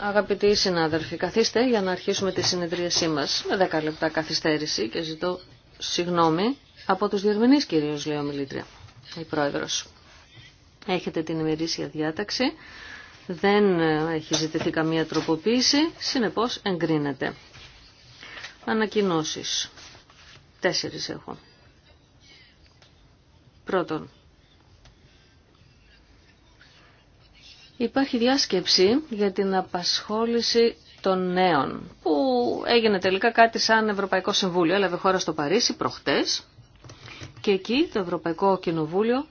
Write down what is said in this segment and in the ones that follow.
Αγαπητοί συνάδελφοι, καθίστε για να αρχίσουμε τη συνεδρίασή μας με 10 λεπτά καθυστέρηση και ζητώ συγγνώμη από τους διερμηνείς κυρίως, λέει ο Μιλήτρια, η Πρόεδρος. Έχετε την ημερήσια διάταξη, δεν ε, έχει ζητηθεί καμία τροποποίηση, συνεπώς εγκρίνεται. Ανακοινώσεις. Τέσσερις έχω. Πρώτον, υπάρχει διάσκεψη για την απασχόληση των νέων, που έγινε τελικά κάτι σαν Ευρωπαϊκό Συμβούλιο, έλαβε χώρα στο Παρίσι προχτές και εκεί το Ευρωπαϊκό Κοινοβούλιο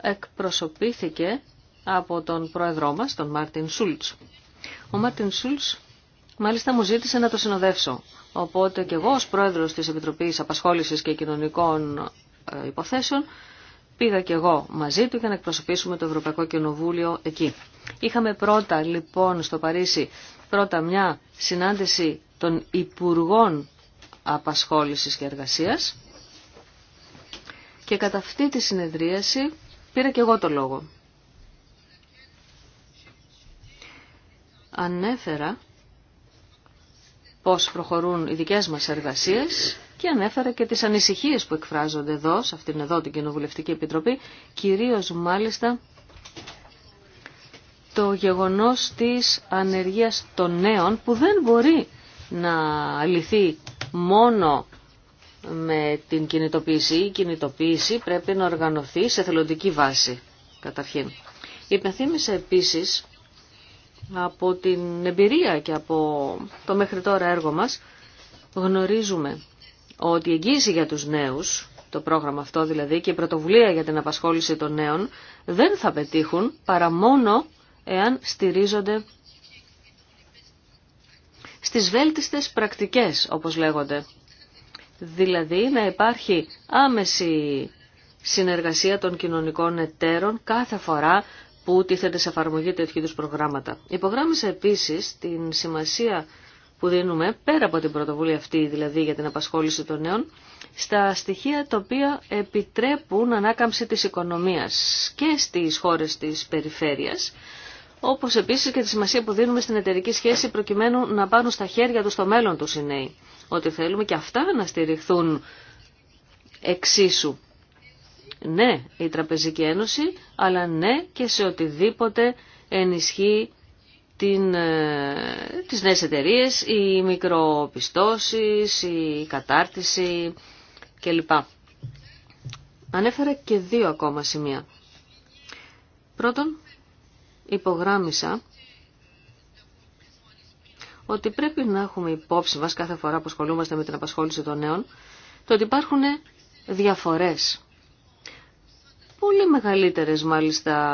εκπροσωπήθηκε από τον πρόεδρό μας, τον Μάρτιν Σούλτς. Ο Μάρτιν Σούλτς Μάλιστα μου ζήτησε να το συνοδεύσω. Οπότε και εγώ ως πρόεδρος της Επιτροπής Απασχόλησης και Κοινωνικών ε, Υποθέσεων πήγα και εγώ μαζί του για να εκπροσωπήσουμε το Ευρωπαϊκό Κοινοβούλιο εκεί. Είχαμε πρώτα λοιπόν στο Παρίσι πρώτα μια συνάντηση των Υπουργών Απασχόλησης και Εργασίας και κατά αυτή τη συνεδρίαση πήρα και εγώ το λόγο. Ανέφερα πώς προχωρούν οι δικές μας εργασίες και ανέφερε και τις ανησυχίες που εκφράζονται εδώ, σε αυτήν εδώ την Κοινοβουλευτική Επιτροπή, κυρίως μάλιστα το γεγονός της ανεργίας των νέων που δεν μπορεί να λυθεί μόνο με την κινητοποίηση. Η κινητοποίηση πρέπει να οργανωθεί σε θελοντική βάση, καταρχήν. Υπενθύμησα επίσης από την εμπειρία και από το μέχρι τώρα έργο μας γνωρίζουμε ότι η εγγύηση για τους νέους, το πρόγραμμα αυτό δηλαδή και η πρωτοβουλία για την απασχόληση των νέων δεν θα πετύχουν παρά μόνο εάν στηρίζονται στις βέλτιστες πρακτικές όπως λέγονται. Δηλαδή να υπάρχει άμεση συνεργασία των κοινωνικών εταίρων κάθε φορά που τίθενται σε εφαρμογή τέτοιου είδου προγράμματα. Υπογράμμισα επίσης την σημασία που δίνουμε, πέρα από την πρωτοβουλία αυτή δηλαδή για την απασχόληση των νέων, στα στοιχεία τα οποία επιτρέπουν ανάκαμψη της οικονομίας και στις χώρες της περιφέρειας, όπως επίσης και τη σημασία που δίνουμε στην εταιρική σχέση προκειμένου να πάρουν στα χέρια τους το μέλλον τους οι νέοι. Ότι θέλουμε και αυτά να στηριχθούν εξίσου ναι η Τραπεζική Ένωση, αλλά ναι και σε οτιδήποτε ενισχύει την, ε, τις νέες οι μικροπιστώσεις, η κατάρτιση κλπ. Ανέφερα και δύο ακόμα σημεία. Πρώτον, υπογράμμισα ότι πρέπει να έχουμε υπόψη μας κάθε φορά που ασχολούμαστε με την απασχόληση των νέων, το ότι υπάρχουν διαφορές πολύ μεγαλύτερες μάλιστα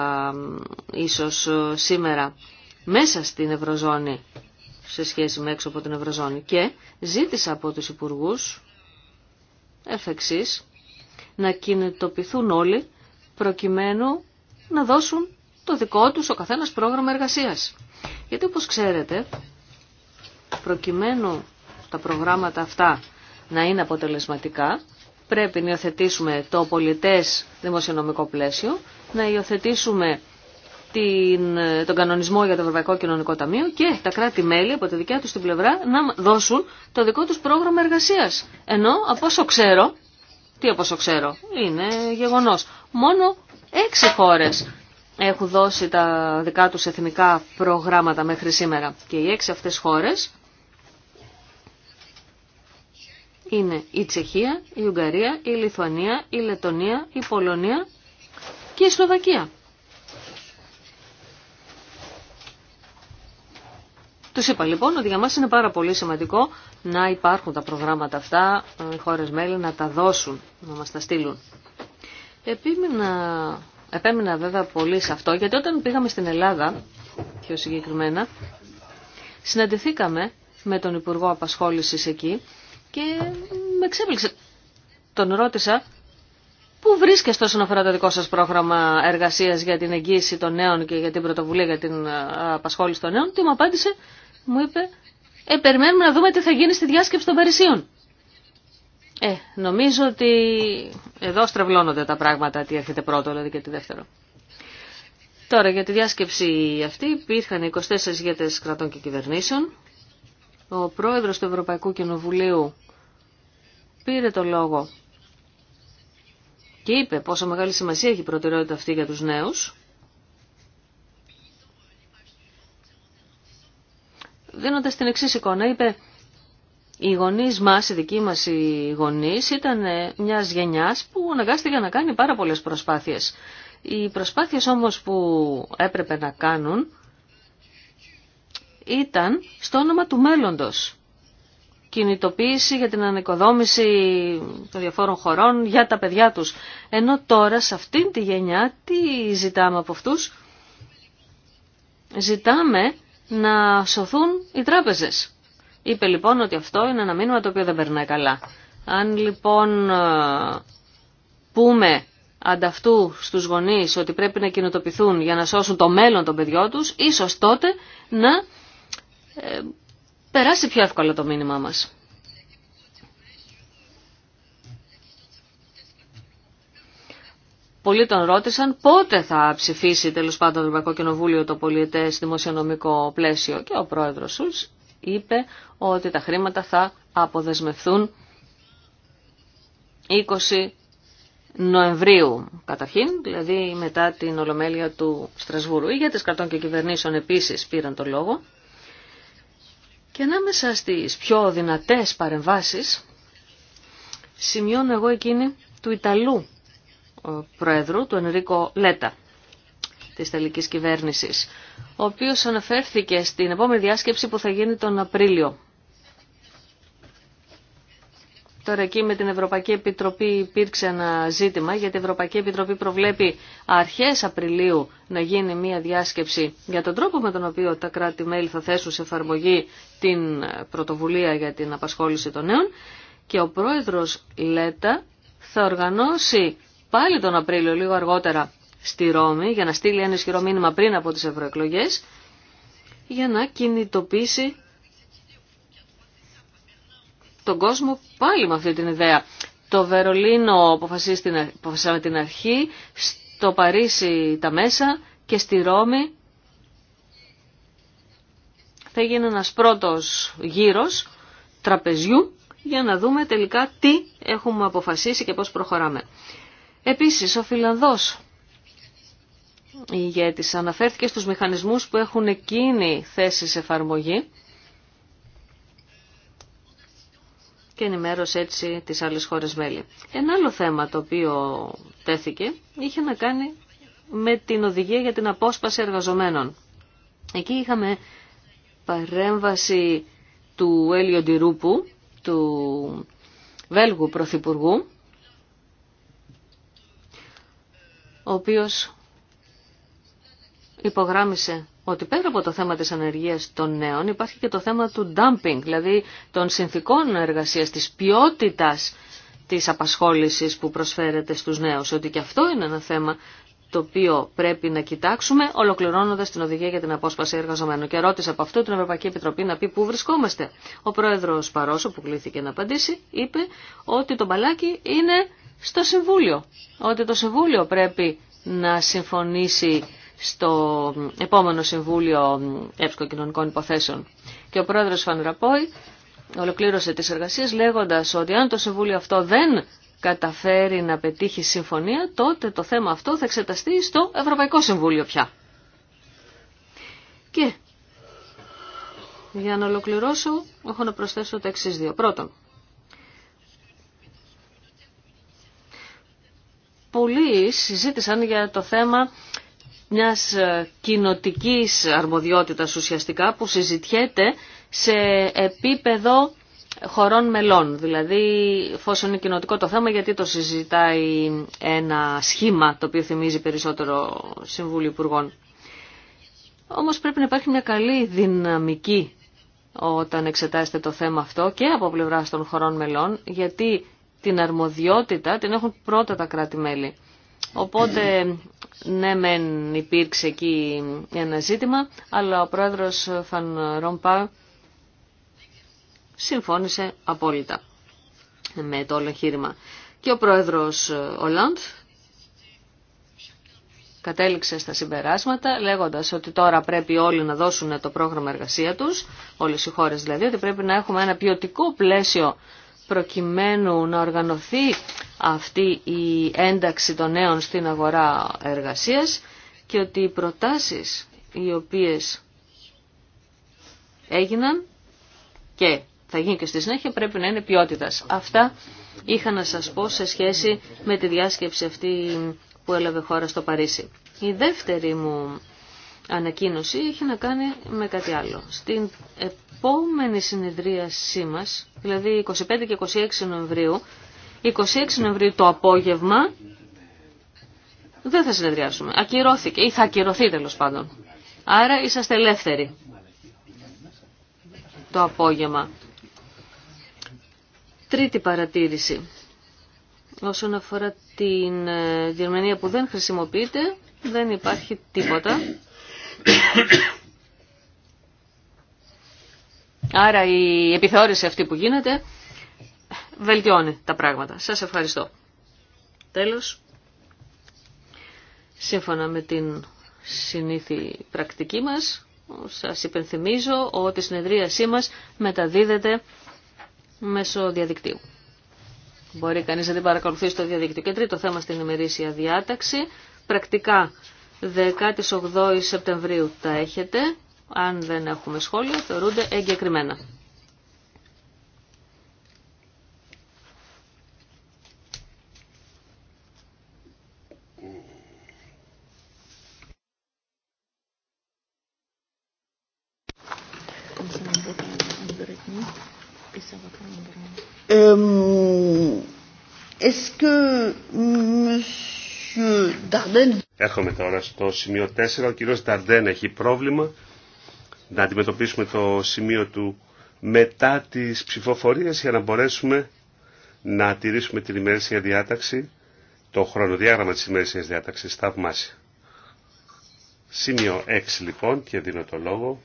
ίσως ε, σήμερα μέσα στην Ευρωζώνη σε σχέση με έξω από την Ευρωζώνη και ζήτησα από τους υπουργούς εφεξής να κινητοποιηθούν όλοι προκειμένου να δώσουν το δικό τους ο καθένας πρόγραμμα εργασίας. Γιατί όπως ξέρετε, προκειμένου τα προγράμματα αυτά να είναι αποτελεσματικά, πρέπει να υιοθετήσουμε το πολιτές δημοσιονομικό πλαίσιο, να υιοθετήσουμε την, τον κανονισμό για το Ευρωπαϊκό Κοινωνικό Ταμείο και τα κράτη-μέλη από τη δικιά τους την πλευρά να δώσουν το δικό τους πρόγραμμα εργασίας. Ενώ από όσο ξέρω, τι από όσο ξέρω, είναι γεγονός, μόνο έξι χώρες έχουν δώσει τα δικά τους εθνικά προγράμματα μέχρι σήμερα. Και οι έξι αυτές χώρες είναι η Τσεχία, η Ουγγαρία, η Λιθουανία, η Λετωνία, η Πολωνία και η Σλοβακία. Τους είπα λοιπόν ότι για μας είναι πάρα πολύ σημαντικό να υπάρχουν τα προγράμματα αυτά, ε, οι χώρες μέλη να τα δώσουν, να μας τα στείλουν. Επίμενα, επέμεινα βέβαια πολύ σε αυτό, γιατί όταν πήγαμε στην Ελλάδα, πιο συγκεκριμένα, συναντηθήκαμε με τον Υπουργό Απασχόλησης εκεί και με ξέπληξε. Τον ρώτησα πού βρίσκεστε όσον αφορά το δικό σας πρόγραμμα εργασίας για την εγγύηση των νέων και για την πρωτοβουλία για την απασχόληση των νέων. Τι μου απάντησε, μου είπε, ε, περιμένουμε να δούμε τι θα γίνει στη διάσκεψη των Παρισίων. Ε, νομίζω ότι εδώ στρεβλώνονται τα πράγματα, τι έρχεται πρώτο δηλαδή και τι δεύτερο. Τώρα για τη διάσκεψη αυτή υπήρχαν 24 ηγέτες κρατών και κυβερνήσεων ο πρόεδρος του Ευρωπαϊκού Κοινοβουλίου πήρε το λόγο και είπε πόσο μεγάλη σημασία έχει η προτεραιότητα αυτή για τους νέους, δίνοντας την εξή εικόνα, είπε οι γονεί μα, οι δικοί μα οι γονεί, ήταν μια γενιά που αναγκάστηκε να κάνει πάρα πολλέ προσπάθειες. Οι προσπάθειε όμω που έπρεπε να κάνουν ήταν στο όνομα του μέλλοντος. Κινητοποίηση για την ανοικοδόμηση των διαφόρων χωρών για τα παιδιά τους. Ενώ τώρα σε αυτήν τη γενιά τι ζητάμε από αυτούς. Ζητάμε να σωθούν οι τράπεζες. Είπε λοιπόν ότι αυτό είναι ένα μήνυμα το οποίο δεν περνάει καλά. Αν λοιπόν ε, πούμε ανταυτού στους γονείς ότι πρέπει να κοινοτοποιηθούν για να σώσουν το μέλλον των παιδιών τους, ίσως τότε να ε, περάσει πιο εύκολα το μήνυμά μας. Πολλοί τον ρώτησαν πότε θα ψηφίσει τέλος πάντων το Ευρωπαϊκό Κοινοβούλιο το πολιετές δημοσιονομικό πλαίσιο και ο πρόεδρος Σούλς είπε ότι τα χρήματα θα αποδεσμευθούν 20 Νοεμβρίου καταρχήν, δηλαδή μετά την Ολομέλεια του Στρασβούρου. Οι ηγέτες κρατών και κυβερνήσεων επίσης πήραν το λόγο. Και ανάμεσα στις πιο δυνατές παρεμβάσεις, σημειώνω εγώ εκείνη του Ιταλού ε, Προέδρου, του Ενρίκο Λέτα, της Ιταλικής Κυβέρνησης, ο οποίος αναφέρθηκε στην επόμενη διάσκεψη που θα γίνει τον Απρίλιο Τώρα εκεί με την Ευρωπαϊκή Επιτροπή υπήρξε ένα ζήτημα, γιατί η Ευρωπαϊκή Επιτροπή προβλέπει αρχές Απριλίου να γίνει μια διάσκεψη για τον τρόπο με τον οποίο τα κράτη-μέλη θα θέσουν σε εφαρμογή την πρωτοβουλία για την απασχόληση των νέων και ο πρόεδρος Λέτα θα οργανώσει πάλι τον Απρίλιο λίγο αργότερα στη Ρώμη για να στείλει ένα ισχυρό μήνυμα πριν από τις ευρωεκλογέ για να κινητοποιήσει τον κόσμο πάλι με αυτή την ιδέα. Το Βερολίνο αποφασίσαμε την αρχή, στο Παρίσι τα μέσα και στη Ρώμη θα γίνει ένας πρώτος γύρος τραπεζιού για να δούμε τελικά τι έχουμε αποφασίσει και πώς προχωράμε. Επίσης, ο Φιλανδός ηγέτης αναφέρθηκε στους μηχανισμούς που έχουν εκείνη θέση σε εφαρμογή και ενημέρωσε έτσι τις άλλες χώρες μέλη. Ένα άλλο θέμα το οποίο τέθηκε είχε να κάνει με την οδηγία για την απόσπαση εργαζομένων. Εκεί είχαμε παρέμβαση του Έλιο Ντιρούπου, του Βέλγου Πρωθυπουργού, ο οποίος υπογράμμισε ότι πέρα από το θέμα της ανεργίας των νέων υπάρχει και το θέμα του dumping, δηλαδή των συνθήκων εργασίας, της ποιότητας της απασχόλησης που προσφέρεται στους νέους, ότι και αυτό είναι ένα θέμα το οποίο πρέπει να κοιτάξουμε, ολοκληρώνοντα την οδηγία για την απόσπαση εργαζομένων. Και ρώτησε από αυτό την Ευρωπαϊκή Επιτροπή να πει πού βρισκόμαστε. Ο πρόεδρο Παρόσο, που βρισκομαστε ο προεδρος παροσο που κληθηκε να απαντήσει, είπε ότι το μπαλάκι είναι στο Συμβούλιο. Ότι το Συμβούλιο πρέπει να συμφωνήσει στο επόμενο Συμβούλιο Εύσκο Κοινωνικών Υποθέσεων. Και ο πρόεδρος Φανραπόη ολοκλήρωσε τις εργασίες λέγοντας ότι αν το Συμβούλιο αυτό δεν καταφέρει να πετύχει συμφωνία, τότε το θέμα αυτό θα εξεταστεί στο Ευρωπαϊκό Συμβούλιο πια. Και για να ολοκληρώσω, έχω να προσθέσω τα εξή δύο. Πρώτον, πολλοί συζήτησαν για το θέμα μιας ε, κοινοτικής αρμοδιότητας ουσιαστικά που συζητιέται σε επίπεδο χωρών μελών. Δηλαδή, εφόσον είναι κοινοτικό το θέμα, γιατί το συζητάει ένα σχήμα το οποίο θυμίζει περισσότερο Συμβούλιο Υπουργών. Όμως πρέπει να υπάρχει μια καλή δυναμική όταν εξετάζεται το θέμα αυτό και από πλευρά των χωρών μελών, γιατί την αρμοδιότητα την έχουν πρώτα τα κράτη-μέλη. Οπότε, ναι μεν υπήρξε εκεί ένα ζήτημα, αλλά ο πρόεδρος Φαν Ρομπά συμφώνησε απόλυτα με το όλο εγχείρημα. Και ο πρόεδρος Ολάντ κατέληξε στα συμπεράσματα λέγοντας ότι τώρα πρέπει όλοι να δώσουν το πρόγραμμα εργασία τους, όλες οι χώρες δηλαδή, ότι πρέπει να έχουμε ένα ποιοτικό πλαίσιο προκειμένου να οργανωθεί αυτή η ένταξη των νέων στην αγορά εργασίας και ότι οι προτάσεις οι οποίες έγιναν και θα γίνει και στη συνέχεια πρέπει να είναι ποιότητας. Αυτά είχα να σας πω σε σχέση με τη διάσκεψη αυτή που έλαβε χώρα στο Παρίσι. Η δεύτερη μου ανακοίνωση είχε να κάνει με κάτι άλλο. Στην επόμενη συνεδρίασή μας, δηλαδή 25 και 26 Νοεμβρίου, 26 Νοεμβρίου το απόγευμα δεν θα συνεδριάσουμε. Ακυρώθηκε ή θα ακυρωθεί τέλο πάντων. Άρα είσαστε ελεύθεροι το απόγευμα. Τρίτη παρατήρηση. Όσον αφορά την ε, Γερμανία που δεν χρησιμοποιείται, δεν υπάρχει τίποτα. Άρα η επιθεώρηση αυτή που γίνεται βελτιώνει τα πράγματα. Σας ευχαριστώ. Τέλος, σύμφωνα με την συνήθη πρακτική μας, σας υπενθυμίζω ότι η συνεδρίασή μας μεταδίδεται μέσω διαδικτύου. Μπορεί κανείς να την παρακολουθεί στο διαδικτύο. Και τρίτο θέμα στην ημερήσια διάταξη, πρακτικά 18 Σεπτεμβρίου τα έχετε. Αν δεν έχουμε σχόλια, θεωρούνται εγκεκριμένα. Est-ce que Έρχομαι τώρα στο σημείο 4. Ο κύριος Νταρντέν έχει πρόβλημα να αντιμετωπίσουμε το σημείο του μετά τις ψηφοφορίες για να μπορέσουμε να τηρήσουμε την ημερήσια διάταξη, το χρονοδιάγραμμα της ημερήσιας διάταξης, θαυμάσια. Σημείο 6 λοιπόν και δίνω το λόγο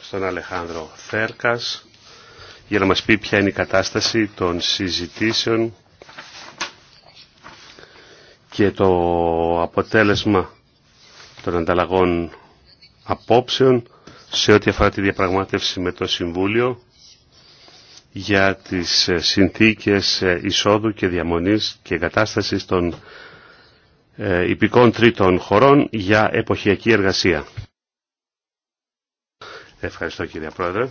στον Αλεχάνδρο Θέρκας για να μας πει ποια είναι η κατάσταση των συζητήσεων και το αποτέλεσμα των ανταλλαγών απόψεων σε ό,τι αφορά τη διαπραγμάτευση με το Συμβούλιο για τις ε, συνθήκες ε, εισόδου και διαμονής και εγκατάστασης των ε, υπηκών τρίτων χωρών για εποχιακή εργασία. Ευχαριστώ κύριε Πρόεδρε.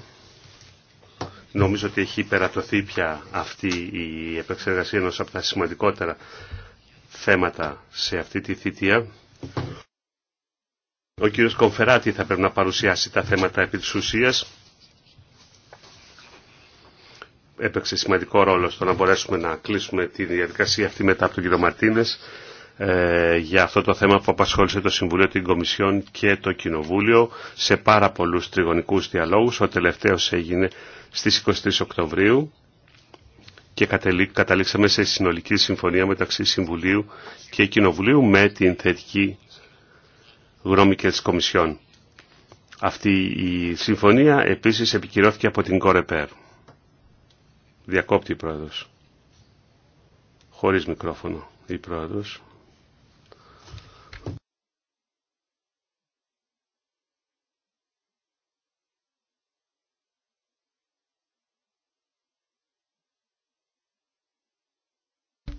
Νομίζω ότι έχει υπερατωθεί πια αυτή η επεξεργασία ενός από τα σημαντικότερα θέματα σε αυτή τη θητεία. Ο κύριος Κομφεράτη θα πρέπει να παρουσιάσει τα θέματα επί της ουσίας. Έπαιξε σημαντικό ρόλο στο να μπορέσουμε να κλείσουμε τη διαδικασία αυτή μετά από τον κύριο Μαρτίνες ε, για αυτό το θέμα που απασχόλησε το Συμβουλίο, την Κομισιόν και το Κοινοβούλιο σε πάρα πολλούς τριγωνικούς διαλόγους. Ο τελευταίος έγινε στις 23 Οκτωβρίου και καταλήξαμε σε συνολική συμφωνία μεταξύ Συμβουλίου και Κοινοβουλίου με την θετική γνώμη και της Κομισιόν. Αυτή η συμφωνία επίσης επικυρώθηκε από την Κορεπέρ. Διακόπτη η πρόεδρος. Χωρίς μικρόφωνο η πρόεδρος.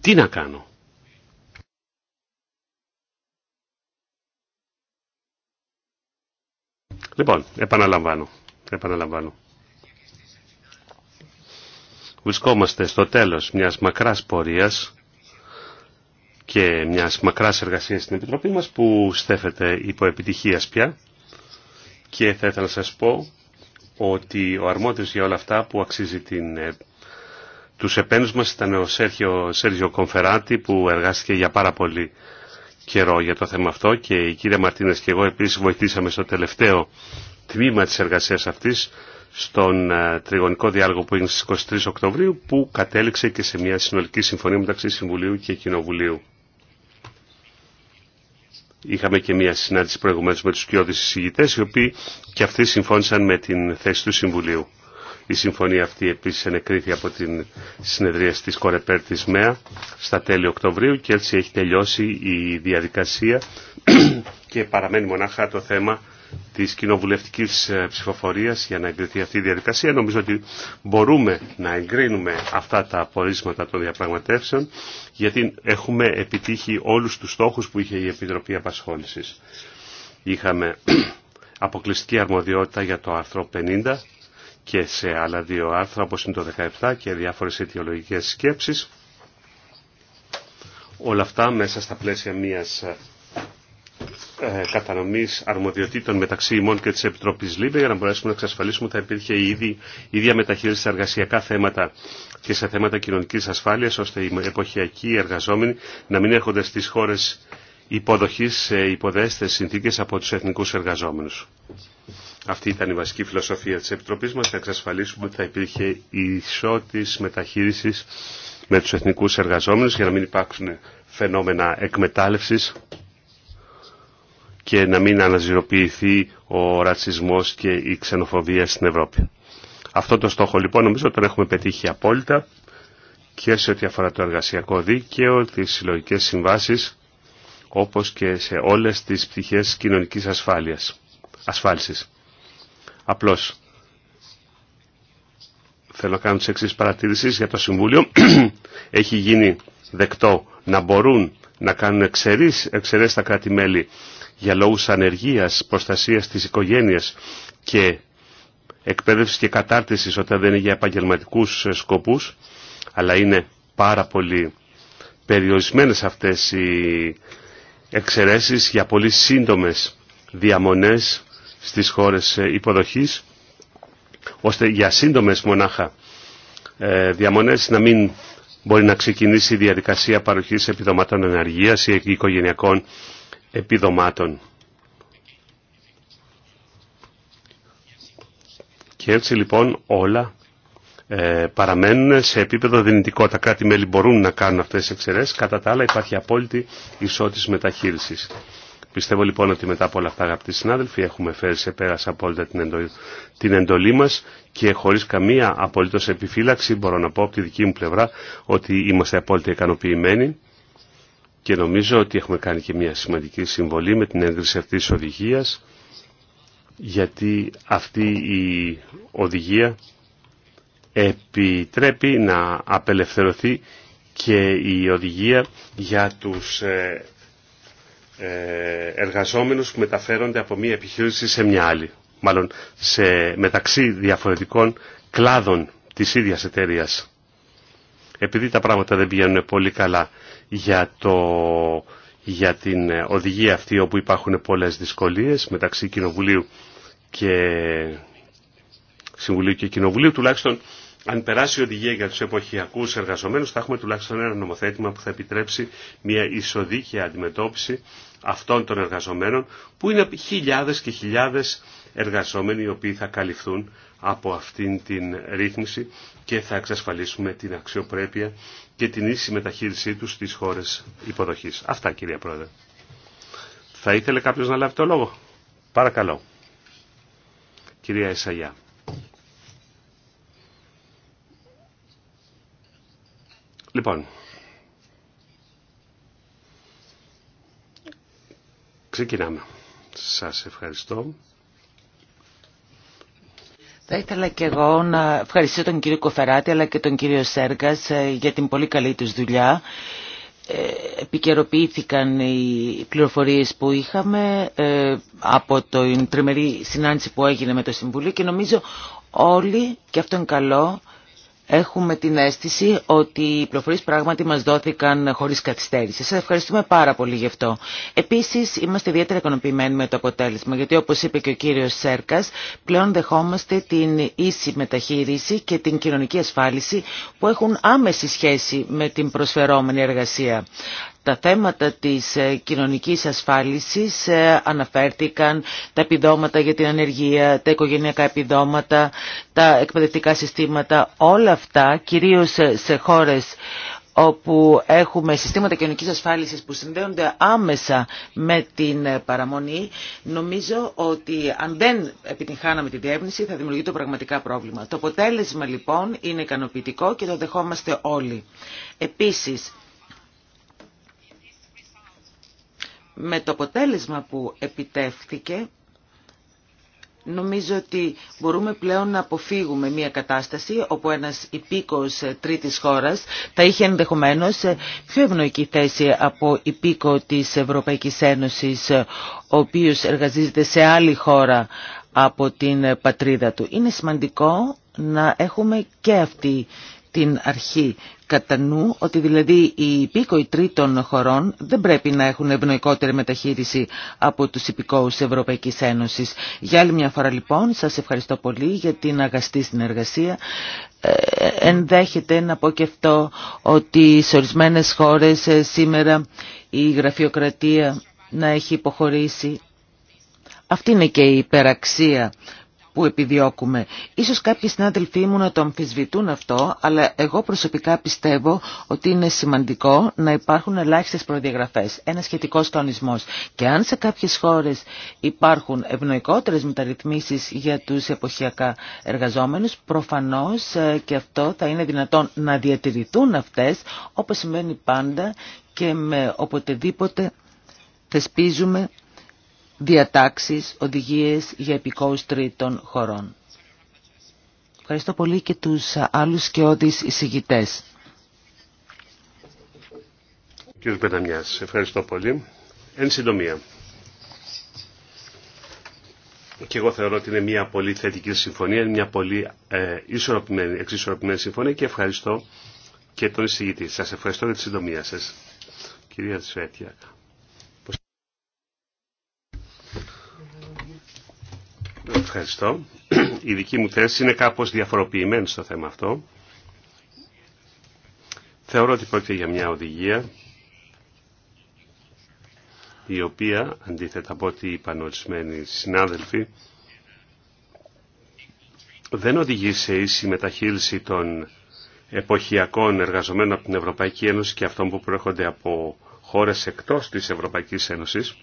Τι να κάνω. Λοιπόν, επαναλαμβάνω. επαναλαμβάνω. Βρισκόμαστε στο τέλος μιας μακράς πορείας και μιας μακράς εργασίας στην Επιτροπή μας που στέφεται υπό επιτυχία πια και θα ήθελα να σας πω ότι ο αρμόδιος για όλα αυτά που αξίζει την ε, του επένου μα ήταν ο Σέρχιο, Σέργιο Κομφεράτη που εργάστηκε για πάρα πολύ καιρό για το θέμα αυτό και η κυρία Μαρτίνες και εγώ επίσης βοηθήσαμε στο τελευταίο τμήμα της εργασίας αυτής στον ε, τριγωνικό διάλογο που έγινε στις 23 Οκτωβρίου που κατέληξε και σε μια συνολική συμφωνία μεταξύ Συμβουλίου και Κοινοβουλίου. Είχαμε και μια συνάντηση προηγουμένως με τους κοιόδης εισηγητές οι οποίοι και αυτοί συμφώνησαν με την θέση του Συμβουλίου. Η συμφωνία αυτή επίση ενεκρίθη από την συνεδρία της Κορεπέρ τη ΜΕΑ στα τέλη Οκτωβρίου και έτσι έχει τελειώσει η διαδικασία και παραμένει μονάχα το θέμα τη κοινοβουλευτική ε, ψηφοφορία για να εγκριθεί αυτή η διαδικασία. Νομίζω ότι μπορούμε να εγκρίνουμε αυτά τα απορίσματα των διαπραγματεύσεων γιατί έχουμε επιτύχει όλου του στόχου που είχε η Επιτροπή Απασχόληση. Είχαμε αποκλειστική αρμοδιότητα για το άρθρο 50 και σε άλλα δύο άρθρα όπως είναι το 17 και διάφορες αιτιολογικές σκέψεις. Όλα αυτά μέσα στα πλαίσια μιας ε, κατανομής αρμοδιοτήτων μεταξύ ημών και της Επιτροπής ΛΥΜΠΕ για να μπορέσουμε να εξασφαλίσουμε ότι θα υπήρχε η ίδια, μεταχείριση στα εργασιακά θέματα και σε θέματα κοινωνικής ασφάλειας ώστε οι εποχιακοί εργαζόμενοι να μην έρχονται στις χώρες υποδοχής σε υποδέστες συνθήκες από τους εθνικούς εργαζόμενους. Αυτή ήταν η βασική φιλοσοφία της Επιτροπής μας, να εξασφαλίσουμε ότι θα υπήρχε ισότης μεταχείρισης με τους εθνικούς εργαζόμενους για να μην υπάρξουν φαινόμενα εκμετάλλευσης και να μην αναζηροποιηθεί ο ρατσισμός και η ξενοφοβία στην Ευρώπη. Αυτό το στόχο λοιπόν νομίζω τον έχουμε πετύχει απόλυτα και σε ό,τι αφορά το εργασιακό δίκαιο, τις συλλογικές συμβάσεις, όπως και σε όλες τις πτυχές κοινωνικής ασφάλειας, Απλώς θέλω να κάνω τις εξής παρατηρήσεις για το Συμβούλιο. Έχει γίνει δεκτό να μπορούν να κάνουν εξαιρέσεις τα κράτη-μέλη για λόγους ανεργίας, προστασίας της οικογένειας και εκπαίδευσης και κατάρτισης όταν δεν είναι για επαγγελματικούς σκοπούς, αλλά είναι πάρα πολύ περιορισμένες αυτές οι εξαιρέσεις για πολύ σύντομες διαμονές στις χώρες ε, υποδοχής, ώστε για σύντομες μονάχα ε, διαμονές να μην μπορεί να ξεκινήσει η διαδικασία παροχής επιδομάτων ενεργείας ή οικογενειακών επιδομάτων. Και έτσι λοιπόν όλα ε, παραμένουν σε επίπεδο δυνητικό. Τα κράτη-μέλη μπορούν να κάνουν αυτές τις εξαιρέσεις. Κατά τα άλλα υπάρχει απόλυτη ισότηση μεταχείρισης. Πιστεύω λοιπόν ότι μετά από όλα αυτά αγαπητοί συνάδελφοι έχουμε φέρει σε πέρας απόλυτα την, εντολή, την εντολή μας και χωρίς καμία απολύτως επιφύλαξη μπορώ να πω από τη δική μου πλευρά ότι είμαστε απόλυτα ικανοποιημένοι και νομίζω ότι έχουμε κάνει και μια σημαντική συμβολή με την έγκριση αυτής της οδηγίας γιατί αυτή η οδηγία επιτρέπει να απελευθερωθεί και η οδηγία για τους ε, ε, εργαζόμενους που μεταφέρονται από μία επιχείρηση σε μια άλλη. Μάλλον σε, μεταξύ διαφορετικών κλάδων της ίδιας εταιρείας. Επειδή τα πράγματα δεν πηγαίνουν πολύ καλά για, το, για την ε, οδηγία αυτή όπου υπάρχουν πολλές δυσκολίες μεταξύ Κοινοβουλίου και Συμβουλίου και Κοινοβουλίου τουλάχιστον αν περάσει η οδηγία για τους εποχιακούς εργαζομένους θα έχουμε τουλάχιστον ένα νομοθέτημα που θα επιτρέψει μια ισοδίκαια αντιμετώπιση αυτών των εργαζομένων που είναι χιλιάδες και χιλιάδες εργαζόμενοι οι οποίοι θα καλυφθούν από αυτήν την ρύθμιση και θα εξασφαλίσουμε την αξιοπρέπεια και την ίση μεταχείρισή τους στις χώρες υποδοχής. Αυτά κυρία Πρόεδρε. Θα ήθελε κάποιος να λάβει το λόγο. Παρακαλώ. Κυρία Εσαγιά. Λοιπόν, ξεκινάμε. Σας ευχαριστώ. Θα ήθελα και εγώ να ευχαριστήσω τον κύριο Κοφεράτη αλλά και τον κύριο Σέργας ε, για την πολύ καλή τους δουλειά. Ε, επικαιροποιήθηκαν οι πληροφορίες που είχαμε ε, από την τριμερή συνάντηση που έγινε με το Συμβουλίο και νομίζω όλοι, και αυτό είναι καλό, έχουμε την αίσθηση ότι οι πληροφορίε πράγματι μας δόθηκαν χωρίς καθυστέρηση. Σας ευχαριστούμε πάρα πολύ γι' αυτό. Επίσης είμαστε ιδιαίτερα ικανοποιημένοι με το αποτέλεσμα γιατί όπως είπε και ο κύριος Σέρκας πλέον δεχόμαστε την ίση μεταχείριση και την κοινωνική ασφάλιση που έχουν άμεση σχέση με την προσφερόμενη εργασία. Τα θέματα της ε, κοινωνικής ασφάλισης ε, αναφέρθηκαν, τα επιδόματα για την ανεργία, τα οικογενειακά επιδόματα, τα εκπαιδευτικά συστήματα, όλα αυτά κυρίως ε, σε χώρες όπου έχουμε συστήματα κοινωνικής ασφάλισης που συνδέονται άμεσα με την παραμονή, νομίζω ότι αν δεν επιτυγχάναμε τη διεύνηση θα δημιουργεί το πραγματικά πρόβλημα. Το αποτέλεσμα λοιπόν είναι ικανοποιητικό και το δεχόμαστε όλοι. Επίσης, με το αποτέλεσμα που επιτεύχθηκε Νομίζω ότι μπορούμε πλέον να αποφύγουμε μια κατάσταση όπου ένας υπήκος τρίτης χώρας θα είχε ενδεχομένως πιο ευνοϊκή θέση από υπήκο της Ευρωπαϊκής Ένωσης ο οποίος εργαζίζεται σε άλλη χώρα από την πατρίδα του. Είναι σημαντικό να έχουμε και αυτή την αρχή κατά νου, ότι δηλαδή οι υπήκοοι τρίτων χωρών δεν πρέπει να έχουν ευνοϊκότερη μεταχείριση από τους υπηκόους Ευρωπαϊκής Ένωσης. Για άλλη μια φορά λοιπόν, σας ευχαριστώ πολύ για την αγαστή συνεργασία. Ε, ενδέχεται να πω και αυτό ότι σε ορισμένε χώρες ε, σήμερα η γραφειοκρατία να έχει υποχωρήσει. Αυτή είναι και η υπεραξία που επιδιώκουμε. Ίσως κάποιοι συνάδελφοί μου να το αμφισβητούν αυτό, αλλά εγώ προσωπικά πιστεύω ότι είναι σημαντικό να υπάρχουν ελάχιστες προδιαγραφές, ένα σχετικό τονισμό. Και αν σε κάποιες χώρες υπάρχουν ευνοϊκότερες μεταρρυθμίσεις για τους εποχιακά εργαζόμενους, προφανώς ε, και αυτό θα είναι δυνατόν να διατηρηθούν αυτές, όπως σημαίνει πάντα και με οποτεδήποτε θεσπίζουμε διατάξεις, οδηγίες για επικόους τρίτων χωρών. Ευχαριστώ πολύ και τους άλλους και όδης εισηγητές. Κύριε Πεταμιάς, ευχαριστώ πολύ. Εν συντομία. Και εγώ θεωρώ ότι είναι μια πολύ θετική συμφωνία, μια πολύ ε, ισορροπημένη, εξισορροπημένη συμφωνία και ευχαριστώ και τον εισηγητή. Σας ευχαριστώ για τη συντομία σας. Κυρία Ευχαριστώ. Η δική μου θέση είναι κάπως διαφοροποιημένη στο θέμα αυτό. Θεωρώ ότι πρόκειται για μια οδηγία η οποία, αντίθετα από ό,τι είπαν ορισμένοι συνάδελφοι, δεν οδηγεί σε ίση μεταχείριση των εποχιακών εργαζομένων από την Ευρωπαϊκή Ένωση και αυτών που προέρχονται από χώρες εκτός της Ευρωπαϊκής Ένωσης.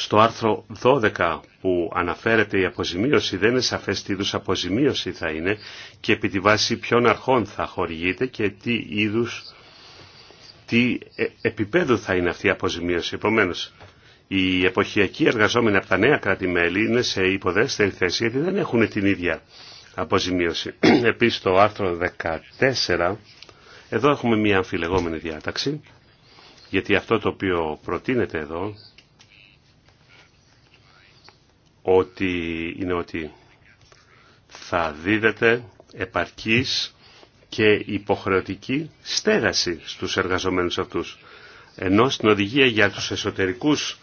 Στο άρθρο 12 που αναφέρεται η αποζημίωση δεν είναι σαφές τι είδους αποζημίωση θα είναι και επί τη βάση ποιων αρχών θα χορηγείται και τι είδους, τι ε, επίπεδο θα είναι αυτή η αποζημίωση. Επομένως, οι εποχιακοί εργαζόμενοι από τα νέα κράτη-μέλη είναι σε υποδέστερη θέση γιατί δεν έχουν την ίδια αποζημίωση. Επίσης το άρθρο 14, εδώ έχουμε μια αμφιλεγόμενη διάταξη, γιατί αυτό το οποίο προτείνεται εδώ ότι είναι ότι θα δίδεται επαρκής και υποχρεωτική στέγαση στους εργαζομένους αυτούς. Ενώ στην οδηγία για τους εσωτερικούς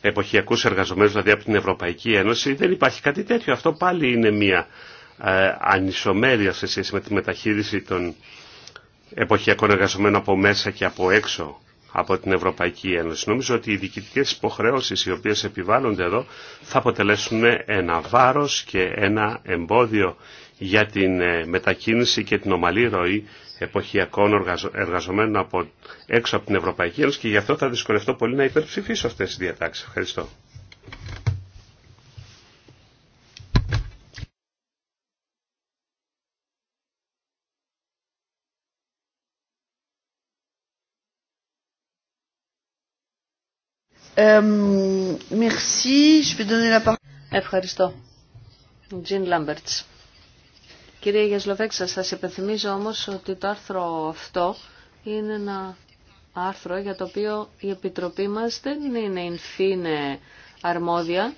εποχιακούς εργαζομένους, δηλαδή από την Ευρωπαϊκή Ένωση, δεν υπάρχει κάτι τέτοιο. Αυτό πάλι είναι μια ε, ανισομέρεια σε σχέση με τη μεταχείριση των εποχιακών εργαζομένων από μέσα και από έξω από την Ευρωπαϊκή Ένωση. Νομίζω ότι οι διοικητικές υποχρεώσεις οι οποίες επιβάλλονται εδώ θα αποτελέσουν ένα βάρος και ένα εμπόδιο για την ε, μετακίνηση και την ομαλή ροή εποχιακών εργαζομένων από, έξω από την Ευρωπαϊκή Ένωση και γι' αυτό θα δυσκολευτώ πολύ να υπερψηφίσω αυτές τις διατάξεις. Ευχαριστώ. Ευχαριστώ. Τζιν Λάμπερτς. Κυρία Γιασλοβέξα, σας υπενθυμίζω όμως ότι το άρθρο αυτό είναι ένα άρθρο για το οποίο η Επιτροπή μας δεν είναι infine αρμόδια,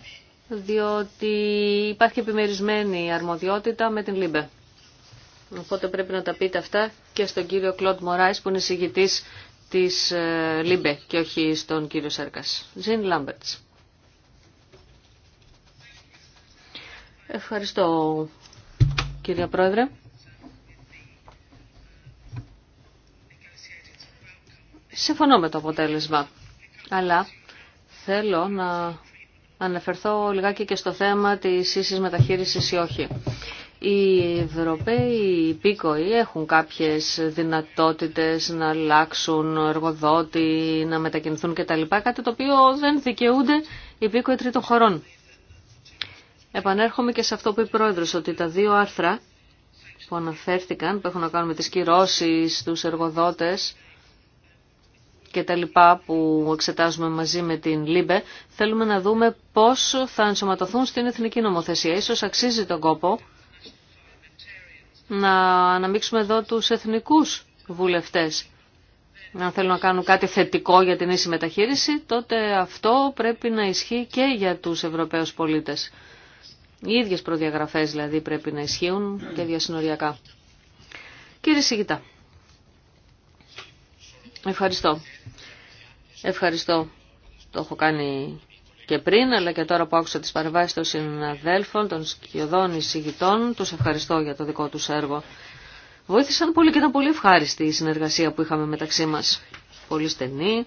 διότι υπάρχει επιμερισμένη αρμοδιότητα με την ΛΥΜΠΕ. Οπότε πρέπει να τα πείτε αυτά και στον κύριο Κλοντ Μωράης που είναι συγητής της ε, Λίμπε και όχι στον κύριο Σέρκας. Ζιν Λάμπερτς. Ευχαριστώ κύριε Πρόεδρε. Συμφωνώ με το αποτέλεσμα, αλλά θέλω να αναφερθώ λιγάκι και στο θέμα της ίσης μεταχείρισης ή όχι οι Ευρωπαίοι υπήκοοι έχουν κάποιες δυνατότητες να αλλάξουν εργοδότη, να μετακινηθούν κτλ. Κάτι το οποίο δεν δικαιούνται οι υπήκοοι τρίτων χωρών. Επανέρχομαι και σε αυτό που είπε ο Πρόεδρος, ότι τα δύο άρθρα που αναφέρθηκαν, που έχουν να κάνουν με τις κυρώσεις, τους εργοδότες και τα λοιπά που εξετάζουμε μαζί με την ΛΥΜΠΕ, θέλουμε να δούμε πώς θα ενσωματωθούν στην εθνική νομοθεσία. Ίσως αξίζει τον κόπο να αναμίξουμε εδώ τους εθνικούς βουλευτές. Αν θέλουν να κάνουν κάτι θετικό για την ίση μεταχείριση, τότε αυτό πρέπει να ισχύει και για τους Ευρωπαίους πολίτες. Οι ίδιες προδιαγραφές δηλαδή πρέπει να ισχύουν και διασυνοριακά. Κύριε Σιγητά, ευχαριστώ. Ευχαριστώ. Το έχω κάνει και πριν, αλλά και τώρα που άκουσα τις παρεμβάσεις των συναδέλφων, των σκιωδών εισηγητών, τους ευχαριστώ για το δικό τους έργο. Βοήθησαν πολύ και ήταν πολύ ευχάριστη η συνεργασία που είχαμε μεταξύ μας. Πολύ στενή,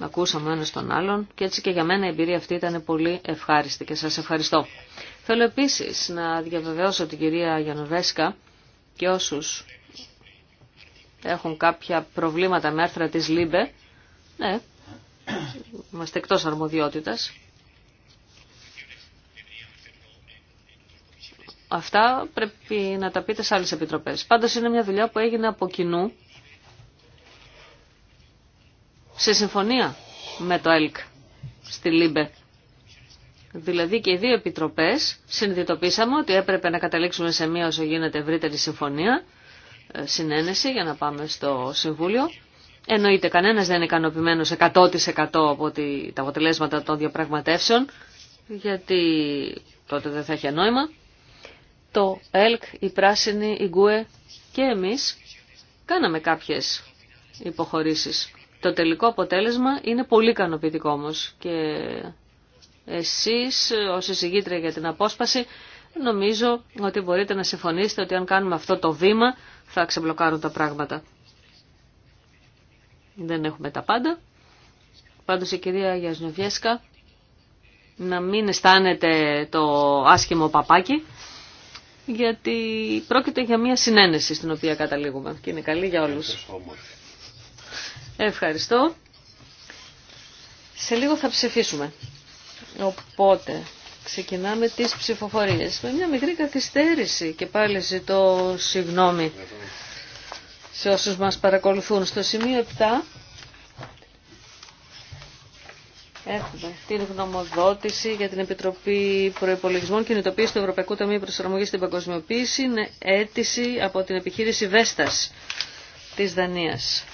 ακούσαμε ένας τον άλλον και έτσι και για μένα η εμπειρία αυτή ήταν πολύ ευχάριστη και σας ευχαριστώ. Θέλω επίσης να διαβεβαιώσω την κυρία Γιανοβέσκα και όσους έχουν κάποια προβλήματα με άρθρα της ΛΥΜΠΕ, ναι, είμαστε εκτός αρμοδιότητας. Αυτά πρέπει να τα πείτε σε άλλες επιτροπές. Πάντως είναι μια δουλειά που έγινε από κοινού σε συμφωνία με το ΕΛΚ στη ΛΥΜΠΕ. Δηλαδή και οι δύο επιτροπές συνειδητοποίησαμε ότι έπρεπε να καταλήξουμε σε μία όσο γίνεται ευρύτερη συμφωνία, ε, συνένεση για να πάμε στο Συμβούλιο Εννοείται κανένα δεν είναι ικανοποιημένο 100% από τα αποτελέσματα των διαπραγματεύσεων, γιατί τότε δεν θα έχει νόημα. Το ΕΛΚ, η Πράσινη, η Γκουε και εμεί κάναμε κάποιε υποχωρήσει. Το τελικό αποτέλεσμα είναι πολύ ικανοποιητικό όμω. και εσείς ως εισηγήτρια για την απόσπαση νομίζω ότι μπορείτε να συμφωνήσετε ότι αν κάνουμε αυτό το βήμα θα ξεμπλοκάρουν τα πράγματα. Δεν έχουμε τα πάντα. Πάντως η κυρία Γιασνοβιέσκα να μην αισθάνεται το άσχημο παπάκι γιατί πρόκειται για μια συνένεση στην οποία καταλήγουμε και είναι καλή για όλους. Ευχαριστώ. Σε λίγο θα ψηφίσουμε. Οπότε ξεκινάμε τις ψηφοφορίες. Με μια μικρή καθυστέρηση και πάλι ζητώ συγγνώμη σε όσους μας παρακολουθούν. Στο σημείο 7 έχουμε την γνωμοδότηση για την Επιτροπή Προϋπολογισμών Κινητοποίηση του Ευρωπαϊκού Ταμείου Προσαρμογή στην Παγκοσμιοποίηση. Είναι αίτηση από την επιχείρηση Βέστας της Δανίας.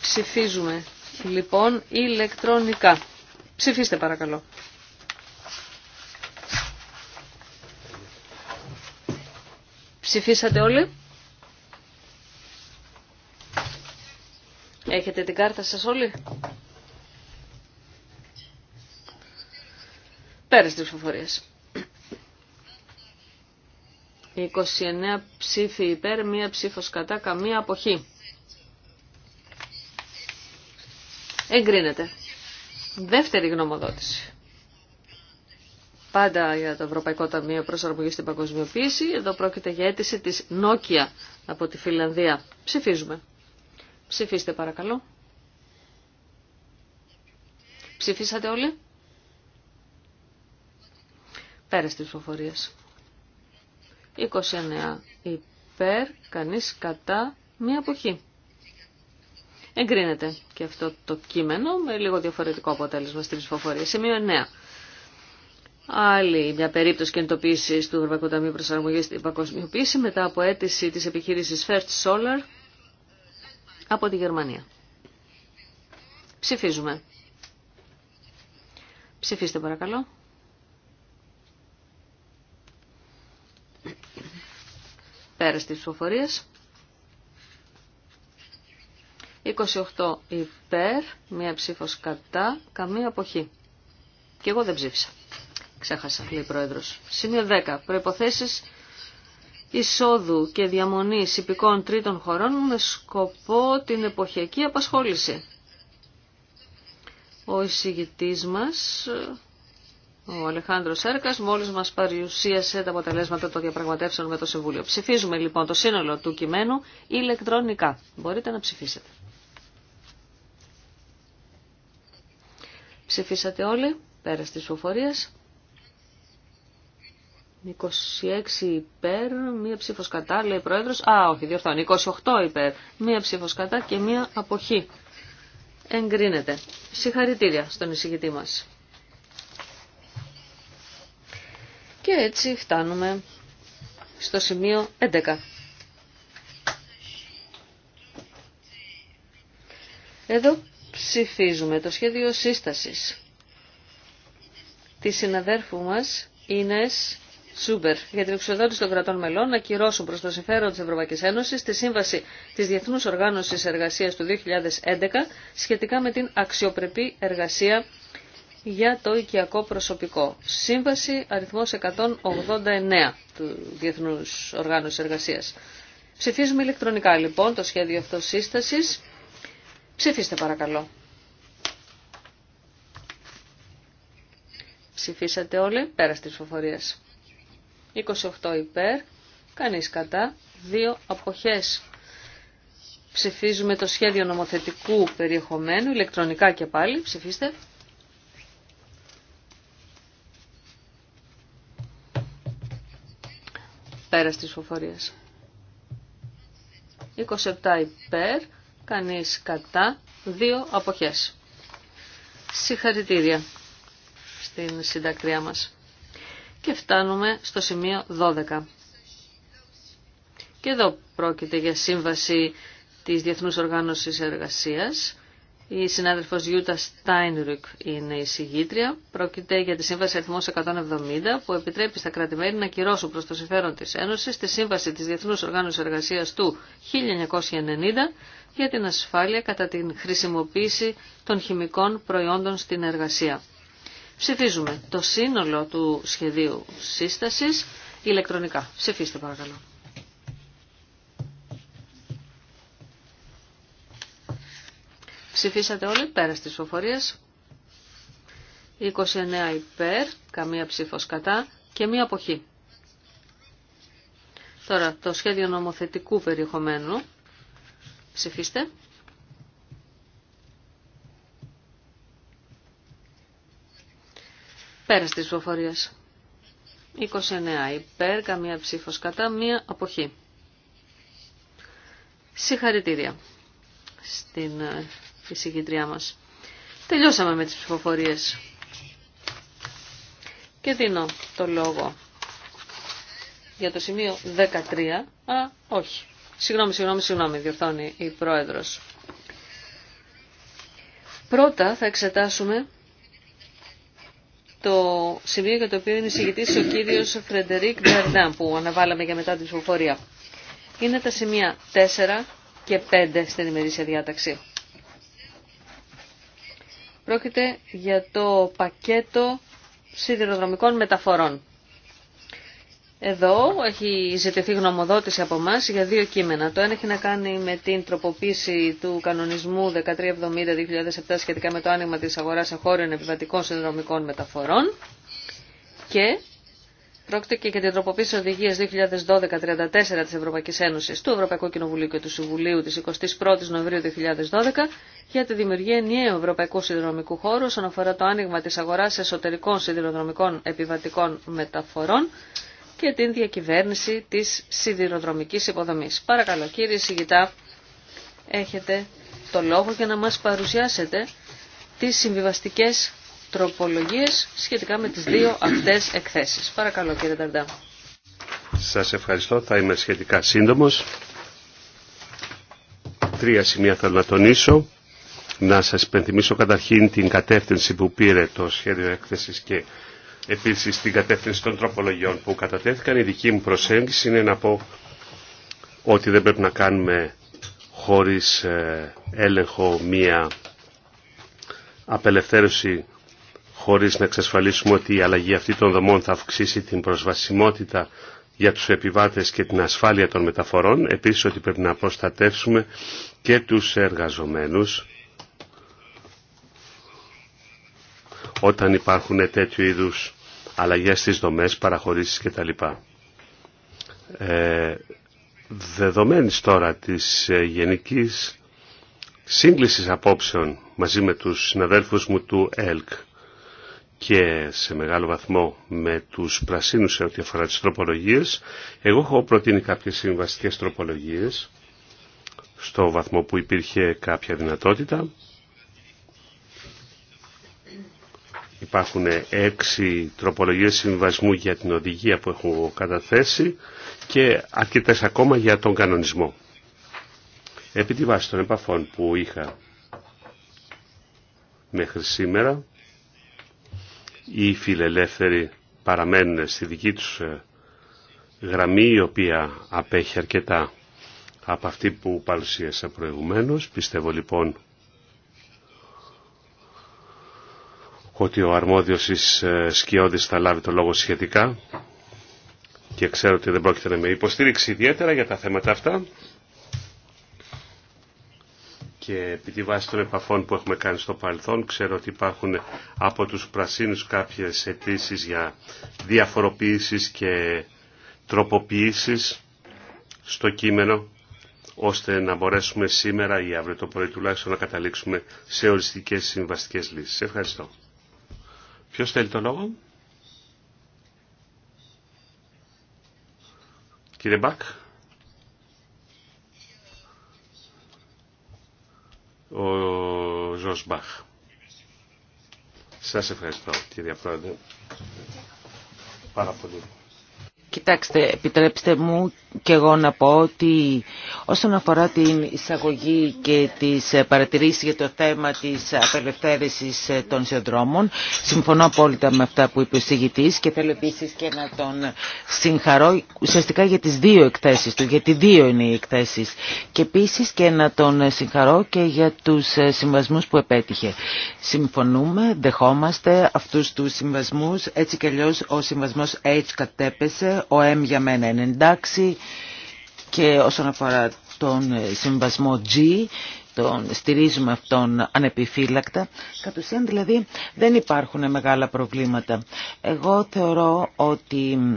Ψηφίζουμε λοιπόν ηλεκτρονικά. Ψηφίστε παρακαλώ. Ψηφίσατε όλοι. Έχετε την κάρτα σας όλοι. Πέρασε τις ψηφοφορίες. 29 ψήφοι υπέρ, μία ψήφος κατά, καμία αποχή. Εγκρίνεται. Δεύτερη γνωμοδότηση πάντα για το Ευρωπαϊκό Ταμείο Προσαρμογής στην Παγκοσμιοποίηση. Εδώ πρόκειται για αίτηση τη Νόκια από τη Φιλανδία. Ψηφίζουμε. Ψηφίστε παρακαλώ. Ψηφίσατε όλοι. Πέρα τη ψηφοφορία. 29 υπέρ, κανείς κατά, μία αποχή. Εγκρίνεται και αυτό το κείμενο με λίγο διαφορετικό αποτέλεσμα στην ψηφοφορία. Σημείο 9. Άλλη μια περίπτωση κινητοποίηση του Ευρωπαϊκού Ταμείου Προσαρμογή στην Παγκοσμιοποίηση μετά από αίτηση τη επιχείρηση First Solar από τη Γερμανία. Ψηφίζουμε. Ψηφίστε παρακαλώ. Πέρα στις ψηφοφορίες. 28 υπέρ, μία ψήφος κατά, καμία αποχή. Και εγώ δεν ψήφισα. Ξέχασα, λέει πρόεδρος. Σημείο 10. Προϋποθέσεις εισόδου και διαμονή υπηκών τρίτων χωρών με σκοπό την εποχιακή απασχόληση. Ο εισηγητή μα, ο Αλεχάνδρο Σέρκας, μόλις μας παρουσίασε τα αποτελέσματα των διαπραγματεύσεων με το Συμβούλιο. Ψηφίζουμε λοιπόν το σύνολο του κειμένου ηλεκτρονικά. Μπορείτε να ψηφίσετε. Ψηφίσατε όλοι, πέρα τη ψηφοφορίας. 26 υπέρ, μία ψήφος κατά, λέει πρόεδρο. Α, όχι, διορθώνει. 28 υπέρ, μία ψήφος κατά και μία αποχή. Εγκρίνεται. Συγχαρητήρια στον εισηγητή μας. Και έτσι φτάνουμε στο σημείο 11. Εδώ ψηφίζουμε το σχέδιο σύστασης. Τη συναδέρφου μας, Ίνες Σούμπερ για την εξοδότηση των κρατών μελών να κυρώσουν προ το συμφέρον τη Ευρωπαϊκή Ένωση τη σύμβαση τη Διεθνού Οργάνωση Εργασία του 2011 σχετικά με την αξιοπρεπή εργασία για το οικιακό προσωπικό. Σύμβαση αριθμό 189 του Διεθνού Οργάνωση Εργασία. Ψηφίζουμε ηλεκτρονικά λοιπόν το σχέδιο αυτό σύσταση. Ψηφίστε παρακαλώ. Ψηφίσατε όλοι πέρα τη ψηφοφορίες. 28 υπέρ, κανείς κατά, δύο αποχές. Ψηφίζουμε το σχέδιο νομοθετικού περιεχομένου, ηλεκτρονικά και πάλι, ψηφίστε. πέρα της φοφορίας. 27 υπέρ, κανείς κατά, δύο αποχές. Συγχαρητήρια στην συντακτριά μας. Και φτάνουμε στο σημείο 12. Και εδώ πρόκειται για σύμβαση της Διεθνούς Οργάνωσης Εργασίας. Η συνάδελφος Γιούτα Στάινρουκ είναι η συγγήτρια. Πρόκειται για τη Σύμβαση αριθμό 170 που επιτρέπει στα κρατη να κυρώσουν προς το συμφέρον της Ένωσης τη Σύμβαση της Διεθνούς Οργάνωσης Εργασίας του 1990 για την ασφάλεια κατά την χρησιμοποίηση των χημικών προϊόντων στην εργασία. Ψηφίζουμε το σύνολο του σχεδίου σύστασης ηλεκτρονικά. Ψηφίστε παρακαλώ. Ψηφίσατε όλοι πέρα στις φοφορίες. 29 υπέρ, καμία ψήφος κατά και μία αποχή. Τώρα το σχέδιο νομοθετικού περιεχομένου. Ψηφίστε. Πέρα της ψηφοφορίες. 29 υπέρ, καμία ψήφος κατά, μία αποχή. Συγχαρητήρια στην ε, εισηγητριά μας. Τελειώσαμε με τις ψηφοφορίες. Και δίνω το λόγο για το σημείο 13. Α, όχι. Συγγνώμη, συγγνώμη, συγγνώμη, διορθώνει η Πρόεδρος. Πρώτα θα εξετάσουμε το σημείο για το οποίο είναι εισηγητής ο κύριος Φρεντερίκ Νταρντάν που αναβάλαμε για μετά την ψηφοφορία. Είναι τα σημεία 4 και 5 στην ημερήσια διάταξη. Πρόκειται για το πακέτο σιδηροδρομικών μεταφορών. Εδώ έχει ζητηθεί γνωμοδότηση από εμά για δύο κείμενα. Το ένα έχει να κάνει με την τροποποίηση του κανονισμού 1370-2007 σχετικά με το άνοιγμα της αγοράς εγχώριων επιβατικών συνδρομικών μεταφορών και πρόκειται και για την τροποποίηση οδηγίας 2012-34 της Ευρωπαϊκής Ένωσης του Ευρωπαϊκού Κοινοβουλίου και του Συμβουλίου της 21ης Νοεμβρίου 2012 για τη δημιουργία ενιαίου Ευρωπαϊκού Συνδρομικού Χώρου όσον αφορά το άνοιγμα της αγοράς εσωτερικών συνδρομικών επιβατικών μεταφορών και την διακυβέρνηση της σιδηροδρομικής υποδομής. Παρακαλώ κύριε Σιγητά, έχετε το λόγο για να μας παρουσιάσετε τις συμβιβαστικές τροπολογίες σχετικά με τις δύο αυτές εκθέσεις. Παρακαλώ κύριε Ταρντά. Σας ευχαριστώ, θα είμαι σχετικά σύντομος. Τρία σημεία θέλω να τονίσω. Να σας υπενθυμίσω καταρχήν την κατεύθυνση που πήρε το σχέδιο έκθεσης και επίσης στην κατεύθυνση των τροπολογιών που κατατέθηκαν. Η δική μου προσέγγιση είναι να πω ότι δεν πρέπει να κάνουμε χωρίς ε, έλεγχο μία απελευθέρωση χωρίς να εξασφαλίσουμε ότι η αλλαγή αυτή των δομών θα αυξήσει την προσβασιμότητα για τους επιβάτες και την ασφάλεια των μεταφορών, επίσης ότι πρέπει να προστατεύσουμε και τους εργαζομένους όταν υπάρχουν τέτοιου είδους αλλαγές στις δομές, παραχωρήσεις κτλ. Ε, δεδομένης τώρα της ε, γενικής σύγκλησης απόψεων μαζί με τους συναδέλφους μου του ΕΛΚ και σε μεγάλο βαθμό με τους πρασίνους σε ό,τι αφορά τις τροπολογίες, εγώ έχω προτείνει κάποιες συμβαστικές τροπολογίες στο βαθμό που υπήρχε κάποια δυνατότητα Υπάρχουν έξι τροπολογίες συμβασμού για την οδηγία που έχω καταθέσει και αρκετές ακόμα για τον κανονισμό. Επί τη βάση των επαφών που είχα μέχρι σήμερα, οι φιλελεύθεροι παραμένουν στη δική τους ε, γραμμή η οποία απέχει αρκετά από αυτή που παρουσίασα προηγουμένως. Πιστεύω λοιπόν ότι ο αρμόδιος της ε, Σκιώδης θα λάβει το λόγο σχετικά και ξέρω ότι δεν πρόκειται να με υποστήριξει ιδιαίτερα για τα θέματα αυτά και επειδή βάσει των επαφών που έχουμε κάνει στο παρελθόν ξέρω ότι υπάρχουν από τους πρασίνους κάποιες αιτήσει για διαφοροποίησεις και τροποποιήσεις στο κείμενο ώστε να μπορέσουμε σήμερα ή αύριο το πρωί τουλάχιστον να καταλήξουμε σε οριστικές συμβαστικές λύσεις. Ευχαριστώ. Ποιος θέλει το λόγο? Κύριε Μπακ. Ο Ζος Μπαχ. Σας ευχαριστώ κύριε Πρόεδρε. Πάρα πολύ. Κοιτάξτε, επιτρέψτε μου και εγώ να πω ότι όσον αφορά την εισαγωγή και τις παρατηρήσεις για το θέμα της απελευθέρωσης των συνδρόμων, συμφωνώ απόλυτα με αυτά που είπε ο συγητής και θέλω επίσης και να τον συγχαρώ ουσιαστικά για τις δύο εκθέσεις του, γιατί δύο είναι οι εκθέσεις και επίσης και να τον συγχαρώ και για τους συμβασμούς που επέτυχε. Συμφωνούμε, δεχόμαστε αυτούς τους συμβασμούς, έτσι κι αλλιώς ο συμβασμός H κατέπεσε, ο M για μένα είναι εντάξει και όσον αφορά τον συμβασμό G τον στηρίζουμε αυτόν ανεπιφύλακτα. Κατ' ουσίαν δηλαδή δεν υπάρχουν μεγάλα προβλήματα. Εγώ θεωρώ ότι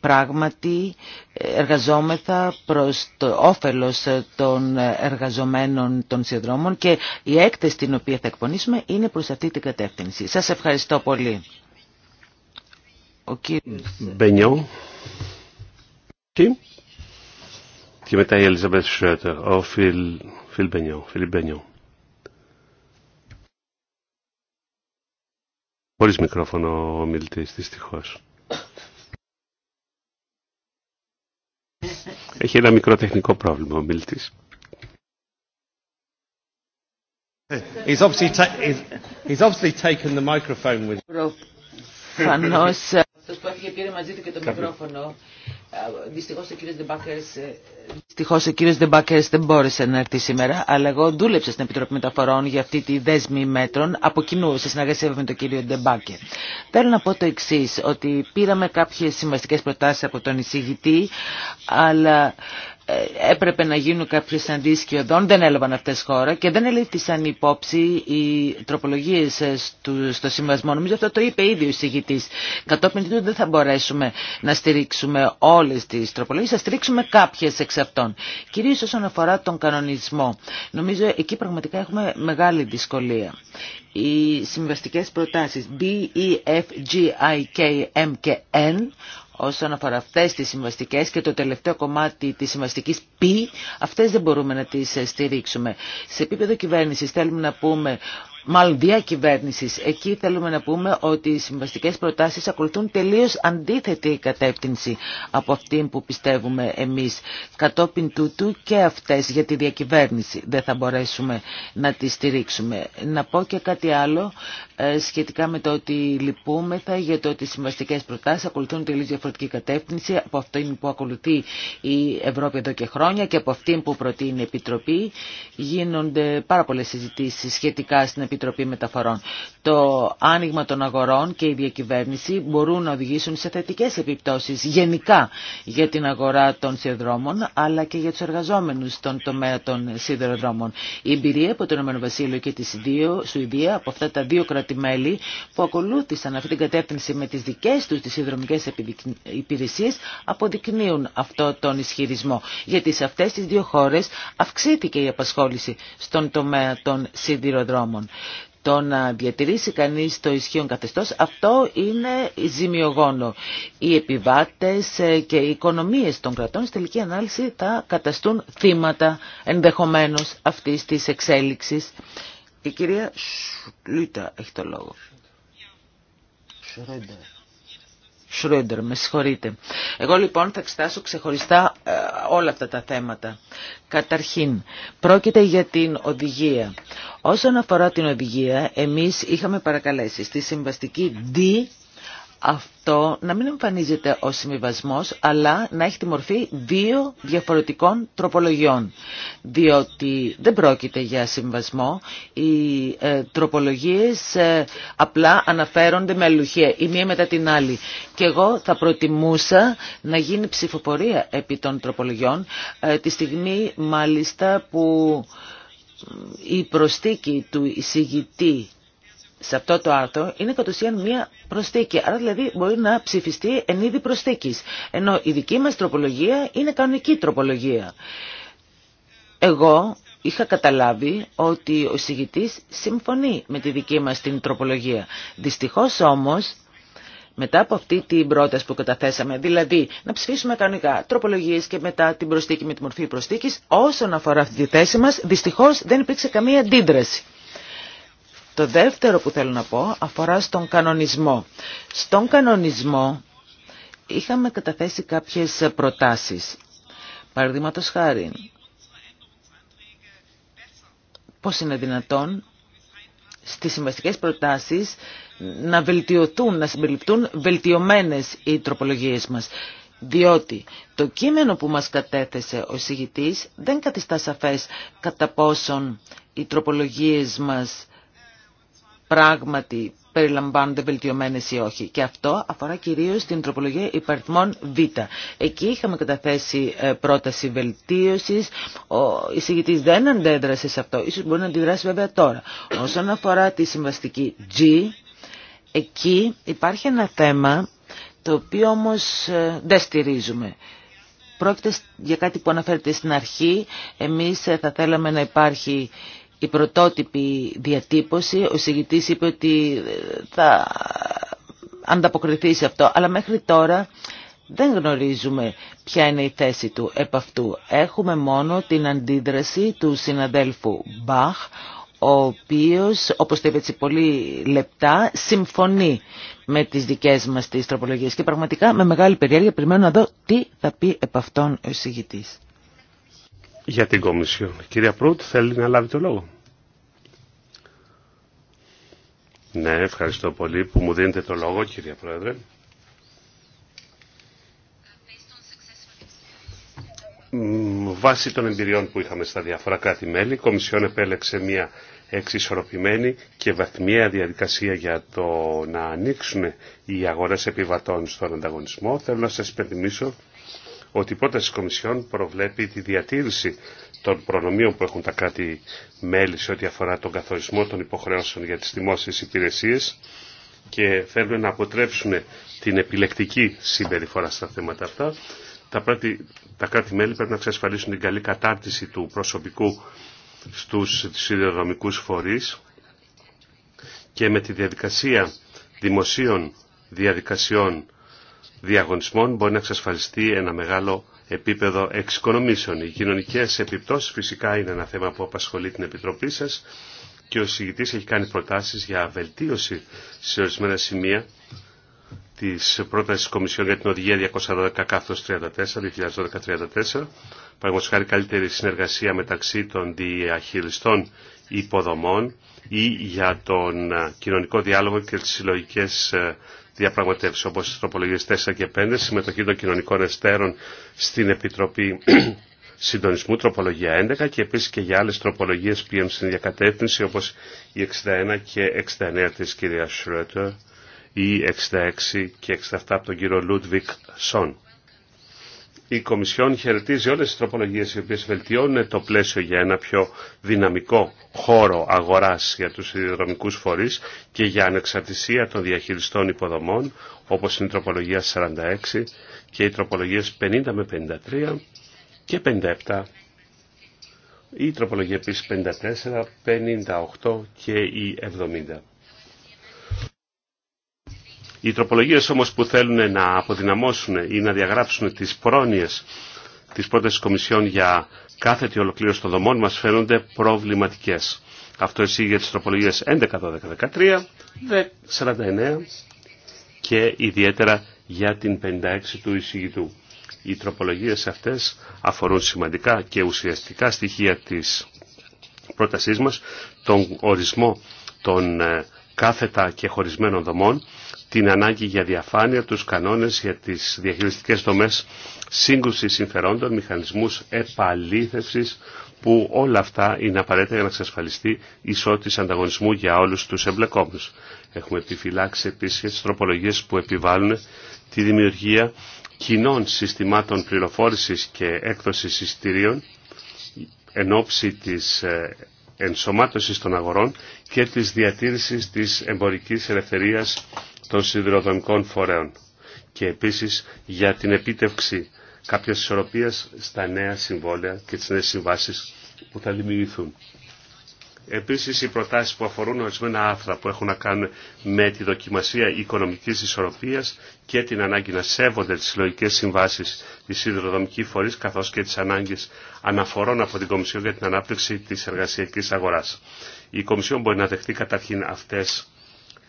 πράγματι εργαζόμεθα προς το όφελος των εργαζομένων των συνδρόμων και η έκθεση την οποία θα εκπονήσουμε είναι προς αυτή την κατεύθυνση. Σας ευχαριστώ πολύ. Ο κύριος Μπενιόν και, και μετά η Ελίζαμπεθ Σρέτερ, ο Φιλ, Μπενιόν, Φιλ Μπενιόν. Χωρίς μικρόφωνο ο μιλητής, δυστυχώς. Έχει ένα μικρό τεχνικό πρόβλημα ο μιλητής. He's obviously, he's, he's obviously taken the microphone with him που έφυγε πήρε μαζί του και το μικρόφωνο. Δυστυχώς ο κύριος Ντεμπάκερ ε, δεν μπόρεσε να έρθει σήμερα, αλλά εγώ δούλεψα στην Επιτροπή Μεταφορών για αυτή τη δέσμη μέτρων από κοινού σε συνεργασία με τον κύριο Ντεμπάκερ. Θέλω να πω το εξή ότι πήραμε κάποιες σημαντικές προτάσεις από τον εισηγητή, αλλά έπρεπε να γίνουν κάποιες και οδόν, δεν έλαβαν αυτές χώρα και δεν ελήφθησαν υπόψη οι τροπολογίες ε, στο συμβασμό. Νομίζω αυτό το είπε ήδη ο εισηγητής. Κατόπιν του δεν θα μπορέσουμε να στηρίξουμε όλες τις τροπολογίες, θα στηρίξουμε κάποιες εξ αυτών. Κυρίως όσον αφορά τον κανονισμό. Νομίζω εκεί πραγματικά έχουμε μεγάλη δυσκολία. Οι συμβαστικές προτάσεις B, E, F, G, I, K, M και N όσον αφορά αυτές τις συμβαστικές και το τελευταίο κομμάτι της συμβαστικής π, αυτές δεν μπορούμε να τις ε, στηρίξουμε. Σε επίπεδο κυβέρνησης θέλουμε να πούμε μάλλον διακυβέρνησης. Εκεί θέλουμε να πούμε ότι οι συμβαστικές προτάσεις ακολουθούν τελείως αντίθετη κατεύθυνση από αυτή που πιστεύουμε εμείς. Κατόπιν τούτου και αυτές για τη διακυβέρνηση δεν θα μπορέσουμε να τις στηρίξουμε. Να πω και κάτι άλλο ε, σχετικά με το ότι λυπούμεθα για το ότι οι συμβαστικές προτάσεις ακολουθούν τελείως διαφορετική κατεύθυνση από αυτήν που ακολουθεί η Ευρώπη εδώ και χρόνια και από αυτήν που προτείνει η Επιτροπή. Γίνονται πάρα πολλέ συζητήσει σχετικά στην Επιτροπή Μεταφορών το άνοιγμα των αγορών και η διακυβέρνηση μπορούν να οδηγήσουν σε θετικές επιπτώσεις γενικά για την αγορά των σιδηροδρόμων αλλά και για τους εργαζόμενους στον τομέα των σιδηροδρόμων. Η εμπειρία από το ΕΒ και τη Σουηδία από αυτά τα δύο κρατημέλη που ακολούθησαν αυτή την κατεύθυνση με τις δικές τους τις συνδρομικές υπηρεσίες αποδεικνύουν αυτό τον ισχυρισμό. Γιατί σε αυτές τις δύο χώρες αυξήθηκε η απασχόληση στον τομέα των σιδηροδρόμων. Το να διατηρήσει κανείς το ισχύον καθεστώς, αυτό είναι ζημιογόνο. Οι επιβάτες ε, και οι οικονομίες των κρατών στη τελική ανάλυση θα καταστούν θύματα ενδεχομένως αυτής της εξέλιξης. Η κυρία Σλούτα έχει το λόγο. Σρόντερ, με συγχωρείτε. Εγώ λοιπόν θα εξετάσω ξεχωριστά ε, όλα αυτά τα θέματα. Καταρχήν, πρόκειται για την οδηγία. Όσον αφορά την οδηγία, εμείς είχαμε παρακαλέσει στη συμβαστική D αυτό να μην εμφανίζεται ως συμβιβασμό, αλλά να έχει τη μορφή δύο διαφορετικών τροπολογιών. Διότι δεν πρόκειται για συμβασμό. Οι ε, τροπολογίες ε, απλά αναφέρονται με αλουχία, η μία μετά την άλλη. Και εγώ θα προτιμούσα να γίνει ψηφοφορία επί των τροπολογιών, ε, τη στιγμή μάλιστα που η προστίκη του εισηγητή σε αυτό το άρθρο είναι κατ' ουσίαν μία προστίκη. Άρα δηλαδή μπορεί να ψηφιστεί εν είδη Ενώ η δική μας τροπολογία είναι κανονική τροπολογία. Εγώ είχα καταλάβει ότι ο εισηγητής συμφωνεί με τη δική μας την τροπολογία. Δυστυχώς όμως μετά από αυτή την πρόταση που καταθέσαμε, δηλαδή να ψηφίσουμε κανονικά τροπολογίες και μετά την προστίκη με τη μορφή προστίκης, όσον αφορά αυτή τη θέση μας, δυστυχώς δεν υπήρξε καμία αντίδραση. Το δεύτερο που θέλω να πω αφορά στον κανονισμό. Στον κανονισμό είχαμε καταθέσει κάποιες προτάσεις. Παραδείγματος χάρη, πώς είναι δυνατόν στις συμβαστικές προτάσεις να βελτιωθούν, να συμπεριληφθούν βελτιωμένες οι τροπολογίες μας. Διότι το κείμενο που μας κατέθεσε ο συγητής δεν κατιστά σαφές κατά πόσον οι τροπολογίες μας πράγματι περιλαμβάνονται βελτιωμένες ή όχι. Και αυτό αφορά κυρίως την τροπολογία υπαριθμών Β. Εκεί είχαμε καταθέσει ε, πρόταση βελτίωσης. Ο εισηγητής δεν αντέδρασε σε αυτό. Ίσως μπορεί να αντιδράσει βέβαια τώρα. Όσον αφορά τη συμβαστική G, Εκεί υπάρχει ένα θέμα το οποίο όμως ε, δεν στηρίζουμε. Πρόκειται για κάτι που αναφέρεται στην αρχή. Εμείς ε, θα θέλαμε να υπάρχει η πρωτότυπη διατύπωση. Ο συγητής είπε ότι ε, θα ανταποκριθεί σε αυτό. Αλλά μέχρι τώρα δεν γνωρίζουμε ποια είναι η θέση του επ' αυτού. Έχουμε μόνο την αντίδραση του συναδέλφου Μπαχ, ο οποίος, όπως το είπε έτσι πολύ λεπτά, συμφωνεί με τις δικές μας τις τροπολογίες. Και πραγματικά με μεγάλη περιέργεια περιμένω να δω τι θα πει επ' αυτόν ο εισηγητής. Για την Κομισιόν. Κυρία Προύτ, θέλει να λάβει το λόγο. Ναι, ευχαριστώ πολύ που μου δίνετε το λόγο, κυρία Πρόεδρε. βάσει των εμπειριών που είχαμε στα διάφορα κράτη-μέλη, η Κομισιόν επέλεξε μια εξισορροπημένη και βαθμιαία διαδικασία για το να ανοίξουν οι αγορές επιβατών στον ανταγωνισμό. Θέλω να σας υπενθυμίσω ότι η πρόταση της Κομισιόν προβλέπει τη διατήρηση των προνομίων που έχουν τα κράτη-μέλη σε ό,τι αφορά τον καθορισμό των υποχρεώσεων για τις δημόσιες υπηρεσίες και θέλουν να αποτρέψουν την επιλεκτική συμπεριφορά στα θέματα αυτά τα, κράτη, τα μελη πρέπει να εξασφαλίσουν την καλή κατάρτιση του προσωπικού στους σιδηροδρομικούς φορείς και με τη διαδικασία δημοσίων διαδικασιών διαγωνισμών μπορεί να εξασφαλιστεί ένα μεγάλο επίπεδο εξοικονομήσεων. Οι κοινωνικές επιπτώσεις φυσικά είναι ένα θέμα που απασχολεί την Επιτροπή σας και ο συγητής έχει κάνει προτάσεις για βελτίωση σε ορισμένα σημεία της πρότασης της Κομισιόν για την Οδηγία 212-34, 2012-34, 34 παραγωγή καλύτερη συνεργασία μεταξύ των διαχειριστών υποδομών ή για τον ε, κοινωνικό διάλογο και τις συλλογικές ε, διαπραγματεύσεις, όπως οι τροπολογίες 4 και 5, συμμετοχή των κοινωνικών εστέρων στην Επιτροπή Συντονισμού, τροπολογία 11 και επίσης και για άλλες τροπολογίες που στην διακατεύθυνση, όπως η 61 και 69 της κυρία Σρέτερ ή 66 και 67 από τον κύριο Λούντβικ Σον. Η Κομισιόν χαιρετίζει όλες τις τροπολογίες οι οποίες βελτιώνουν το πλαίσιο για ένα πιο δυναμικό χώρο αγοράς για τους ιδιοδρομικούς φορείς και για ανεξαρτησία των διαχειριστών υποδομών, όπως είναι η τροπολογία 46 και οι τροπολογίες 50 με 53 και 57 η τροπολογία επίσης 54, 58 και η 70. Οι τροπολογίες όμως που θέλουν να αποδυναμώσουν ή να διαγράψουν τις πρόνοιες της πρότασης Κομισιόν για κάθετη ολοκλήρωση των δομών μας φαίνονται προβληματικές. Αυτό εσύ για τις τροπολογίες 11, 12, 13, 49 και ιδιαίτερα για την 56 του εισηγητού. Οι τροπολογίες αυτές αφορούν σημαντικά και ουσιαστικά στοιχεία της πρότασής μας, τον ορισμό των ε, κάθετα και χωρισμένων δομών, την ανάγκη για διαφάνεια, τους κανόνες για τις διαχειριστικές τομές σύγκρουση συμφερόντων, μηχανισμούς επαλήθευσης, που όλα αυτά είναι απαραίτητα για να εξασφαλιστεί ισότητα ανταγωνισμού για όλους τους εμπλεκόμενους. Έχουμε επιφυλάξει επίσης τις τροπολογίες που επιβάλλουν τη δημιουργία κοινών συστημάτων πληροφόρησης και έκδοσης εισιτηρίων εν ώψη της ε, ενσωμάτωσης των αγορών και της διατήρησης της εμπορικής ελευθερίας των σιδηροδομικών φορέων και επίσης για την επίτευξη κάποιας ισορροπίας στα νέα συμβόλαια και τις νέες συμβάσεις που θα δημιουργηθούν. Επίσης οι προτάσεις που αφορούν ορισμένα άρθρα που έχουν να κάνουν με τη δοκιμασία οικονομικής ισορροπίας και την ανάγκη να σέβονται τις συλλογικές συμβάσεις της Ιδροδομικής Φορής καθώς και τις ανάγκες αναφορών από την Κομισιόν για την ανάπτυξη της εργασιακής αγοράς. Η Κομισιόν μπορεί να δεχτεί καταρχήν αυτές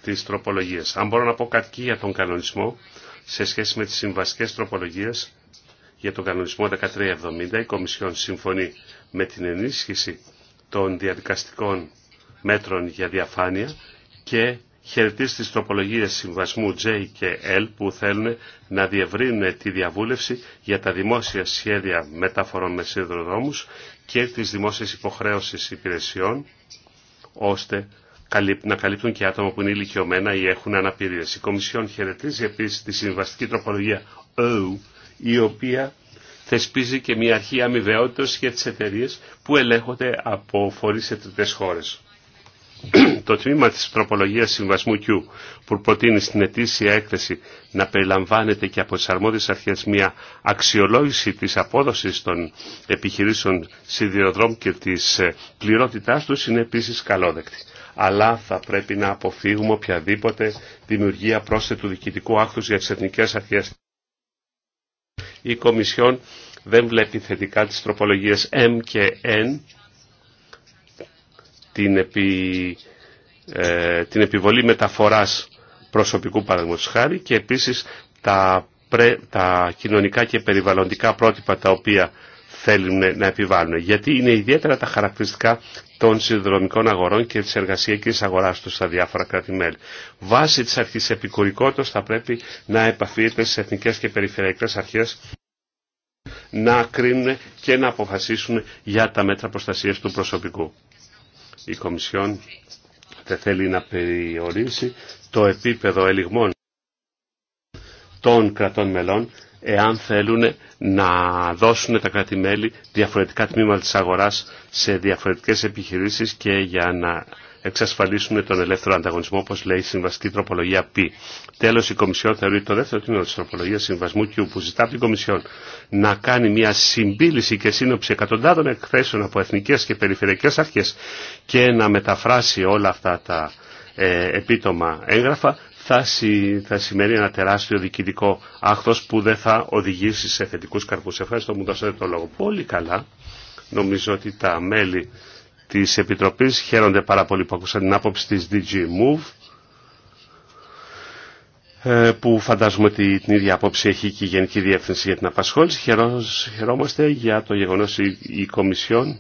τις τροπολογίες. Αν μπορώ να πω κάτι και για τον κανονισμό σε σχέση με τις συμβασικές τροπολογίες για τον κανονισμό 1370 η Κομισιόν συμφωνεί με την ενίσχυση των διαδικαστικών μέτρων για διαφάνεια και χαιρετίζει τις τροπολογίες συμβασμού J και L που θέλουν να διευρύνουν τη διαβούλευση για τα δημόσια σχέδια μεταφορών με σιδηροδρόμους και τις δημόσιες υποχρέωσεις υπηρεσιών ώστε να καλύπτουν και άτομα που είναι ηλικιωμένα ή έχουν αναπηρίες. Η Κομισιόν χαιρετίζει επίσης τη συμβαστική τροπολογία O η οποία θεσπίζει και μια αρχή αμοιβαιότητα για τι εταιρείε που ελέγχονται από φορείς σε τρίτε χώρε. το τμήμα τη τροπολογία συμβασμού Q που προτείνει στην ετήσια έκθεση να περιλαμβάνεται και από τι αρμόδιες αρχέ μια αξιολόγηση τη απόδοση των επιχειρήσεων σιδηροδρόμου και τη ε, πληρότητά του είναι επίση καλόδεκτη. Αλλά θα πρέπει να αποφύγουμε οποιαδήποτε δημιουργία πρόσθετου διοικητικού άκθους για τις εθνικές αρχές η Κομισιόν δεν βλέπει θετικά τις τροπολογίες M και N, την, ε, την επιβολή μεταφοράς προσωπικού παραδείγματος χάρη και επίσης τα, τα κοινωνικά και περιβαλλοντικά πρότυπα τα οποία θέλουν να επιβάλλουν. Γιατί είναι ιδιαίτερα τα χαρακτηριστικά των συνδρομικών αγορών και της εργασιακής αγοράς τους στα διάφορα κράτη-μέλη. Βάσει της αρχής επικουρικότητας θα πρέπει να επαφείται στις εθνικές και περιφερειακές αρχές να κρίνουν και να αποφασίσουν για τα μέτρα προστασίας του προσωπικού. Η Κομισιόν δεν θέλει να περιορίσει το επίπεδο ελιγμών των κρατών μελών εάν θέλουν να δώσουν τα κράτη-μέλη διαφορετικά τμήματα της αγοράς σε διαφορετικές επιχειρήσεις και για να εξασφαλίσουν τον ελεύθερο ανταγωνισμό, όπως λέει η Συμβαστική Τροπολογία Π. Τέλος, η Κομισιόν θεωρεί το δεύτερο τμήμα της Τροπολογίας Συμβασμού Q, που ζητά από την Κομισιόν να κάνει μια συμπίληση και σύνοψη εκατοντάδων εκθέσεων από εθνικές και περιφερειακές αρχές και να μεταφράσει όλα αυτά τα ε, επίτομα έγγραφα, θα, θα σημαίνει ένα τεράστιο διοικητικό άχθος που δεν θα οδηγήσει σε θετικούς καρπούς. Ευχαριστώ μου δώσατε το λόγο. Πολύ καλά. Νομίζω ότι τα μέλη της Επιτροπής χαίρονται πάρα πολύ που ακούσαν την άποψη της DG Move ε, που φαντάζομαι ότι την ίδια απόψη έχει και η Γενική Διεύθυνση για την Απασχόληση. Χαιρόμαστε για το γεγονός ότι η Κομισιόν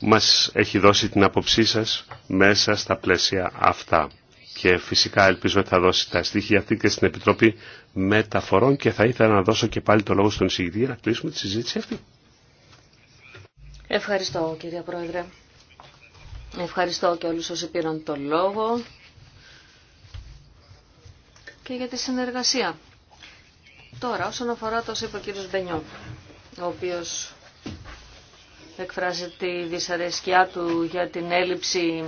μας έχει δώσει την άποψή σας μέσα στα πλαίσια αυτά και φυσικά ελπίζω ότι θα δώσει τα στοιχεία αυτή και στην Επιτροπή Μεταφορών και θα ήθελα να δώσω και πάλι το λόγο στον εισηγητή για να κλείσουμε τη συζήτηση αυτή. Ευχαριστώ κύριε Πρόεδρε. Ευχαριστώ και όλους όσοι πήραν το λόγο και για τη συνεργασία. Τώρα, όσον αφορά το είπε ο κύριος Μπενιό, ο οποίος εκφράζει τη δυσαρέσκειά του για την έλλειψη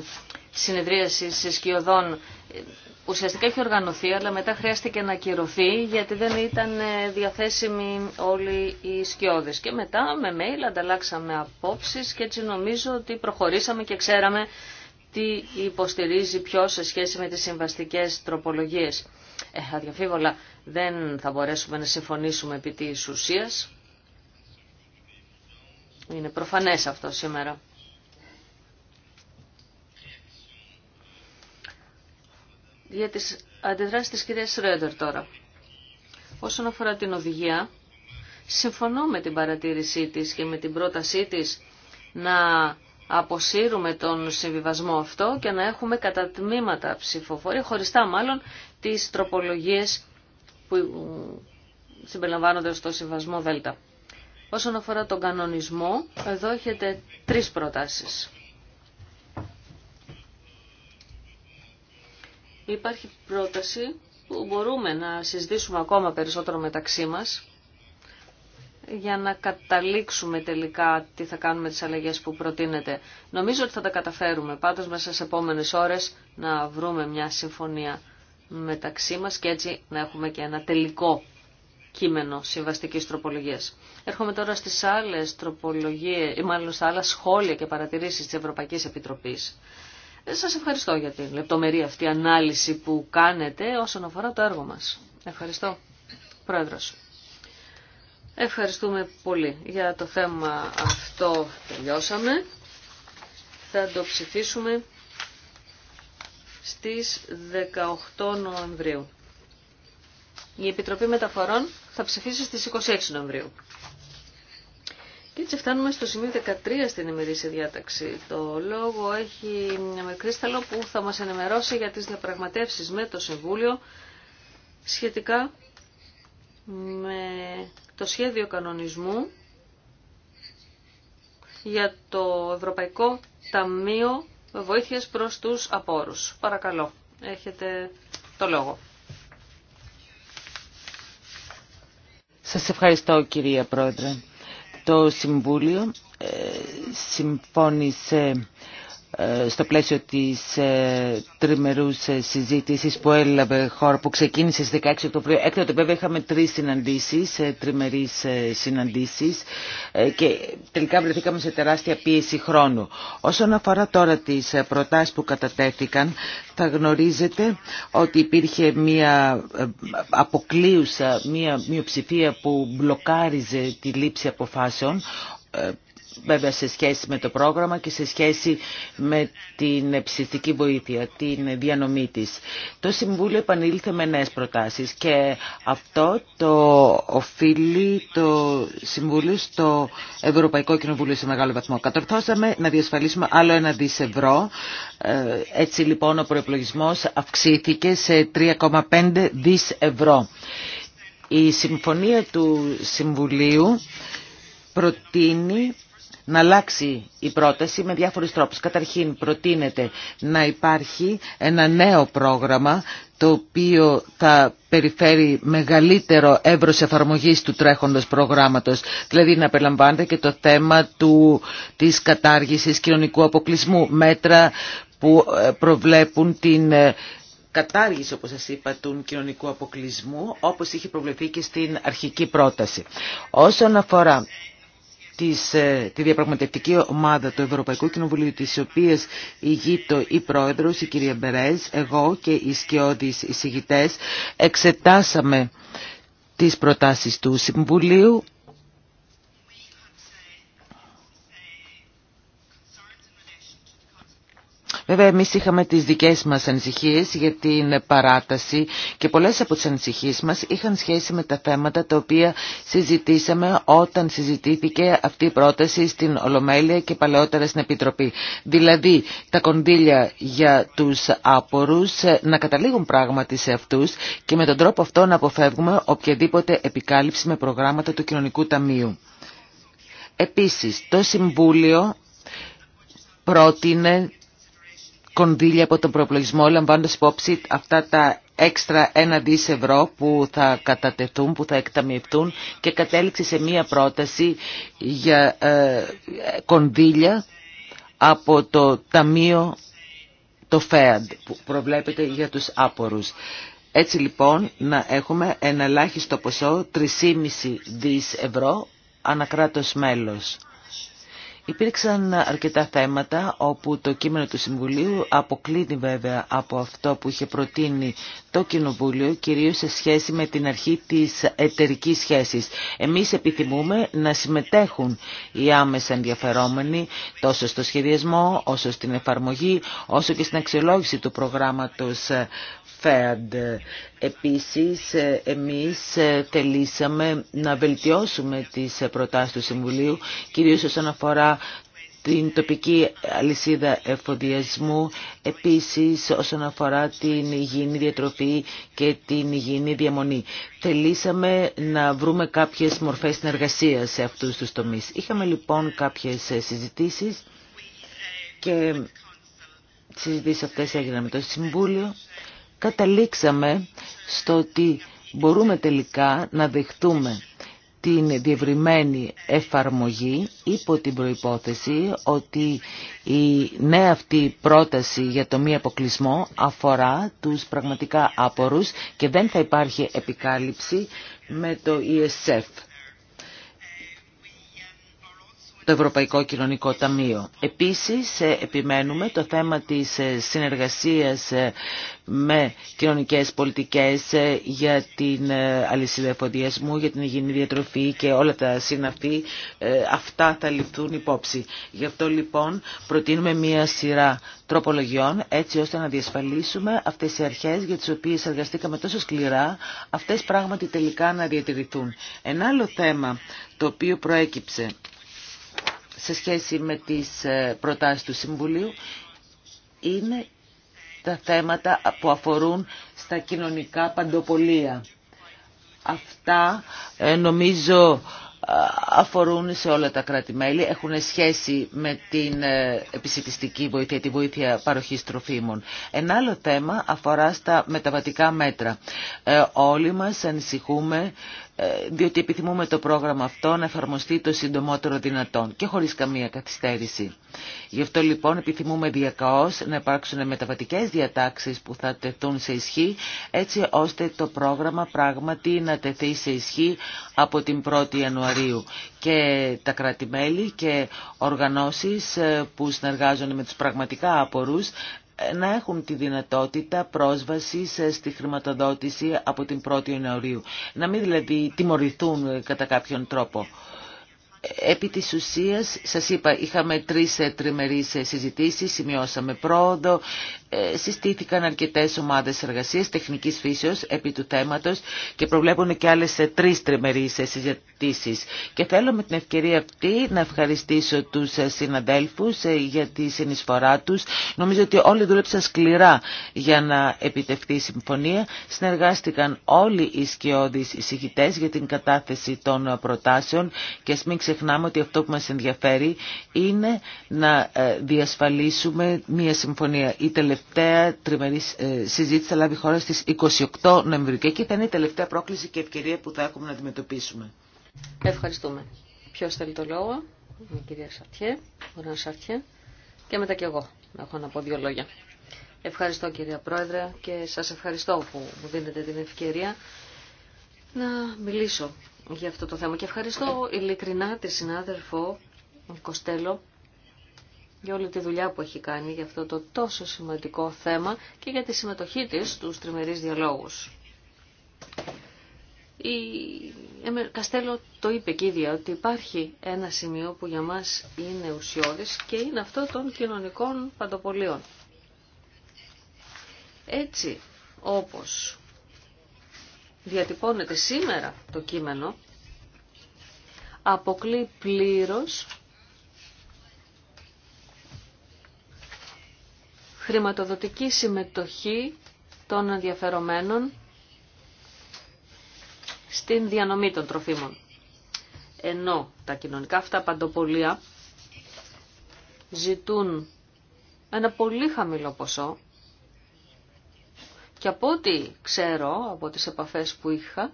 συνεδρίαση σκιωδών ε, ουσιαστικά έχει οργανωθεί, αλλά μετά χρειάστηκε να ακυρωθεί γιατί δεν ήταν ε, διαθέσιμοι όλοι οι σκιώδε. Και μετά με mail ανταλλάξαμε απόψεις και έτσι νομίζω ότι προχωρήσαμε και ξέραμε τι υποστηρίζει ποιο σε σχέση με τις συμβαστικέ τροπολογίες. Ε, δεν θα μπορέσουμε να συμφωνήσουμε επί της ουσίας. Είναι προφανές αυτό σήμερα. Για τις αντιδράσεις της κυρίας Ρέντερ τώρα. Όσον αφορά την οδηγία, συμφωνώ με την παρατήρησή της και με την πρότασή της να αποσύρουμε τον συμβιβασμό αυτό και να έχουμε κατά τμήματα ψηφοφορία, χωριστά μάλλον, τις τροπολογίες που συμπεριλαμβάνονται στο συμβασμό Δέλτα. Όσον αφορά τον κανονισμό, εδώ έχετε τρεις προτάσεις. Υπάρχει πρόταση που μπορούμε να συζητήσουμε ακόμα περισσότερο μεταξύ μας για να καταλήξουμε τελικά τι θα κάνουμε τις αλλαγές που προτείνετε. Νομίζω ότι θα τα καταφέρουμε πάντως μέσα στις επόμενες ώρες να βρούμε μια συμφωνία μεταξύ μας και έτσι να έχουμε και ένα τελικό κείμενο συμβαστικής τροπολογίας. Έρχομαι τώρα στις άλλες τροπολογίες, ή μάλλον στα άλλα σχόλια και παρατηρήσεις της Ευρωπαϊκής Επιτροπής. Σας ευχαριστώ για την λεπτομερή αυτή ανάλυση που κάνετε όσον αφορά το έργο μας. Ευχαριστώ, Πρόεδρος. Ευχαριστούμε πολύ για το θέμα αυτό. Τελειώσαμε. Θα το ψηφίσουμε στις 18 Νοεμβρίου. Η Επιτροπή Μεταφορών θα ψηφίσει στις 26 Νοεμβρίου. Και έτσι φτάνουμε στο σημείο 13 στην ημερήσια διάταξη. Το λόγο έχει μια κρίσταλο που θα μας ενημερώσει για τις διαπραγματεύσεις με το Συμβούλιο σχετικά με το σχέδιο κανονισμού για το Ευρωπαϊκό Ταμείο Βοήθειας προς τους Απόρους. Παρακαλώ, έχετε το λόγο. Σας ευχαριστώ κυρία Πρόεδρε. Το Συμβούλιο ε, συμφώνησε ε, στο πλαίσιο της ε, τριμερούς ε, συζήτησης που έλαβε χώρα που ξεκίνησε στις 16 Οκτωβρίου. Έκτοτε βέβαια είχαμε τρεις συναντήσεις, ε, τριμερείς ε, συναντήσεις και τελικά βρεθήκαμε σε τεράστια πίεση χρόνου. Όσον αφορά τώρα τις προτάσεις που κατατέθηκαν, θα γνωρίζετε ότι υπήρχε μια αποκλείουσα, μια μειοψηφία που μπλοκάριζε τη λήψη αποφάσεων βέβαια σε σχέση με το πρόγραμμα και σε σχέση με την ψηφιστική βοήθεια, την διανομή της. Το Συμβούλιο επανήλθε με νέες προτάσεις και αυτό το οφείλει το Συμβούλιο στο Ευρωπαϊκό Κοινοβούλιο σε μεγάλο βαθμό. Κατορθώσαμε να διασφαλίσουμε άλλο ένα δις ευρώ. Ε, έτσι λοιπόν ο προεπλογισμός αυξήθηκε σε 3,5 δις ευρώ. Η συμφωνία του Συμβουλίου προτείνει να αλλάξει η πρόταση με διάφορους τρόπους. Καταρχήν προτείνεται να υπάρχει ένα νέο πρόγραμμα το οποίο θα περιφέρει μεγαλύτερο εύρος εφαρμογής του τρέχοντος προγράμματος, δηλαδή να περιλαμβάνεται και το θέμα του, της κατάργησης κοινωνικού αποκλεισμού, μέτρα που ε, προβλέπουν την ε, κατάργηση, όπως σας είπα, του κοινωνικού αποκλεισμού, όπως είχε προβλεφθεί και στην αρχική πρόταση. Όσον αφορά της, ε, τη διαπραγματευτική ομάδα του Ευρωπαϊκού Κοινοβουλίου της οποίας ηγείται η πρόεδρος, η κυρία Μπερέζ, εγώ και οι σκιώδεις εισηγητές εξετάσαμε τις προτάσεις του Συμβουλίου Βέβαια εμείς είχαμε τις δικές μας ανησυχίες για την παράταση και πολλές από τις ανησυχίες μας είχαν σχέση με τα θέματα τα οποία συζητήσαμε όταν συζητήθηκε αυτή η πρόταση στην Ολομέλεια και παλαιότερα στην Επιτροπή. Δηλαδή τα κονδύλια για τους άπορους ε, να καταλήγουν πράγματι σε αυτούς και με τον τρόπο αυτό να αποφεύγουμε οποιαδήποτε επικάλυψη με προγράμματα του Κοινωνικού Ταμείου. Επίσης, το Συμβούλιο πρότεινε κονδύλια από τον προπλογισμό λαμβάνοντας υπόψη αυτά τα έξτρα ένα δις ευρώ που θα κατατεθούν, που θα εκταμιευτούν και κατέληξε σε μία πρόταση για ε, κονδύλια από το Ταμείο το ΦΕΑΝΤ που προβλέπεται για τους άπορους. Έτσι λοιπόν να έχουμε ένα ελάχιστο ποσό 3,5 δις ευρώ ανακράτος μέλος. Υπήρξαν αρκετά θέματα όπου το κείμενο του Συμβουλίου αποκλίνει βέβαια από αυτό που είχε προτείνει το Κοινοβούλιο, κυρίως σε σχέση με την αρχή της εταιρική σχέσης. Εμείς επιθυμούμε να συμμετέχουν οι άμεσα ενδιαφερόμενοι τόσο στο σχεδιασμό, όσο στην εφαρμογή, όσο και στην αξιολόγηση του προγράμματος ΦΕΑΝΤ. Επίσης, εμείς θελήσαμε να βελτιώσουμε τις προτάσεις του Συμβουλίου, κυρίως όσον αφορά την τοπική αλυσίδα εφοδιασμού, επίσης όσον αφορά την υγιεινή διατροφή και την υγιεινή διαμονή. Θελήσαμε να βρούμε κάποιες μορφές συνεργασίας σε αυτούς τους τομείς. Είχαμε λοιπόν κάποιες συζητήσεις και συζητήσεις αυτές έγιναν με το Συμβούλιο. Καταλήξαμε στο ότι μπορούμε τελικά να δεχτούμε την διευρυμένη εφαρμογή υπό την προϋπόθεση ότι η νέα αυτή πρόταση για το μη αποκλεισμό αφορά τους πραγματικά άπορους και δεν θα υπάρχει επικάλυψη με το ESF το Ευρωπαϊκό Κοινωνικό Ταμείο. Επίσης, ε, επιμένουμε το θέμα της ε, συνεργασίας ε, με κοινωνικές πολιτικές για την αλυσίδα εφοδιασμού, για την υγιεινή διατροφή και όλα τα συναφή, αυτά θα ληφθούν υπόψη. Γι' αυτό λοιπόν προτείνουμε μία σειρά τροπολογιών έτσι ώστε να διασφαλίσουμε αυτές οι αρχές για τις οποίες εργαστήκαμε τόσο σκληρά, αυτές πράγματι τελικά να διατηρηθούν. Ένα άλλο θέμα το οποίο προέκυψε σε σχέση με τις ε, προτάσεις του Συμβουλίου είναι τα θέματα που αφορούν στα κοινωνικά παντοπολία. Αυτά ε, νομίζω ε, αφορούν σε όλα τα κράτη-μέλη, έχουν σχέση με την επισητιστική βοήθεια, τη βοήθεια παροχής τροφίμων. Ένα άλλο θέμα αφορά στα μεταβατικά μέτρα. Όλοι μας ανησυχούμε διότι επιθυμούμε το πρόγραμμα αυτό να εφαρμοστεί το συντομότερο δυνατόν και χωρίς καμία καθυστέρηση. Γι' αυτό λοιπόν επιθυμούμε διακαώς να υπάρξουν μεταβατικές διατάξεις που θα τεθούν σε ισχύ έτσι ώστε το πρόγραμμα πράγματι να τεθεί σε ισχύ από την 1η Ιανουαρίου και τα κράτη-μέλη και οργανώσεις ε, που συνεργάζονται με τους πραγματικά άπορους να έχουν τη δυνατότητα πρόσβασης στη χρηματοδότηση από την 1η Ιανουαρίου. Να μην δηλαδή τιμωρηθούν ε, κατά κάποιον τρόπο. Επί της ουσίας, σας είπα, είχαμε τρεις ε, τριμερείς ε, συζητήσεις, σημειώσαμε πρόοδο, ε, συστήθηκαν αρκετές ομάδες εργασίας τεχνικής φύσεως επί του θέματος και προβλέπουν και άλλες τρει τριμερείς συζητήσει. Και θέλω με την ευκαιρία αυτή να ευχαριστήσω τους συναδέλφους ε, για τη συνεισφορά τους. Νομίζω ότι όλοι δούλεψαν σκληρά για να επιτευχθεί η συμφωνία. Συνεργάστηκαν όλοι οι σκιώδεις εισηγητές για την κατάθεση των προτάσεων και α μην ξεχνάμε ότι αυτό που μας ενδιαφέρει είναι να ε, διασφαλίσουμε μια συμφωνία. Η τελευταία τελευταία τριμερή ε, συζήτηση θα λάβει χώρα στις 28 Νοεμβρίου και εκεί θα είναι η τελευταία πρόκληση και ευκαιρία που θα έχουμε να αντιμετωπίσουμε. Ευχαριστούμε. Ποιος θέλει το λόγο, η κυρία Σαρτιέ, ο Σαρτιέ και μετά και εγώ να έχω να πω δύο λόγια. Ευχαριστώ κυρία Πρόεδρε και σας ευχαριστώ που μου δίνετε την ευκαιρία να μιλήσω για αυτό το θέμα και ευχαριστώ ειλικρινά τη συνάδελφο Κοστέλο για όλη τη δουλειά που έχει κάνει για αυτό το τόσο σημαντικό θέμα και για τη συμμετοχή της στους τριμερείς διαλόγους. Η Καστέλο το είπε και ίδια ότι υπάρχει ένα σημείο που για μας είναι ουσιώδης και είναι αυτό των κοινωνικών παντοπολίων. Έτσι όπως διατυπώνεται σήμερα το κείμενο, αποκλεί πλήρως χρηματοδοτική συμμετοχή των ενδιαφερομένων στην διανομή των τροφίμων. Ενώ τα κοινωνικά αυτά παντοπολία ζητούν ένα πολύ χαμηλό ποσό και από ό,τι ξέρω, από τις επαφές που είχα,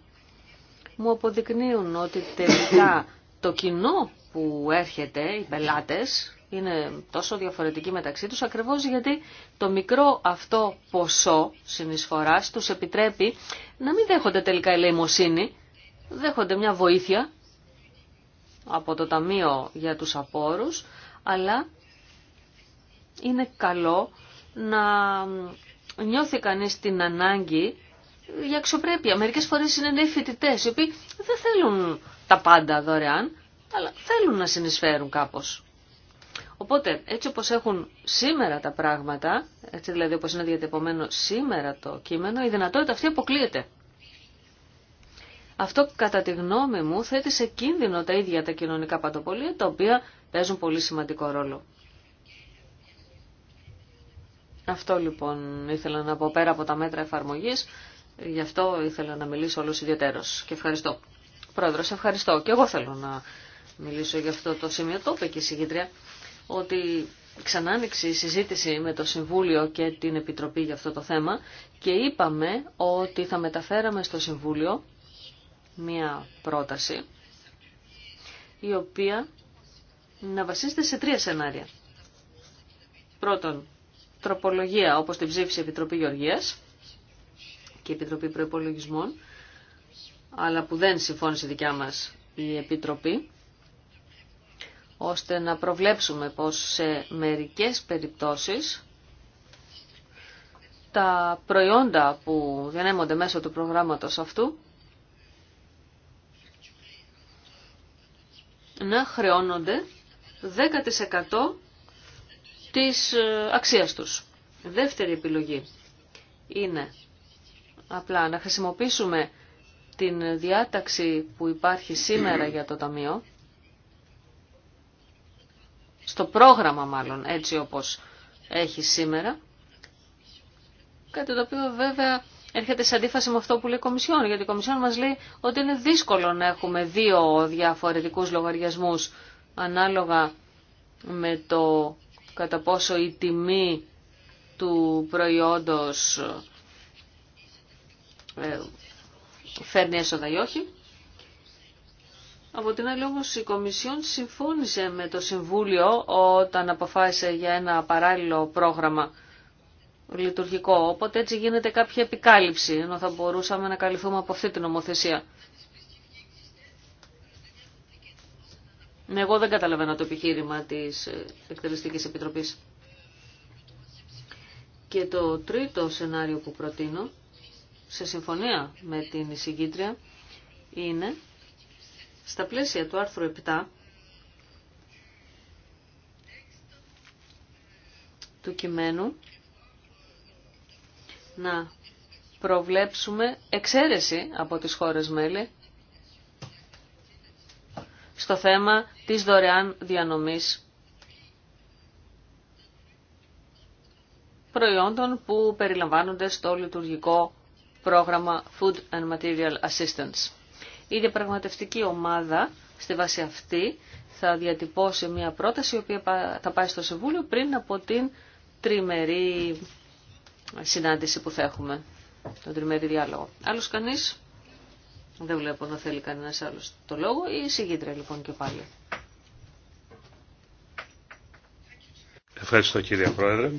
μου αποδεικνύουν ότι τελικά το κοινό που έρχεται, οι πελάτες, είναι τόσο διαφορετική μεταξύ τους ακριβώς γιατί το μικρό αυτό ποσό συνεισφοράς τους επιτρέπει να μην δέχονται τελικά ελεημοσύνη, δέχονται μια βοήθεια από το Ταμείο για τους Απόρους, αλλά είναι καλό να νιώθει κανείς την ανάγκη για αξιοπρέπεια. Μερικές φορές είναι νέοι φοιτητέ, οι οποίοι δεν θέλουν τα πάντα δωρεάν, αλλά θέλουν να συνεισφέρουν κάπως. Οπότε, έτσι όπως έχουν σήμερα τα πράγματα, έτσι δηλαδή όπως είναι διατυπωμένο σήμερα το κείμενο, η δυνατότητα αυτή αποκλείεται. Αυτό κατά τη γνώμη μου θέτει σε κίνδυνο τα ίδια τα κοινωνικά πατοπολία, τα οποία παίζουν πολύ σημαντικό ρόλο. Αυτό λοιπόν ήθελα να πω πέρα από τα μέτρα εφαρμογής, γι' αυτό ήθελα να μιλήσω όλος ιδιαίτερος και ευχαριστώ. Πρόεδρος, ευχαριστώ και εγώ θέλω να μιλήσω για αυτό το σημείο, το είπε και η ότι άνοιξε η συζήτηση με το Συμβούλιο και την Επιτροπή για αυτό το θέμα και είπαμε ότι θα μεταφέραμε στο Συμβούλιο μία πρόταση η οποία να βασίζεται σε τρία σενάρια. Πρώτον, τροπολογία όπως την ψήφισε η Επιτροπή Γεωργίας και η Επιτροπή Προϋπολογισμών, αλλά που δεν συμφώνησε δικιά μας η Επιτροπή ώστε να προβλέψουμε πως σε μερικές περιπτώσεις τα προϊόντα που διανέμονται μέσω του προγράμματος αυτού να χρεώνονται 10% της ε, αξίας τους. Δεύτερη επιλογή είναι απλά να χρησιμοποιήσουμε την διάταξη που υπάρχει σήμερα για το Ταμείο στο πρόγραμμα μάλλον έτσι όπως έχει σήμερα. Κάτι το οποίο βέβαια έρχεται σε αντίφαση με αυτό που λέει η Κομισιόν, γιατί η Κομισιόν μας λέει ότι είναι δύσκολο να έχουμε δύο διαφορετικούς λογαριασμούς ανάλογα με το κατά πόσο η τιμή του προϊόντος ε, φέρνει έσοδα ή όχι. Από την άλλη όμως η Κομισιόν συμφώνησε με το Συμβούλιο όταν αποφάσισε για ένα παράλληλο πρόγραμμα λειτουργικό. Οπότε έτσι γίνεται κάποια επικάλυψη, ενώ θα μπορούσαμε να καλυφθούμε από αυτή την νομοθεσία. Εγώ δεν καταλαβαίνω το επιχείρημα της Εκτελεστικής Επιτροπής. Και το τρίτο σενάριο που προτείνω, σε συμφωνία με την εισηγήτρια, είναι στα πλαίσια του άρθρου 7 του κειμένου να προβλέψουμε εξαίρεση από τις χώρες μέλη στο θέμα της δωρεάν διανομής προϊόντων που περιλαμβάνονται στο λειτουργικό πρόγραμμα Food and Material Assistance. Η διαπραγματευτική ομάδα στη βάση αυτή θα διατυπώσει μια πρόταση η οποία θα πάει στο Συμβούλιο πριν από την τριμερή συνάντηση που θα έχουμε, τον τριμερή διάλογο. Άλλος κανείς, δεν βλέπω να θέλει κανένας άλλος το λόγο, η συγκίτρια λοιπόν και πάλι. Ευχαριστώ κύριε Πρόεδρε.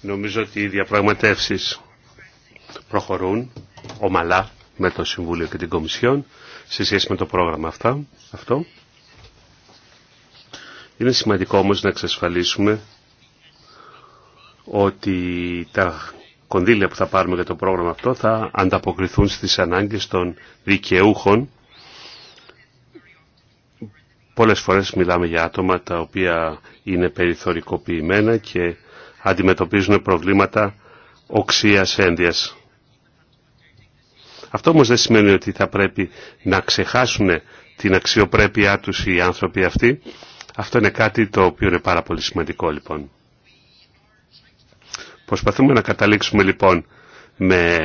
Νομίζω ότι οι διαπραγματεύσεις προχωρούν ομαλά με το Συμβούλιο και την Κομισιόν σε σχέση με το πρόγραμμα αυτά, αυτό. Είναι σημαντικό όμως να εξασφαλίσουμε ότι τα κονδύλια που θα πάρουμε για το πρόγραμμα αυτό θα ανταποκριθούν στις ανάγκες των δικαιούχων. Πολλές φορές μιλάμε για άτομα τα οποία είναι περιθωρικοποιημένα και αντιμετωπίζουν προβλήματα οξίας ένδυας. Αυτό όμως δεν σημαίνει ότι θα πρέπει να ξεχάσουν την αξιοπρέπειά τους οι άνθρωποι αυτοί. Αυτό είναι κάτι το οποίο είναι πάρα πολύ σημαντικό λοιπόν. Προσπαθούμε να καταλήξουμε λοιπόν με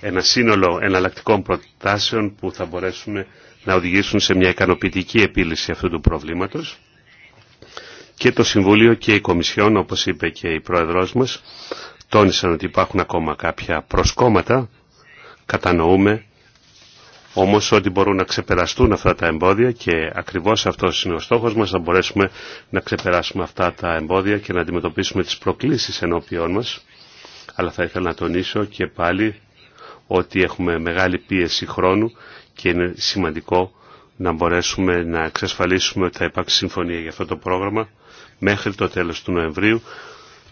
ένα σύνολο εναλλακτικών προτάσεων που θα μπορέσουμε να οδηγήσουν σε μια ικανοποιητική επίλυση αυτού του προβλήματος και το Συμβούλιο και η Κομισιόν, όπως είπε και η Πρόεδρός μας, τόνισαν ότι υπάρχουν ακόμα κάποια προσκόμματα Κατανοούμε όμως ότι μπορούν να ξεπεραστούν αυτά τα εμπόδια και ακριβώς αυτός είναι ο στόχος μας να μπορέσουμε να ξεπεράσουμε αυτά τα εμπόδια και να αντιμετωπίσουμε τις προκλήσεις ενώπιών μας. Αλλά θα ήθελα να τονίσω και πάλι ότι έχουμε μεγάλη πίεση χρόνου και είναι σημαντικό να μπορέσουμε να εξασφαλίσουμε ότι θα υπάρξει συμφωνία για αυτό το πρόγραμμα μέχρι το τέλος του Νοεμβρίου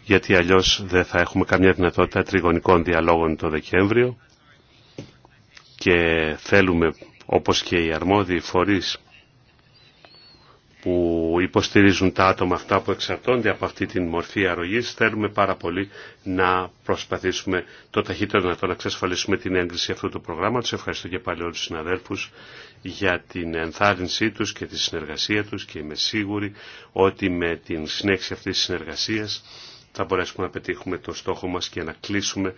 γιατί αλλιώς δεν θα έχουμε καμιά δυνατότητα τριγωνικών διαλόγων το Δεκέμβριο και θέλουμε όπως και οι αρμόδιοι φορείς που υποστηρίζουν τα άτομα αυτά που εξαρτώνται από αυτή την μορφή αρρωγής, θέλουμε πάρα πολύ να προσπαθήσουμε το ταχύτερο δυνατό να εξασφαλίσουμε την έγκριση αυτού του προγράμματος. Ευχαριστώ και πάλι όλους τους συναδέλφους για την ενθάρρυνσή τους και τη συνεργασία τους και είμαι σίγουρη ότι με την συνέχιση αυτής της συνεργασίας θα μπορέσουμε να πετύχουμε το στόχο μας και να κλείσουμε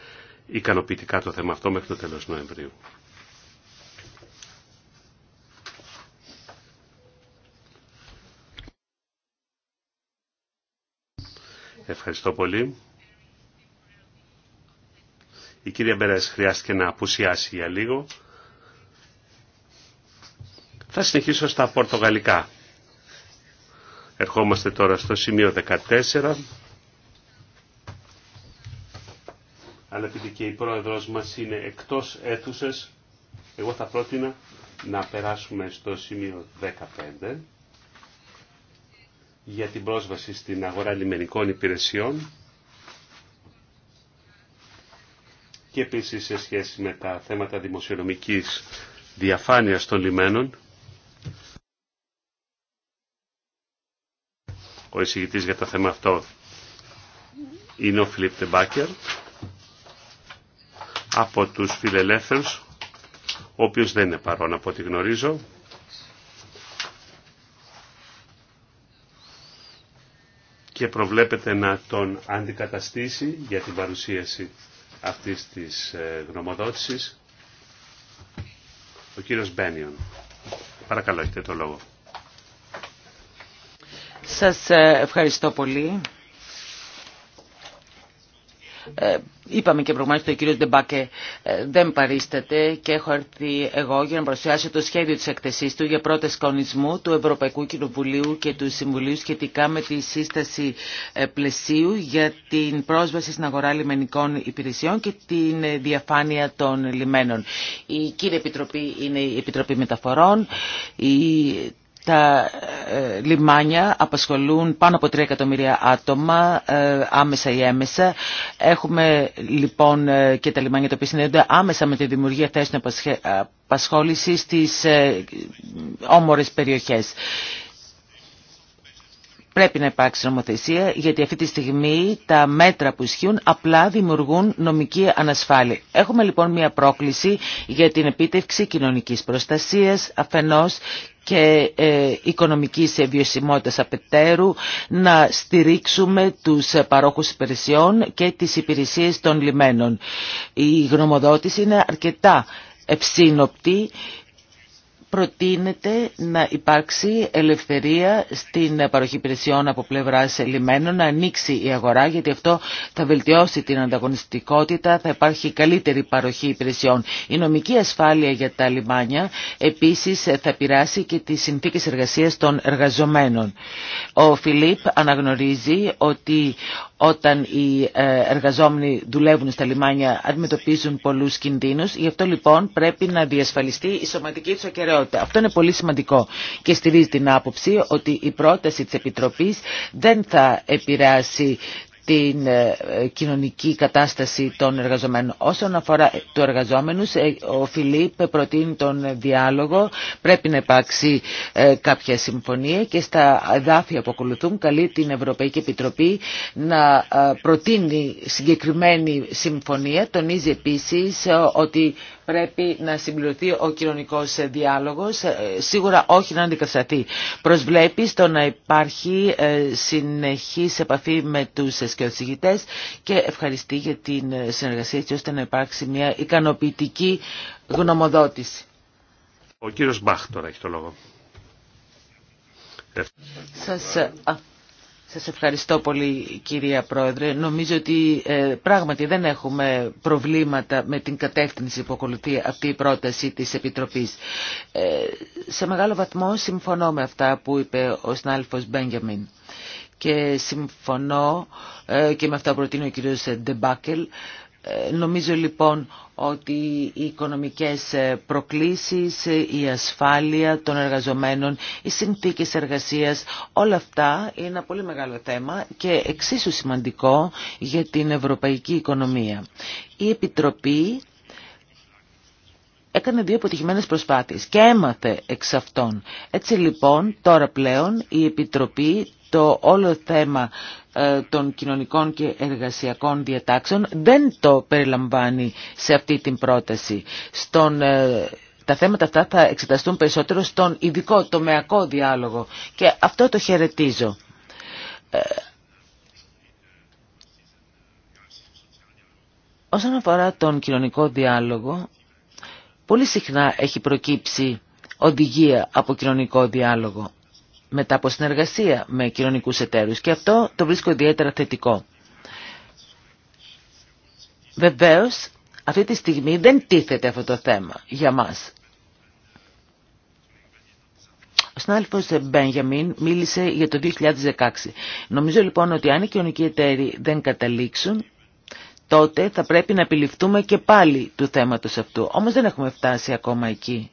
ικανοποιητικά το θέμα αυτό μέχρι το τέλος Νοεμβρίου. Ευχαριστώ πολύ. Η κυρία Μπέρας χρειάστηκε να απουσιάσει για λίγο. Θα συνεχίσω στα πορτογαλικά. Ερχόμαστε τώρα στο σημείο 14. Αλλά επειδή και η πρόεδρος μας είναι εκτός αίθουσες, εγώ θα πρότεινα να περάσουμε στο σημείο 15 για την πρόσβαση στην αγορά λιμενικών υπηρεσιών και επίσης σε σχέση με τα θέματα δημοσιονομικής διαφάνειας των λιμένων. Ο εισηγητής για το θέμα αυτό είναι ο Φιλίπ Τεμπάκερ από τους φιλελεύθερους, ο οποίος δεν είναι παρόν από ό,τι γνωρίζω. και προβλέπεται να τον αντικαταστήσει για την παρουσίαση αυτής της ε, γνωμοδότησης ο κύριος Μπένιον. Παρακαλώ, έχετε το λόγο. Σας ε, ευχαριστώ πολύ. Ε, είπαμε και προηγουμένως ότι ο Ντεμπάκε ε, δεν παρίσταται και έχω έρθει εγώ για να παρουσιάσω το σχέδιο της εκθεσής του για πρώτες κανονισμού του Ευρωπαϊκού Κοινοβουλίου και του Συμβουλίου σχετικά με τη σύσταση ε, πλαισίου για την πρόσβαση στην αγορά λιμενικών υπηρεσιών και την διαφάνεια των λιμένων. Η κύρια επιτροπή είναι η Επιτροπή Μεταφορών, η τα ε, λιμάνια απασχολούν πάνω από 3 εκατομμύρια άτομα ε, άμεσα ή έμεσα. Έχουμε λοιπόν ε, και τα λιμάνια τα οποία συνδέονται άμεσα με τη δημιουργία θέσεων απασχόλησης στις όμορες περιοχές. Πρέπει να υπάρξει νομοθεσία γιατί αυτή τη στιγμή τα μέτρα που ισχύουν απλά δημιουργούν νομική ανασφάλεια. Έχουμε λοιπόν μια πρόκληση για την επίτευξη κοινωνικής προστασίας αφενός και ε, οικονομικής βιωσιμότητας απετέρου να στηρίξουμε τους παρόχους υπηρεσιών και τις υπηρεσίες των λιμένων. Η γνωμοδότηση είναι αρκετά ευσύνοπτη προτείνεται να υπάρξει ελευθερία στην παροχή υπηρεσιών από πλευρά λιμένων, να ανοίξει η αγορά, γιατί αυτό θα βελτιώσει την ανταγωνιστικότητα, θα υπάρχει καλύτερη παροχή υπηρεσιών. Η νομική ασφάλεια για τα λιμάνια επίσης θα πειράσει και τις συνθήκες εργασίας των εργαζομένων. Ο Φιλίπ αναγνωρίζει ότι όταν οι ε, εργαζόμενοι δουλεύουν στα λιμάνια αντιμετωπίζουν πολλούς κινδύνους. Γι' αυτό λοιπόν πρέπει να διασφαλιστεί η σωματική του ακαιρεότητα. Αυτό είναι πολύ σημαντικό και στηρίζει την άποψη ότι η πρόταση της Επιτροπής δεν θα επηρεάσει την ε, κοινωνική κατάσταση των εργαζομένων. Όσον αφορά του εργαζόμενου, ε, ο Φιλίπ προτείνει τον διάλογο, πρέπει να υπάρξει ε, κάποια συμφωνία και στα εδάφια που ακολουθούν καλεί την Ευρωπαϊκή Επιτροπή να προτείνει συγκεκριμένη συμφωνία. Τονίζει επίσης ότι πρέπει να συμπληρωθεί ο κοινωνικός διάλογος, ε, σίγουρα όχι να αντικατασταθεί. Προσβλέπει στο να υπάρχει ε, συνεχής επαφή με τους σκιωθηγητές και ευχαριστεί για την ε, συνεργασία έτσι ώστε να υπάρξει μια ικανοποιητική γνωμοδότηση. Ο κύριος Μπαχ τώρα έχει το λόγο. Σας σας ευχαριστώ πολύ κυρία Πρόεδρε. Νομίζω ότι ε, πράγματι δεν έχουμε προβλήματα με την κατεύθυνση που ακολουθεί αυτή η πρόταση της Επιτροπής. Ε, σε μεγάλο βαθμό συμφωνώ με αυτά που είπε ο Σνάλφος Μπένγκεμιν και συμφωνώ ε, και με αυτά που προτείνει ο κύριος Ντεμπάκελ ε, νομίζω λοιπόν ότι οι οικονομικές ε, προκλήσεις, ε, η ασφάλεια των εργαζομένων, οι συνθήκες εργασίας, όλα αυτά είναι ένα πολύ μεγάλο θέμα και εξίσου σημαντικό για την ευρωπαϊκή οικονομία. Η Επιτροπή έκανε δύο αποτυχημένες προσπάθειες και έμαθε εξ αυτών. Έτσι λοιπόν τώρα πλέον η Επιτροπή το όλο θέμα ε, των κοινωνικών και εργασιακών διατάξεων δεν το περιλαμβάνει σε αυτή την πρόταση. Στον, ε, τα θέματα αυτά θα εξεταστούν περισσότερο στον ειδικό τομεακό διάλογο και αυτό το χαιρετίζω. Ε, όσον αφορά τον κοινωνικό διάλογο, πολύ συχνά έχει προκύψει οδηγία από κοινωνικό διάλογο μετά από συνεργασία με κοινωνικούς εταίρους και αυτό το βρίσκω ιδιαίτερα θετικό. Βεβαίως, αυτή τη στιγμή δεν τίθεται αυτό το θέμα για μας. Ο συνάδελφος Μπένιαμιν μίλησε για το 2016. Νομίζω λοιπόν ότι αν οι κοινωνικοί εταίροι δεν καταλήξουν, τότε θα πρέπει να επιληφθούμε και πάλι του θέματος αυτού. Όμως δεν έχουμε φτάσει ακόμα εκεί.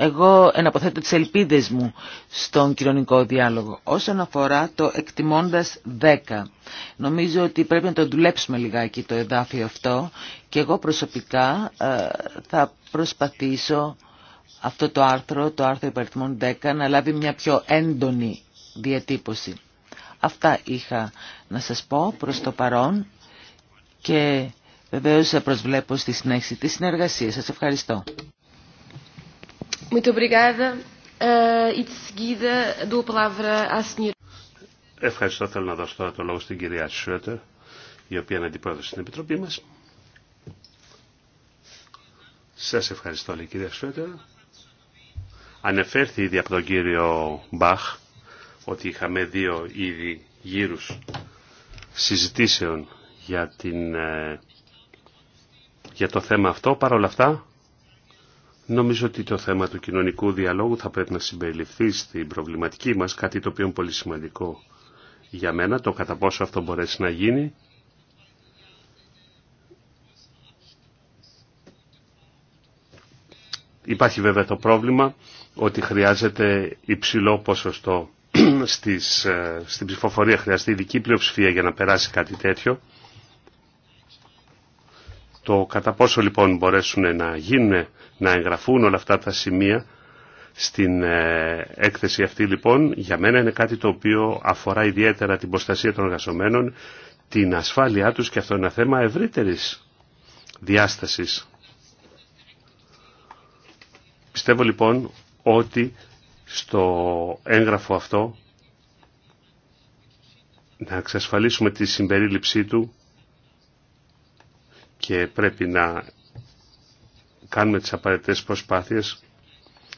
Εγώ εναποθέτω τις ελπίδες μου στον κοινωνικό διάλογο. Όσον αφορά το εκτιμώντας 10, νομίζω ότι πρέπει να το δουλέψουμε λιγάκι το εδάφιο αυτό και εγώ προσωπικά ε, θα προσπαθήσω αυτό το άρθρο, το άρθρο υπαριθμών 10, να λάβει μια πιο έντονη διατύπωση. Αυτά είχα να σας πω προς το παρόν και βεβαίως προσβλέπω στη συνέχιση της συνεργασίας. Σας ευχαριστώ. Ευχαριστώ. Θέλω να δώσω τώρα το λόγο στην κυρία Σουέτερ, η οποία είναι αντιπρόεδρος στην Επιτροπή μας. Σας ευχαριστώ, λέει κυρία Σουέτερ. Ανεφέρθη ήδη από τον κύριο Μπαχ ότι είχαμε δύο ήδη γύρους συζητήσεων για, την, ε, για το θέμα αυτό. Παρ' όλα αυτά, Νομίζω ότι το θέμα του κοινωνικού διαλόγου θα πρέπει να συμπεριληφθεί στην προβληματική μας, κάτι το οποίο είναι πολύ σημαντικό για μένα, το κατά πόσο αυτό μπορέσει να γίνει. Υπάρχει βέβαια το πρόβλημα ότι χρειάζεται υψηλό ποσοστό στις, ε, στην ψηφοφορία, χρειαστεί ειδική πλειοψηφία για να περάσει κάτι τέτοιο. Το κατά πόσο λοιπόν μπορέσουν να γίνουν, να εγγραφούν όλα αυτά τα σημεία στην ε, έκθεση αυτή λοιπόν για μένα είναι κάτι το οποίο αφορά ιδιαίτερα την προστασία των εργαζομένων, την ασφάλειά τους και αυτό είναι ένα θέμα ευρύτερης διάστασης. Πιστεύω λοιπόν ότι στο έγγραφο αυτό να εξασφαλίσουμε τη συμπερίληψή του και πρέπει να κάνουμε τις απαραίτητες προσπάθειες.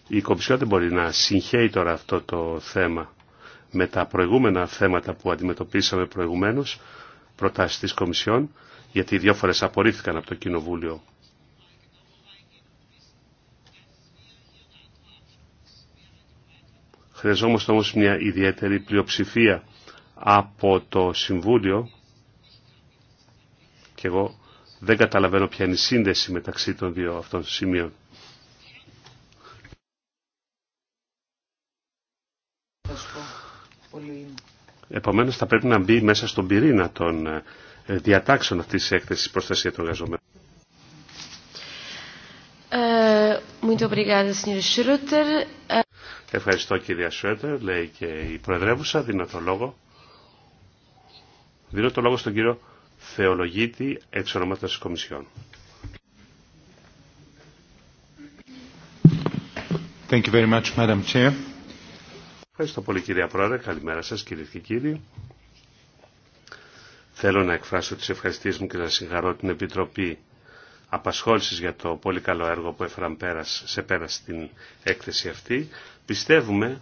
Η Κομισιόν δεν μπορεί να συγχαίει τώρα αυτό το θέμα με τα προηγούμενα θέματα που αντιμετωπίσαμε προηγουμένως, προτάσεις της Κομισιόν, γιατί δύο φορές απορρίφθηκαν από το Κοινοβούλιο. Χρειαζόμαστε όμως μια ιδιαίτερη πλειοψηφία από το Συμβούλιο και εγώ δεν καταλαβαίνω ποια είναι η σύνδεση μεταξύ των δύο αυτών σημείων. Επομένως θα πρέπει να μπει μέσα στον πυρήνα των ε, διατάξεων αυτής της έκθεσης προστασία των εργαζομένων. Ε, ε, Ευχαριστώ κυρία Σρότερ, λέει και η Προεδρεύουσα, δίνω το λόγο. Δίνω το λόγο στον κύριο Θεολογίτη, εξ ονόματος της Κομισιόν. Thank you very much, Madam Chair. Ευχαριστώ πολύ κυρία Πρόεδρε. Καλημέρα σας κύριε και κύριοι. Θέλω να εκφράσω τις ευχαριστίες μου και να συγχαρώ την Επιτροπή Απασχόλησης για το πολύ καλό έργο που έφεραν πέρας, σε πέρα στην έκθεση αυτή. Πιστεύουμε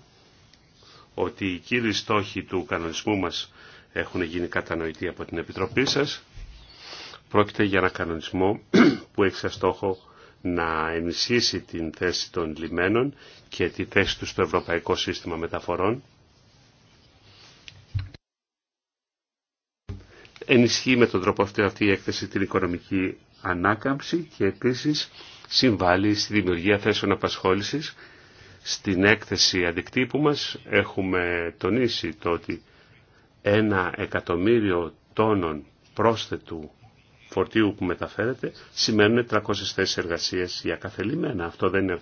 ότι οι κύριοι στόχοι του κανονισμού μας έχουν γίνει κατανοητοί από την Επιτροπή σας. Πρόκειται για ένα κανονισμό που έχει σαν στόχο να ενισχύσει την θέση των λιμένων και τη θέση του στο Ευρωπαϊκό Σύστημα Μεταφορών. Ενισχύει με τον τρόπο αυτή, αυτή η έκθεση την οικονομική ανάκαμψη και επίσης συμβάλλει στη δημιουργία θέσεων απασχόλησης. Στην έκθεση αντικτύπου μας έχουμε τονίσει το ότι ένα εκατομμύριο τόνων πρόσθετου φορτίου που μεταφέρεται σημαίνουν 300 θέσει εργασία για καθελημένα. Αυτό δεν είναι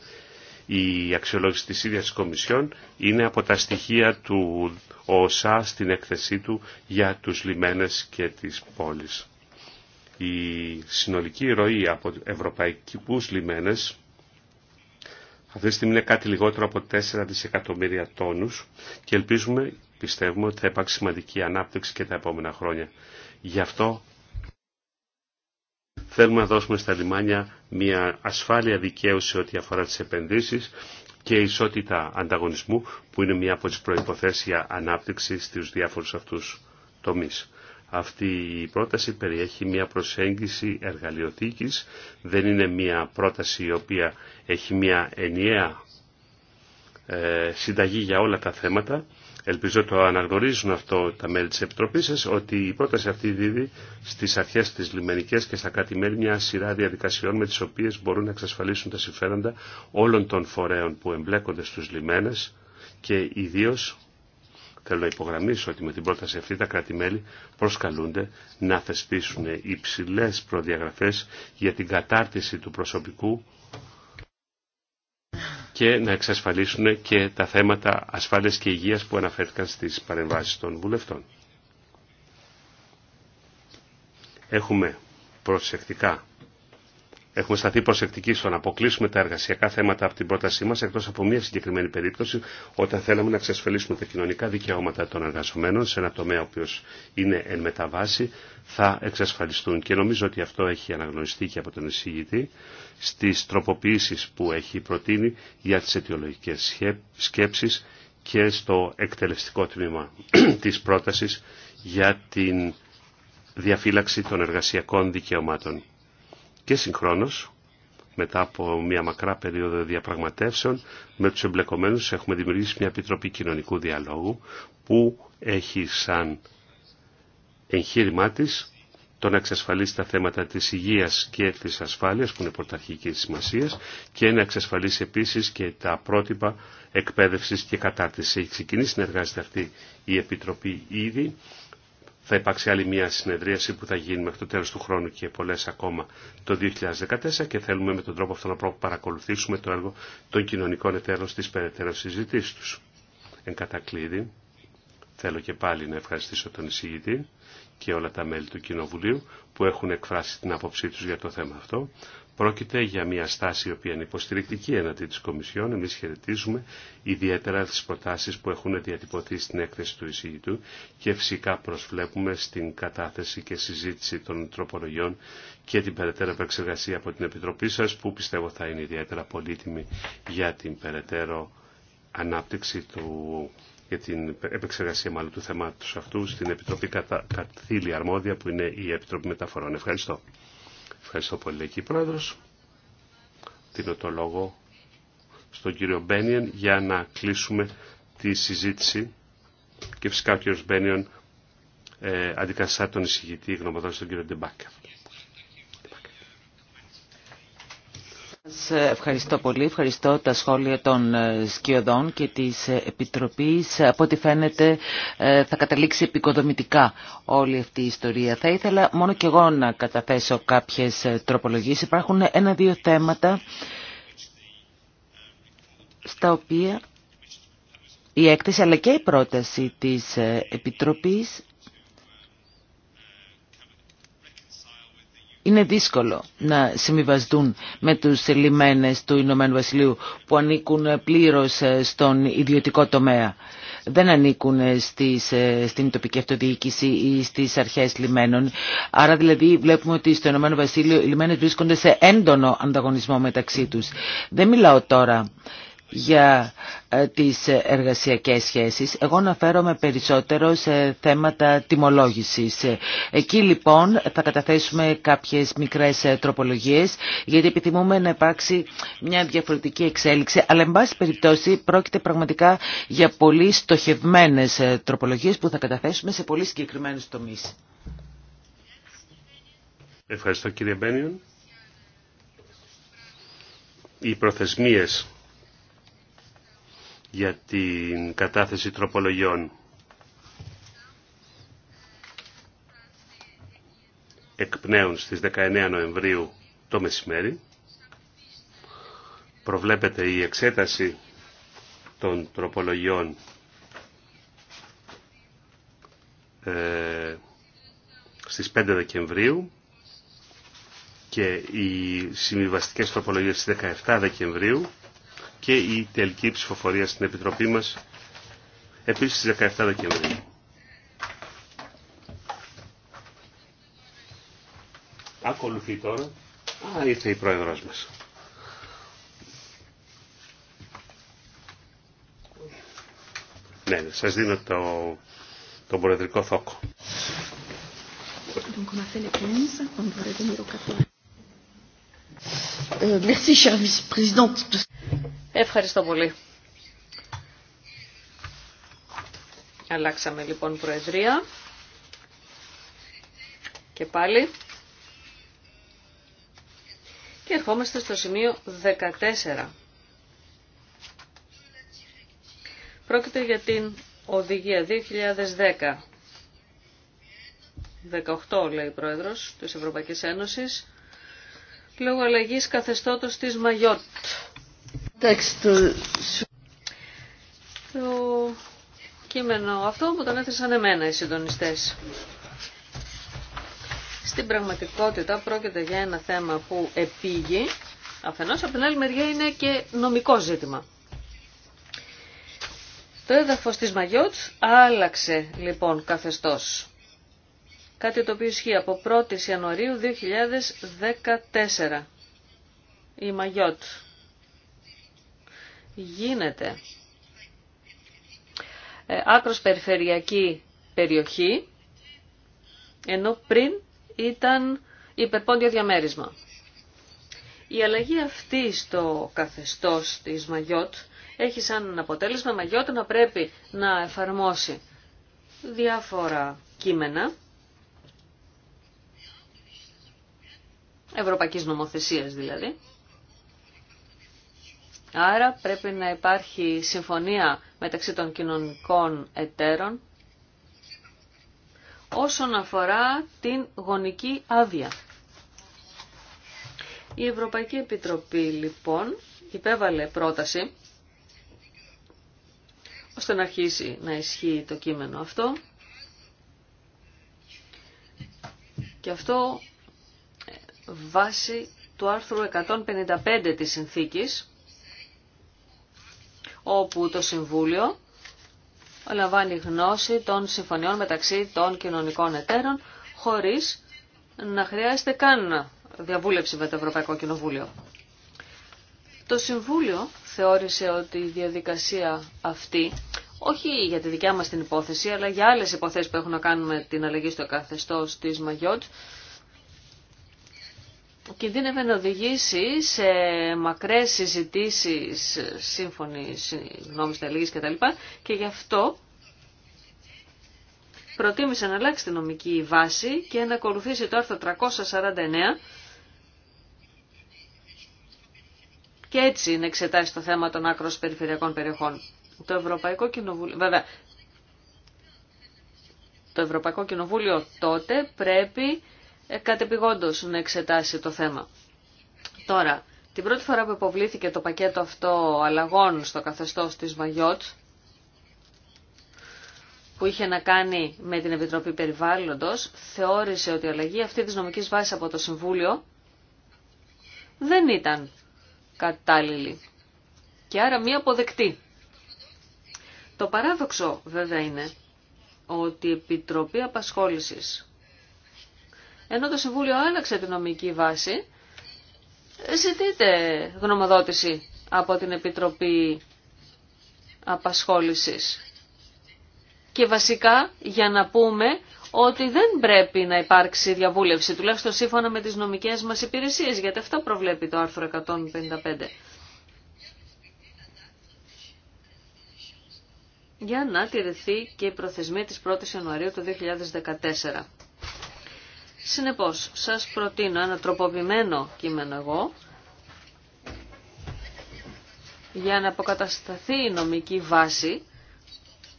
η αξιολόγηση της ίδιας Κομισιόν είναι από τα στοιχεία του ΟΣΑ στην έκθεσή του για τους λιμένες και τις πόλεις. Η συνολική ροή από ευρωπαϊκούς λιμένες αυτή τη στιγμή είναι κάτι λιγότερο από 4 δισεκατομμύρια τόνους και ελπίζουμε πιστεύουμε ότι θα υπάρξει σημαντική ανάπτυξη και τα επόμενα χρόνια. Γι' αυτό θέλουμε να δώσουμε στα λιμάνια μια ασφάλεια δικαίωση ό,τι αφορά τις επενδύσεις και ισότητα ανταγωνισμού που είναι μια από τις προϋποθέσεις για ανάπτυξη στους διάφορους αυτούς τομείς. Αυτή η πρόταση περιέχει μια προσέγγιση εργαλειοθήκης, δεν είναι μια πρόταση η οποία έχει μια ενιαία ε, συνταγή για όλα τα θέματα, Ελπίζω το αναγνωρίζουν αυτό τα μέλη της Επιτροπής σας, ότι η πρόταση αυτή δίδει στις αρχές της λιμενικές και στα κάτι μέλη μια σειρά διαδικασιών με τις οποίες μπορούν να εξασφαλίσουν τα συμφέροντα όλων των φορέων που εμπλέκονται στους λιμένες και ιδίως Θέλω να υπογραμμίσω ότι με την πρόταση αυτή τα κράτη-μέλη προσκαλούνται να θεσπίσουν υψηλές προδιαγραφές για την κατάρτιση του προσωπικού και να εξασφαλίσουν και τα θέματα ασφάλειας και υγείας που αναφέρθηκαν στις παρεμβάσεις των βουλευτών. Έχουμε προσεκτικά Έχουμε σταθεί προσεκτικοί στο να αποκλείσουμε τα εργασιακά θέματα από την πρότασή μα, εκτό από μια συγκεκριμένη περίπτωση, όταν θέλαμε να εξασφαλίσουμε τα κοινωνικά δικαιώματα των εργαζομένων σε ένα τομέα ο οποίο είναι εν μεταβάση, θα εξασφαλιστούν. Και νομίζω ότι αυτό έχει αναγνωριστεί και από τον εισηγητή στι τροποποιήσει που έχει προτείνει για τι αιτιολογικέ σκέψει και στο εκτελεστικό τμήμα τη πρόταση για την διαφύλαξη των εργασιακών δικαιωμάτων και συγχρόνως μετά από μια μακρά περίοδο διαπραγματεύσεων με τους εμπλεκομένους έχουμε δημιουργήσει μια επιτροπή κοινωνικού διαλόγου που έχει σαν εγχείρημά της το να εξασφαλίσει τα θέματα της υγείας και της ασφάλειας που είναι πρωταρχική σημασία και να εξασφαλίσει επίσης και τα πρότυπα εκπαίδευσης και κατάρτισης. Έχει ξεκινήσει να εργάζεται αυτή η Επιτροπή ήδη θα υπάρξει άλλη μια συνεδρίαση που θα γίνει μέχρι το τέλος του χρόνου και πολλές ακόμα το 2014 και θέλουμε με τον τρόπο αυτό να παρακολουθήσουμε το έργο των κοινωνικών εταίρων στις περαιτέρω συζητήσεις τους. Εν κατακλείδη, θέλω και πάλι να ευχαριστήσω τον εισηγητή και όλα τα μέλη του Κοινοβουλίου που έχουν εκφράσει την άποψή τους για το θέμα αυτό. Πρόκειται για μια στάση η οποία είναι υποστηρικτική έναντι της Κομισιόν. Εμείς χαιρετίζουμε ιδιαίτερα τις προτάσεις που έχουν διατυπωθεί στην έκθεση του εισηγητού και φυσικά προσβλέπουμε στην κατάθεση και συζήτηση των τροπολογιών και την περαιτέρω επεξεργασία από την Επιτροπή σας που πιστεύω θα είναι ιδιαίτερα πολύτιμη για την περαιτέρω ανάπτυξη του για την επεξεργασία μάλλον του θέματος αυτού στην Επιτροπή Καθήλη Αρμόδια που είναι η Επιτροπή Μεταφορών. Ευχαριστώ. Ευχαριστώ πολύ, λέει Πρόεδρος. Δίνω το λόγο στον κύριο Μπένιον για να κλείσουμε τη συζήτηση και φυσικά ο κύριος Μπένιον ε, αντικαθιστά τον εισηγητή γνωμοδότηση τον κύριο Ντεμπάκερ. ευχαριστώ πολύ. Ευχαριστώ τα σχόλια των ε, σκιωδών και της ε, Επιτροπής. Από ό,τι φαίνεται ε, θα καταλήξει επικοδομητικά όλη αυτή η ιστορία. Θα ήθελα μόνο και εγώ να καταθέσω κάποιες τροπολογίες. Υπάρχουν ένα-δύο θέματα στα οποία η έκθεση αλλά και η πρόταση της Επιτροπής είναι δύσκολο να συμβιβαστούν με τους λιμένες του Ηνωμένου Βασιλείου που ανήκουν πλήρως ε, στον ιδιωτικό τομέα. Δεν ανήκουν ε, ε, στην τοπική αυτοδιοίκηση ή στις αρχές λιμένων. Άρα δηλαδή βλέπουμε ότι στο Ηνωμένο Βασίλειο οι λιμένες βρίσκονται σε έντονο ανταγωνισμό μεταξύ τους. Δεν μιλάω τώρα για ε, τις εργασιακές σχέσεις. Εγώ αναφέρομαι περισσότερο σε θέματα τιμολόγησης. Εκεί λοιπόν θα καταθέσουμε κάποιες μικρές ε, τροπολογίες γιατί επιθυμούμε να υπάρξει μια διαφορετική εξέλιξη αλλά εν πάση περιπτώσει πρόκειται πραγματικά για πολύ στοχευμένες ε, τροπολογίες που θα καταθέσουμε σε πολύ συγκεκριμένους τομείς. Ευχαριστώ κύριε Μπένιον. Οι προθεσμίες για την κατάθεση τροπολογιών. Εκπνέουν στις 19 Νοεμβρίου το μεσημέρι. Προβλέπεται η εξέταση των τροπολογιών ε, στις 5 Δεκεμβρίου και οι συμβιβαστικές τροπολογίες στις 17 Δεκεμβρίου και η τελική ψηφοφορία στην Επιτροπή μας επίσης στις 17 Δεκεμβρίου. Ακολουθεί τώρα. Α, ήρθε η πρόεδρος μας. Ναι, σας δίνω το, τον προεδρικό θόκο. Ευχαριστώ πολύ. Αλλάξαμε λοιπόν Προεδρία. Και πάλι. Και ερχόμαστε στο σημείο 14. Πρόκειται για την Οδηγία 2010. 18 λέει η Πρόεδρος της Ευρωπαϊκής Ένωσης λόγω αλλαγής καθεστώτος της Μαγιότ. Το κείμενο αυτό που τον έθεσαν εμένα οι συντονιστές. Στην πραγματικότητα πρόκειται για ένα θέμα που επήγει, αφενός από την άλλη μεριά είναι και νομικό ζήτημα. Το έδαφος της Μαγιώτς άλλαξε λοιπόν καθεστώς. Κάτι το οποίο ισχύει από 1η Ιανουαρίου 2014. Η Μαγιώτ γίνεται. Ε, άκρος περιφερειακή περιοχή, ενώ πριν ήταν υπερπόντιο διαμέρισμα. Η αλλαγή αυτή στο καθεστώς της Μαγιότ έχει σαν αποτέλεσμα Μαγιότ να πρέπει να εφαρμόσει διάφορα κείμενα ευρωπαϊκής νομοθεσίας δηλαδή, Άρα πρέπει να υπάρχει συμφωνία μεταξύ των κοινωνικών εταίρων όσον αφορά την γονική άδεια. Η Ευρωπαϊκή Επιτροπή λοιπόν υπέβαλε πρόταση ώστε να αρχίσει να ισχύει το κείμενο αυτό και αυτό ε, βάσει του άρθρου 155 της συνθήκης όπου το Συμβούλιο λαμβάνει γνώση των συμφωνιών μεταξύ των κοινωνικών εταίρων χωρίς να χρειάζεται καν διαβούλευση με το Ευρωπαϊκό Κοινοβούλιο. Το Συμβούλιο θεώρησε ότι η διαδικασία αυτή, όχι για τη δικιά μας την υπόθεση, αλλά για άλλες υποθέσεις που έχουν να κάνουν με την αλλαγή στο καθεστώς της Μαγιότ, κινδύνευε να οδηγήσει σε μακρές συζητήσεις σύμφωνη γνώμης τελική κτλ. Και γι' αυτό προτίμησε να αλλάξει τη νομική βάση και να ακολουθήσει το άρθρο 349 και έτσι να εξετάσει το θέμα των άκρος περιφερειακών περιοχών. Το Ευρωπαϊκό βέβαια, το Ευρωπαϊκό Κοινοβούλιο τότε πρέπει ε, κατεπηγόντως να εξετάσει το θέμα. Τώρα, την πρώτη φορά που υποβλήθηκε το πακέτο αυτό αλλαγών στο καθεστώς της Μαγιότ, που είχε να κάνει με την Επιτροπή Περιβάλλοντος, θεώρησε ότι η αλλαγή αυτή της νομικής βάσης από το Συμβούλιο δεν ήταν κατάλληλη και άρα μη αποδεκτή. Το παράδοξο βέβαια είναι ότι η Επιτροπή Απασχόλησης ενώ το Συμβούλιο άλλαξε την νομική βάση, ζητείτε γνωμοδότηση από την Επιτροπή Απασχόλησης. Και βασικά για να πούμε ότι δεν πρέπει να υπάρξει διαβούλευση, τουλάχιστον σύμφωνα με τις νομικές μας υπηρεσίες, γιατί αυτό προβλέπει το άρθρο 155. για να τηρηθεί και η προθεσμία της 1ης Ιανουαρίου του 2014. Συνεπώς, σας προτείνω ένα τροποποιημένο κείμενο εγώ, για να αποκατασταθεί η νομική βάση,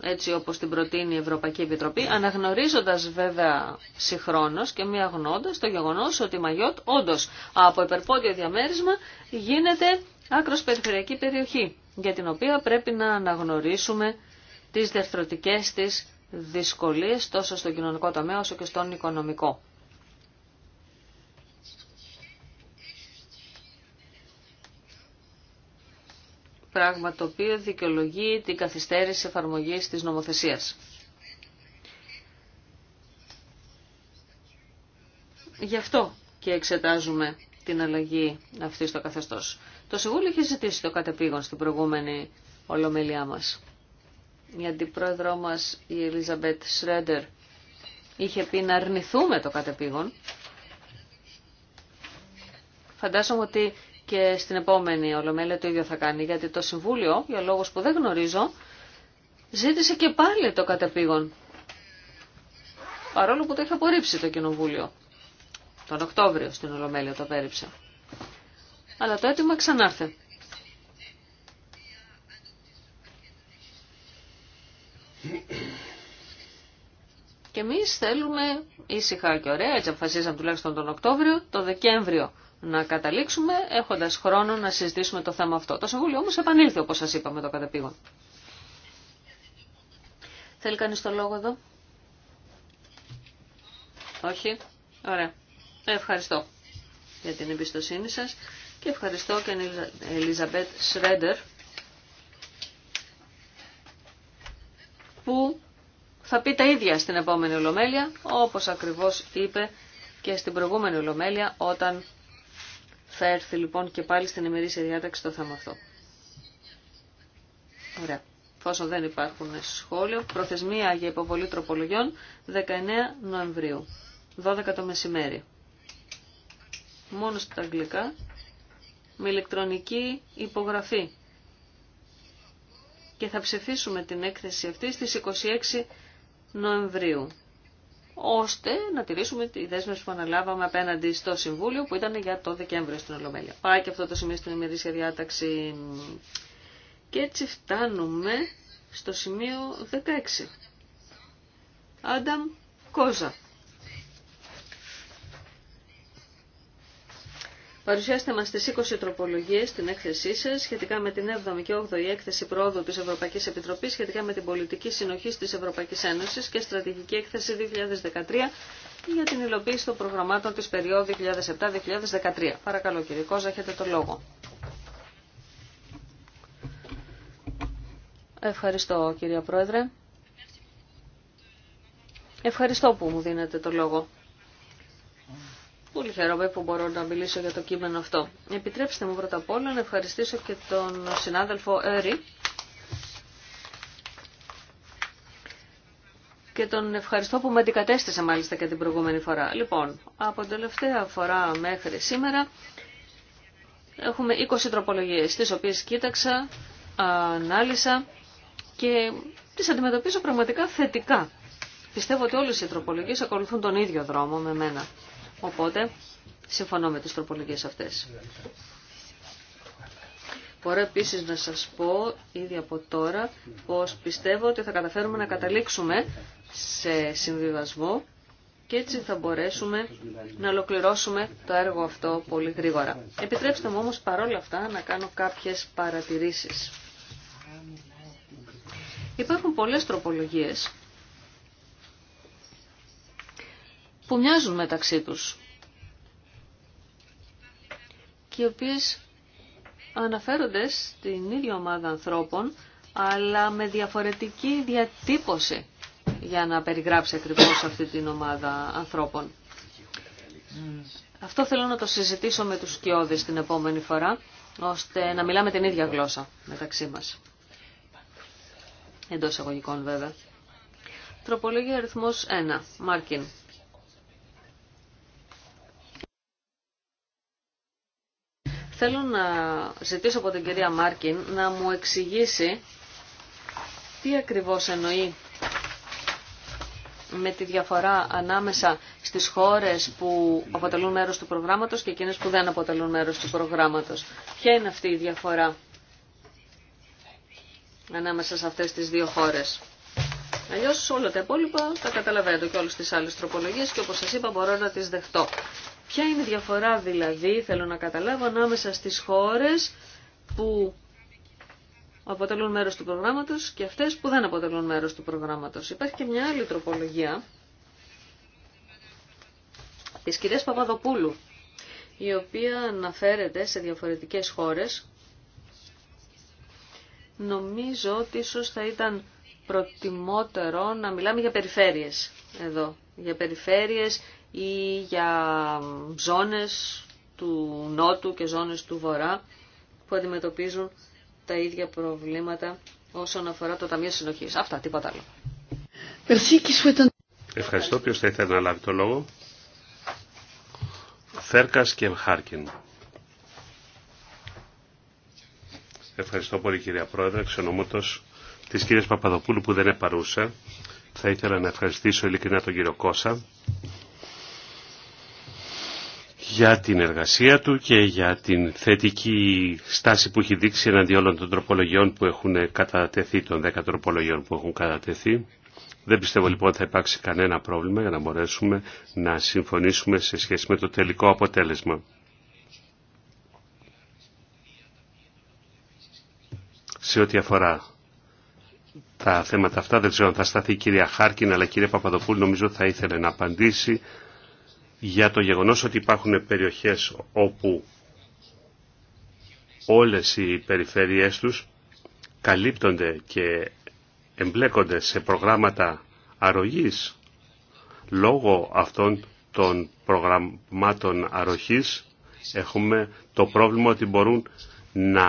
έτσι όπως την προτείνει η Ευρωπαϊκή Επιτροπή, αναγνωρίζοντας βέβαια συγχρόνως και μη αγνώντας το γεγονός ότι η Μαγιότ όντως από υπερπόδιο διαμέρισμα γίνεται άκρος περιφερειακή περιοχή, για την οποία πρέπει να αναγνωρίσουμε τις διαρθρωτικές της δυσκολίες τόσο στο κοινωνικό τομέα όσο και στον οικονομικό. πράγμα το οποίο δικαιολογεί την καθυστέρηση εφαρμογής της νομοθεσίας. Γι' αυτό και εξετάζουμε την αλλαγή αυτή στο καθεστώς. Το Συμβούλιο είχε ζητήσει το κατεπήγον στην προηγούμενη ολομέλειά μας. Η αντιπρόεδρό μας, η Ελίζαμπετ Σρέντερ, είχε πει να αρνηθούμε το κατεπήγον. Φαντάζομαι ότι και στην επόμενη Ολομέλεια το ίδιο θα κάνει, γιατί το Συμβούλιο, για λόγους που δεν γνωρίζω, ζήτησε και πάλι το κατεπήγον. Παρόλο που το έχει απορρίψει το Κοινοβούλιο. Τον Οκτώβριο στην Ολομέλεια το απέρριψε. Αλλά το αίτημα ξανάρθε. Και εμεί θέλουμε ήσυχα και ωραία, έτσι αποφασίσαμε τουλάχιστον τον Οκτώβριο, το Δεκέμβριο να καταλήξουμε έχοντας χρόνο να συζητήσουμε το θέμα αυτό. Το Συμβούλιο όμως επανήλθε όπως σας είπαμε το καταπήγον. Θέλει κανείς το λόγο εδώ. Όχι. Ωραία. Ευχαριστώ για την εμπιστοσύνη σας και ευχαριστώ και την Ελίζαμπετ Σρέντερ που θα πει τα ίδια στην επόμενη Ολομέλεια όπως ακριβώς είπε και στην προηγούμενη Ολομέλεια όταν θα έρθει λοιπόν και πάλι στην ημερήσια διάταξη το θέμα αυτό. Ωραία. Φόσο δεν υπάρχουν σχόλια, προθεσμία για υποβολή τροπολογιών 19 Νοεμβρίου, 12 το μεσημέρι. Μόνο στα αγγλικά, με ηλεκτρονική υπογραφή. Και θα ψηφίσουμε την έκθεση αυτή στις 26 Νοεμβρίου ώστε να τηρήσουμε τη δέσμευση που αναλάβαμε απέναντι στο Συμβούλιο που ήταν για το Δεκέμβριο στην Ολομέλεια. Πάει και αυτό το σημείο στην ημερήσια διάταξη. Και έτσι φτάνουμε στο σημείο 16. Άνταμ Κόζα. Παρουσιάστε μας τις 20 τροπολογίες στην έκθεσή σας σχετικά με την 7η και 8η έκθεση πρόοδου της Ευρωπαϊκής Επιτροπής σχετικά με την πολιτική συνοχή της Ευρωπαϊκής Ένωσης και στρατηγική έκθεση 2013 για την υλοποίηση των προγραμμάτων της περίοδου 2007-2013. Παρακαλώ κύριε Κόζα, έχετε το λόγο. Ευχαριστώ κύριε Πρόεδρε. Ευχαριστώ που μου δίνετε το λόγο. Πολύ χαίρομαι που μπορώ να μιλήσω για το κείμενο αυτό. Επιτρέψτε μου πρώτα απ' όλα να ευχαριστήσω και τον συνάδελφο Έρη και τον ευχαριστώ που με αντικατέστησε μάλιστα και την προηγούμενη φορά. Λοιπόν, από την τελευταία φορά μέχρι σήμερα έχουμε 20 τροπολογίες, τις οποίες κοίταξα, ανάλυσα και τις αντιμετωπίζω πραγματικά θετικά. Πιστεύω ότι όλες οι τροπολογίες ακολουθούν τον ίδιο δρόμο με μένα. Οπότε, συμφωνώ με τις τροπολογίες αυτές. Μπορώ επίσης να σας πω ήδη από τώρα πως πιστεύω ότι θα καταφέρουμε να καταλήξουμε σε συμβιβασμό και έτσι θα μπορέσουμε να ολοκληρώσουμε το έργο αυτό πολύ γρήγορα. Επιτρέψτε μου όμως παρόλα αυτά να κάνω κάποιες παρατηρήσεις. Υπάρχουν πολλές τροπολογίες που μοιάζουν μεταξύ τους και οι οποίες αναφέρονται στην ίδια ομάδα ανθρώπων αλλά με διαφορετική διατύπωση για να περιγράψει ακριβώς αυτή την ομάδα ανθρώπων. Αυτό θέλω να το συζητήσω με τους σκιώδεις την επόμενη φορά, ώστε να μιλάμε την ίδια γλώσσα μεταξύ μας. Εντός εγωγικών βέβαια. Τροπολογία αριθμός 1. Μάρκιν. Θέλω να ζητήσω από την κυρία Μάρκιν να μου εξηγήσει τι ακριβώς εννοεί με τη διαφορά ανάμεσα στις χώρες που αποτελούν μέρος του προγράμματος και εκείνες που δεν αποτελούν μέρος του προγράμματος. Ποια είναι αυτή η διαφορά ανάμεσα σε αυτές τις δύο χώρες. Αλλιώς όλα τα υπόλοιπα τα καταλαβαίνω και όλες τις άλλες τροπολογίες και όπως σας είπα μπορώ να τις δεχτώ. Ποια είναι η διαφορά δηλαδή, θέλω να καταλάβω, ανάμεσα στις χώρες που αποτελούν μέρος του προγράμματος και αυτές που δεν αποτελούν μέρος του προγράμματος. Υπάρχει και μια άλλη τροπολογία της κυρίας Παπαδοπούλου, η οποία αναφέρεται σε διαφορετικές χώρες. Νομίζω ότι ίσως θα ήταν προτιμότερο να μιλάμε για περιφέρειες εδώ, για περιφέρειες ή για ζώνες του Νότου και ζώνες του Βορρά που αντιμετωπίζουν τα ίδια προβλήματα όσον αφορά το Ταμείο Συνοχής. Αυτά, τίποτα άλλο. Ευχαριστώ. Ποιος θα ήθελε να λάβει το λόγο. Θέρκας και Χάρκιν. Ευχαριστώ πολύ κυρία Πρόεδρε, ξενομότος της κυρίας Παπαδοπούλου που δεν είναι παρούσα. Θα ήθελα να ευχαριστήσω ειλικρινά τον κύριο Κώσα για την εργασία του και για την θετική στάση που έχει δείξει εναντί όλων των τροπολογιών που έχουν κατατεθεί, των 10 τροπολογιών που έχουν κατατεθεί. Δεν πιστεύω λοιπόν ότι θα υπάρξει κανένα πρόβλημα για να μπορέσουμε να συμφωνήσουμε σε σχέση με το τελικό αποτέλεσμα. Σε ό,τι αφορά τα θέματα αυτά. Δεν ξέρω αν θα σταθεί η κυρία Χάρκιν, αλλά κυρίε κυρία νομίζω θα ήθελε να απαντήσει για το γεγονός ότι υπάρχουν περιοχές όπου όλες οι περιφέρειές τους καλύπτονται και εμπλέκονται σε προγράμματα αρρωγής λόγω αυτών των προγραμμάτων αρρωχής έχουμε το πρόβλημα ότι μπορούν να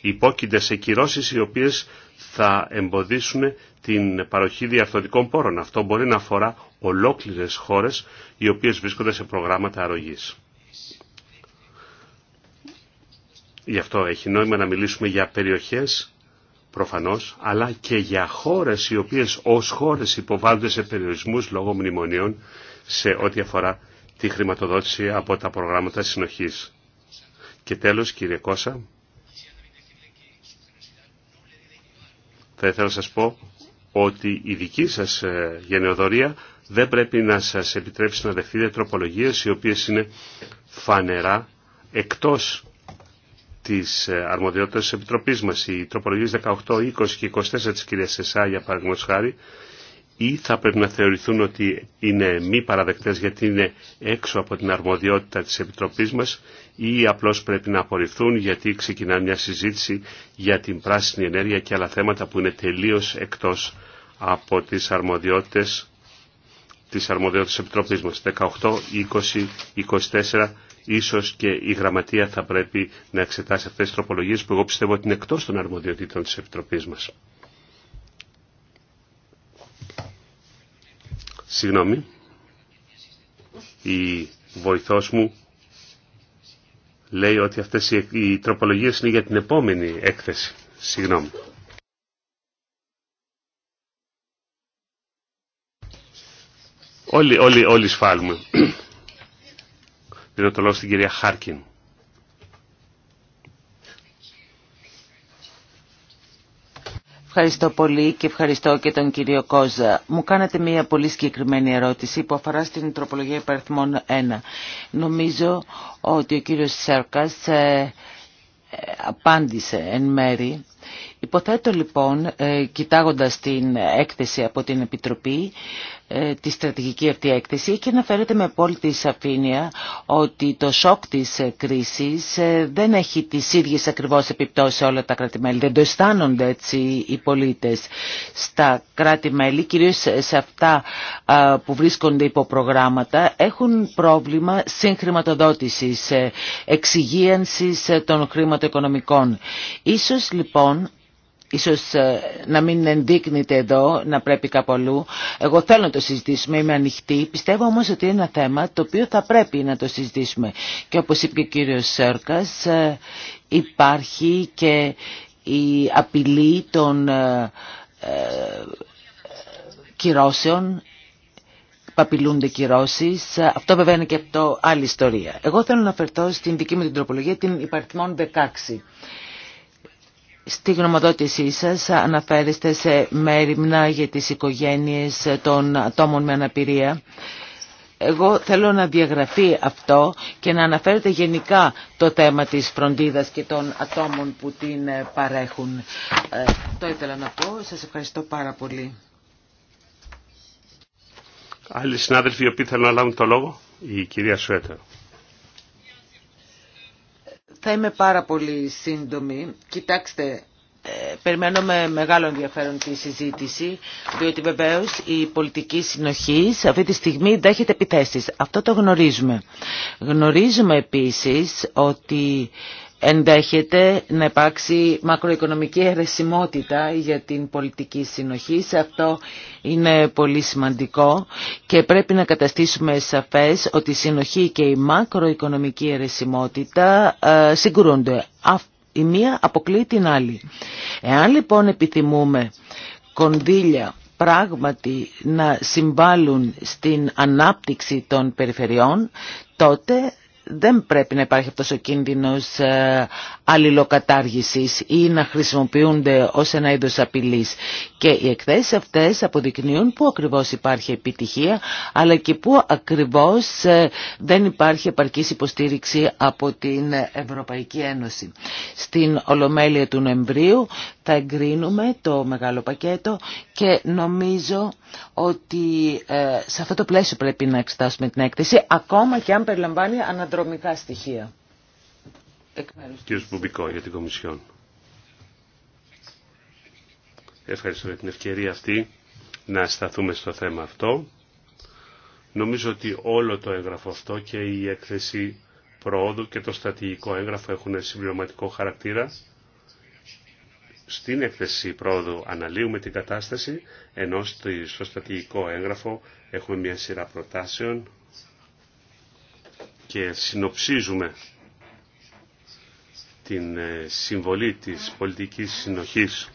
υπόκεινται σε κυρώσεις οι οποίες θα εμποδίσουν την παροχή διαρθωτικών πόρων. Αυτό μπορεί να αφορά ολόκληρες χώρες οι οποίες βρίσκονται σε προγράμματα αρρωγής. Γι' αυτό έχει νόημα να μιλήσουμε για περιοχές προφανώς, αλλά και για χώρες οι οποίες ως χώρες υποβάλλονται σε περιορισμούς λόγω μνημονίων σε ό,τι αφορά τη χρηματοδότηση από τα προγράμματα συνοχής. Και τέλος, κύριε Κώσα, θα ήθελα να σας πω ότι η δική σας ε, γενεοδορία δεν πρέπει να σας επιτρέψει να δεχτείτε τροπολογίες οι οποίες είναι φανερά εκτός της ε, αρμοδιότητας της Επιτροπής μας. Οι τροπολογίες 18, 20 και 24 της κυρίας Σεσά, για παράδειγμα χάρη, ή θα πρέπει να θεωρηθούν ότι είναι μη παραδεκτές γιατί είναι έξω από την αρμοδιότητα της Επιτροπής μας ή απλώς πρέπει να απορριφθούν γιατί ξεκινά μια συζήτηση για την πράσινη ενέργεια και άλλα θέματα που είναι τελείως εκτός από τις αρμοδιότητες της αρμοδιότητας επιτροπής μας. 18, 20, 24, ίσως και η γραμματεία θα πρέπει να εξετάσει αυτές τις τροπολογίες που εγώ πιστεύω ότι είναι εκτός των αρμοδιοτήτων της επιτροπής μας. Συγγνώμη, η βοηθός μου λέει ότι αυτές οι τροπολογίες είναι για την επόμενη έκθεση. Συγγνώμη. Όλοι, όλοι, όλοι σφάλουμε. Δίνω το λόγο στην κυρία Χάρκιν. Ευχαριστώ πολύ και ευχαριστώ και τον κύριο Κόζα. Μου κάνατε μια πολύ συγκεκριμένη ερώτηση που αφορά στην τροπολογία υπαριθμών 1. Νομίζω ότι ο κύριος Σέρκας ε, ε, απάντησε εν μέρη Υποθέτω λοιπόν, ε, κοιτάγοντας την έκθεση από την Επιτροπή, ε, τη στρατηγική αυτή έκθεση και αναφέρεται με απόλυτη σαφήνεια ότι το σοκ της ε, κρίσης δεν έχει τις ίδιες ακριβώς επιπτώσεις σε όλα τα κράτη-μέλη. Δεν το αισθάνονται έτσι οι πολίτες στα κράτη-μέλη, κυρίως σε αυτά που βρίσκονται υπό προγράμματα, έχουν πρόβλημα συγχρηματοδότησης, εξυγίανσης των χρηματοοικονομικών. Ίσως λοιπόν ίσως ε, να μην ενδείκνεται εδώ, να πρέπει κάπου αλλού. Εγώ θέλω να το συζητήσουμε, είμαι ανοιχτή. Πιστεύω όμως ότι είναι ένα θέμα το οποίο θα πρέπει να το συζητήσουμε. Και όπως είπε και ο κύριος Σέρκας, ε, υπάρχει και η απειλή των ε, κυρώσεων, παπιλούνται κυρώσει. Αυτό βέβαια είναι και αυτό άλλη ιστορία. Εγώ θέλω να αφαιρθώ στην δική μου την τροπολογία, την υπαριθμόν 16. Στη γνωμοδότησή σας αναφέρεστε σε μέρημνα για τις οικογένειες των ατόμων με αναπηρία. Εγώ θέλω να διαγραφεί αυτό και να αναφέρετε γενικά το θέμα της φροντίδας και των ατόμων που την παρέχουν. Ε, το ήθελα να πω. Σας ευχαριστώ πάρα πολύ. Άλλοι συνάδελφοι οι οποίοι θέλουν να λάβουν το λόγο. Η κυρία Σουέτερο. Θα είμαι πάρα πολύ σύντομη. Κοιτάξτε, ε, περιμένω με μεγάλο ενδιαφέρον τη συζήτηση, διότι βεβαίω η πολιτική συνοχή αυτή τη στιγμή δέχεται επιθέσεις. Αυτό το γνωρίζουμε. Γνωρίζουμε επίσης ότι ενδέχεται να υπάρξει μακροοικονομική αιρεσιμότητα για την πολιτική συνοχή. Σε αυτό είναι πολύ σημαντικό και πρέπει να καταστήσουμε σαφές ότι η συνοχή και η μακροοικονομική αιρεσιμότητα ε, συγκρούνται. Η μία αποκλεί την άλλη. Εάν λοιπόν επιθυμούμε κονδύλια πράγματι να συμβάλλουν στην ανάπτυξη των περιφερειών, τότε δεν πρέπει να υπάρχει αυτός ο κίνδυνος ε, αλληλοκατάργησης ή να χρησιμοποιούνται ως ένα είδος απειλής. Και οι εκθέσεις αυτές αποδεικνύουν πού ακριβώς υπάρχει επιτυχία, αλλά και πού ακριβώς ε, δεν υπάρχει επαρκής υποστήριξη από την Ευρωπαϊκή Ένωση. Στην Ολομέλεια του Νοεμβρίου θα εγκρίνουμε το μεγάλο πακέτο και νομίζω ότι ε, σε αυτό το πλαίσιο πρέπει να εξετάσουμε την έκθεση, ακόμα και αν περιλαμβάνει αναδρομικά στοιχεία. Κύριος Μπουμπικό για την Κομισιόν. Ευχαριστώ για την ευκαιρία αυτή να σταθούμε στο θέμα αυτό. Νομίζω ότι όλο το έγγραφο αυτό και η έκθεση προόδου και το στατιστικό έγγραφο έχουν συμπληρωματικό χαρακτήρα στην έκθεση πρόοδου αναλύουμε την κατάσταση, ενώ στο στρατηγικό έγγραφο έχουμε μια σειρά προτάσεων και συνοψίζουμε την ε, συμβολή της πολιτικής συνοχής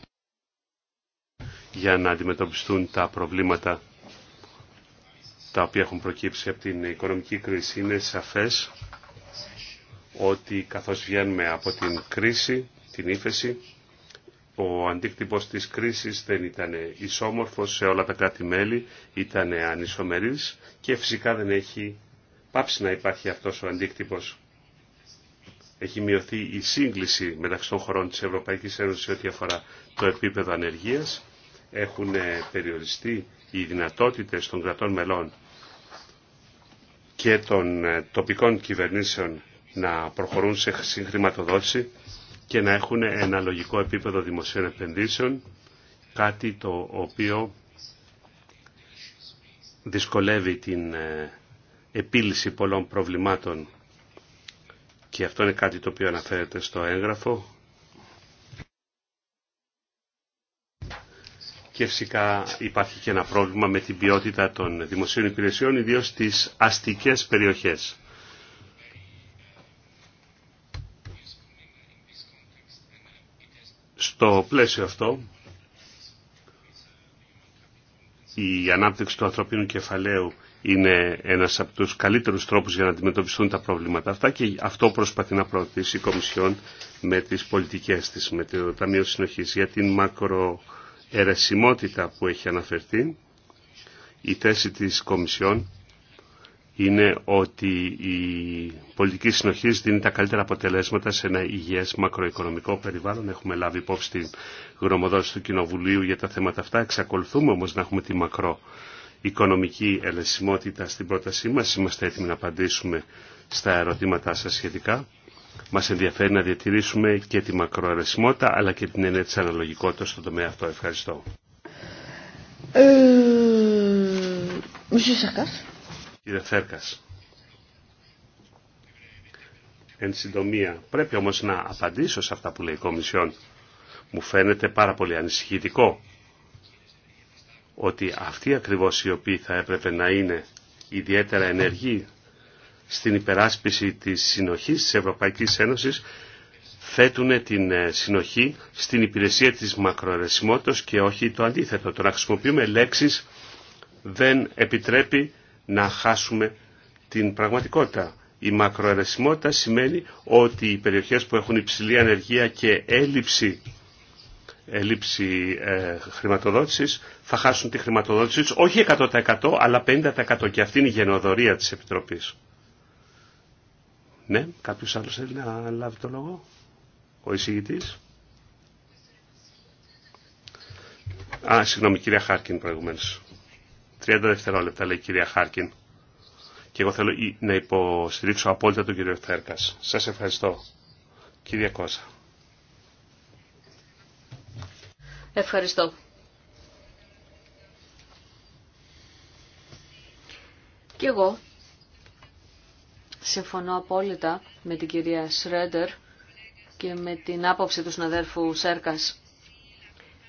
για να αντιμετωπιστούν τα προβλήματα τα οποία έχουν προκύψει από την οικονομική κρίση. Είναι σαφές ότι καθώς βγαίνουμε από την κρίση, την ύφεση, ο αντίκτυπος της κρίσης δεν ήταν ισόμορφος σε όλα τα κράτη-μέλη, ήταν ανισομερής και φυσικά δεν έχει πάψει να υπάρχει αυτός ο αντίκτυπος. Έχει μειωθεί η σύγκληση μεταξύ των χωρών της Ευρωπαϊκής Ένωσης ό,τι αφορά το επίπεδο ανεργίας. Έχουν περιοριστεί οι δυνατότητες των κρατών μελών και των τοπικών κυβερνήσεων να προχωρούν σε συγχρηματοδότηση και να έχουν ένα λογικό επίπεδο δημοσίων επενδύσεων, κάτι το οποίο δυσκολεύει την ε, επίλυση πολλών προβλημάτων και αυτό είναι κάτι το οποίο αναφέρεται στο έγγραφο. Και φυσικά υπάρχει και ένα πρόβλημα με την ποιότητα των δημοσίων υπηρεσιών, ιδίως στις αστικές περιοχές. Στο πλαίσιο αυτό, η ανάπτυξη του ανθρωπίνου κεφαλαίου είναι ένας από τους καλύτερους τρόπους για να αντιμετωπιστούν τα προβλήματα αυτά και αυτό προσπαθεί να προωθήσει η Κομισιόν με τις πολιτικές της, με το Ταμείο Συνοχής. Για την μακροαιρεσιμότητα που έχει αναφερθεί, η θέση της Κομισιόν είναι ότι η πολιτική συνοχή δίνει τα καλύτερα αποτελέσματα σε ένα υγιές μακροοικονομικό περιβάλλον. Έχουμε λάβει υπόψη την γνωμοδότηση του Κοινοβουλίου για τα θέματα αυτά. Εξακολουθούμε όμως να έχουμε τη μακροοικονομική ελεσιμότητα στην πρότασή μας. Είμαστε έτοιμοι να απαντήσουμε στα ερωτήματά σας σχετικά. Μας ενδιαφέρει να διατηρήσουμε και τη μακροαρεσιμότητα αλλά και την έννοια της αναλογικότητας στον τομέα αυτό. Ευχαριστώ. Ε, κύριε Φέρκας Εν συντομία, πρέπει όμως να απαντήσω σε αυτά που λέει η Κομισιόν. Μου φαίνεται πάρα πολύ ανησυχητικό ότι αυτοί ακριβώς οι οποίοι θα έπρεπε να είναι ιδιαίτερα ενεργοί στην υπεράσπιση της συνοχής της Ευρωπαϊκής Ένωσης θέτουν την ε, συνοχή στην υπηρεσία της μακροαιρεσιμότητας και όχι το αντίθετο. Το να χρησιμοποιούμε λέξεις δεν επιτρέπει να χάσουμε την πραγματικότητα. Η μακροαιρεσιμότητα σημαίνει ότι οι περιοχές που έχουν υψηλή ανεργία και έλλειψη, έλλειψη ε, χρηματοδότησης θα χάσουν τη χρηματοδότηση όχι 100% αλλά 50% και αυτή είναι η γενοδορία της Επιτροπής. Ναι, κάποιος άλλος θέλει να λάβει το λόγο, ο εισηγητής. Α, συγγνώμη, κυρία Χάρκιν προηγουμένως. 30 δευτερόλεπτα, λέει η κυρία Χάρκιν. Και εγώ θέλω να υποστηρίξω απόλυτα τον κύριο Θέρκα. Σα ευχαριστώ. Κυρία Κώσα. Ευχαριστώ. Και εγώ συμφωνώ απόλυτα με την κυρία Σρέντερ και με την άποψη του συναδέρφου Σέρκας.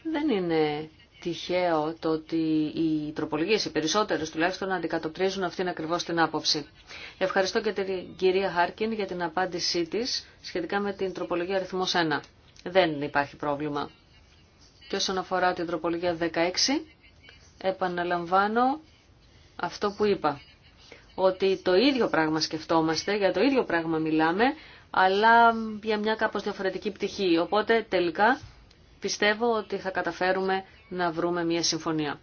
Δεν είναι τυχαίο το ότι οι τροπολογίε οι περισσότερε τουλάχιστον, αντικατοπτρίζουν αυτήν ακριβώς την άποψη. Ευχαριστώ και την κυρία Χάρκιν για την απάντησή τη σχετικά με την τροπολογία αριθμό 1. Δεν υπάρχει πρόβλημα. Και όσον αφορά την τροπολογία 16, επαναλαμβάνω αυτό που είπα. Ότι το ίδιο πράγμα σκεφτόμαστε, για το ίδιο πράγμα μιλάμε, αλλά για μια κάπως διαφορετική πτυχή. Οπότε τελικά πιστεύω ότι θα καταφέρουμε να βρούμε μια συμφωνία.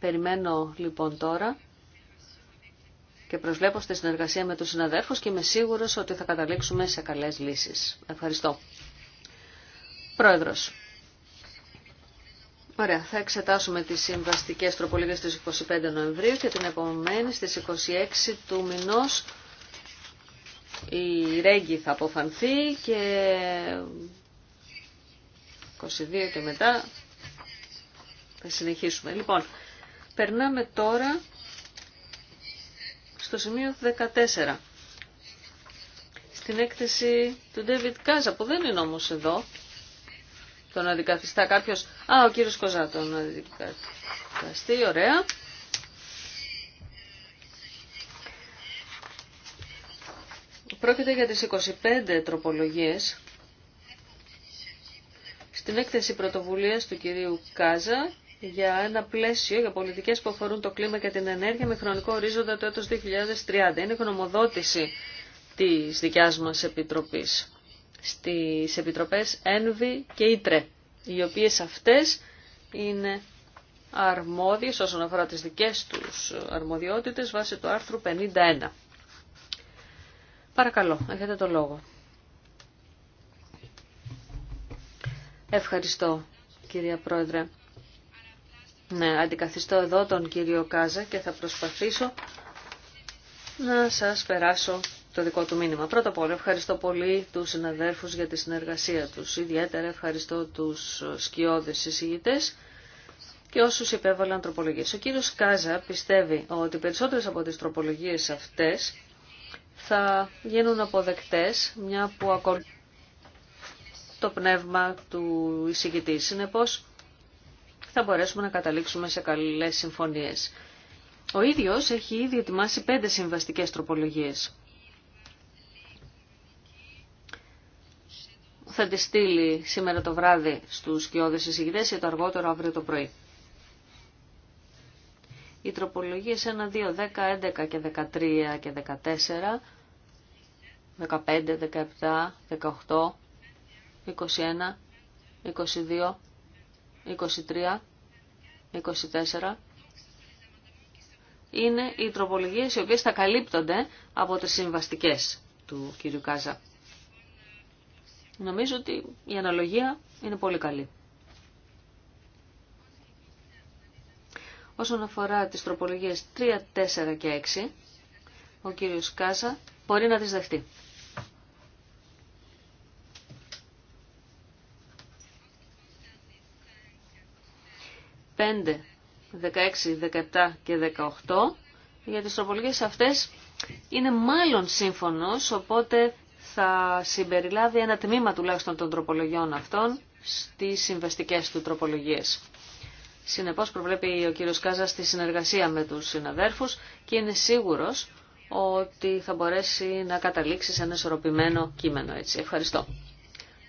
Περιμένω λοιπόν τώρα και προσβλέπω στη συνεργασία με τους συναδέρφους και είμαι σίγουρος ότι θα καταλήξουμε σε καλές λύσεις. Ευχαριστώ. Πρόεδρος. Ωραία, θα εξετάσουμε τις συμβαστικές τροπολογίες στις 25 Νοεμβρίου και την επομένη στις 26 του μηνός η Ρέγγι θα αποφανθεί και 22 και μετά θα συνεχίσουμε. Λοιπόν, περνάμε τώρα στο σημείο 14. Στην έκθεση του David Κάζα, που δεν είναι όμως εδώ, τον αντικαθιστά κάποιος. Α, ο κύριος Κοζά τον αντικαθιστεί, ωραία. Πρόκειται για τις 25 τροπολογίες στην έκθεση πρωτοβουλίας του κυρίου Κάζα για ένα πλαίσιο για πολιτικές που αφορούν το κλίμα και την ενέργεια με χρονικό ορίζοντα το έτο 2030. Είναι γνωμοδότηση τη δικιά μα Επιτροπής Στι επιτροπέ ΕΝΒΙ και ΙΤΡΕ, οι οποίες αυτές είναι αρμόδιες όσον αφορά τι δικέ τους αρμοδιότητες βάσει του άρθρου 51. Παρακαλώ, έχετε το λόγο. Ευχαριστώ, κυρία Πρόεδρε. Ναι, αντικαθιστώ εδώ τον κύριο Κάζα και θα προσπαθήσω να σας περάσω το δικό του μήνυμα. Πρώτα απ' όλα ευχαριστώ πολύ τους συναδέρφους για τη συνεργασία τους. Ιδιαίτερα ευχαριστώ τους σκιώδες εισηγητές και όσους υπέβαλαν τροπολογίες. Ο κύριος Κάζα πιστεύει ότι περισσότερες από τις τροπολογίες αυτές θα γίνουν αποδεκτές, μια που ακολουθεί το πνεύμα του εισηγητή. Συνεπώς, θα μπορέσουμε να καταλήξουμε σε καλές συμφωνίες. Ο ίδιος έχει ήδη ετοιμάσει πέντε συμβαστικές τροπολογίες. Θα τις στείλει σήμερα το βράδυ στους σκιώδες εισηγητές ή το αργότερο αύριο το πρωί. Οι τροπολογίες 1, 2, 10, 11 και 13 και 14, 15, 17, 18, 21, 22, 23, 24 είναι οι τροπολογίες οι οποίες θα καλύπτονται από τις συμβαστικές του κύριου Κάζα. Νομίζω ότι η αναλογία είναι πολύ καλή. Όσον αφορά τις τροπολογίες 3, 4 και 6, ο κύριος Κάσα μπορεί να τις δεχτεί. 5, 16, 17 και 18 για τις τροπολογίες αυτές είναι μάλλον σύμφωνος, οπότε θα συμπεριλάβει ένα τμήμα τουλάχιστον των τροπολογιών αυτών στις συμβαστικές του τροπολογίες. Συνεπώς προβλέπει ο κύριος Κάζα στη συνεργασία με τους συναδέρφους και είναι σίγουρος ότι θα μπορέσει να καταλήξει σε ένα ισορροπημένο κείμενο έτσι. Ευχαριστώ.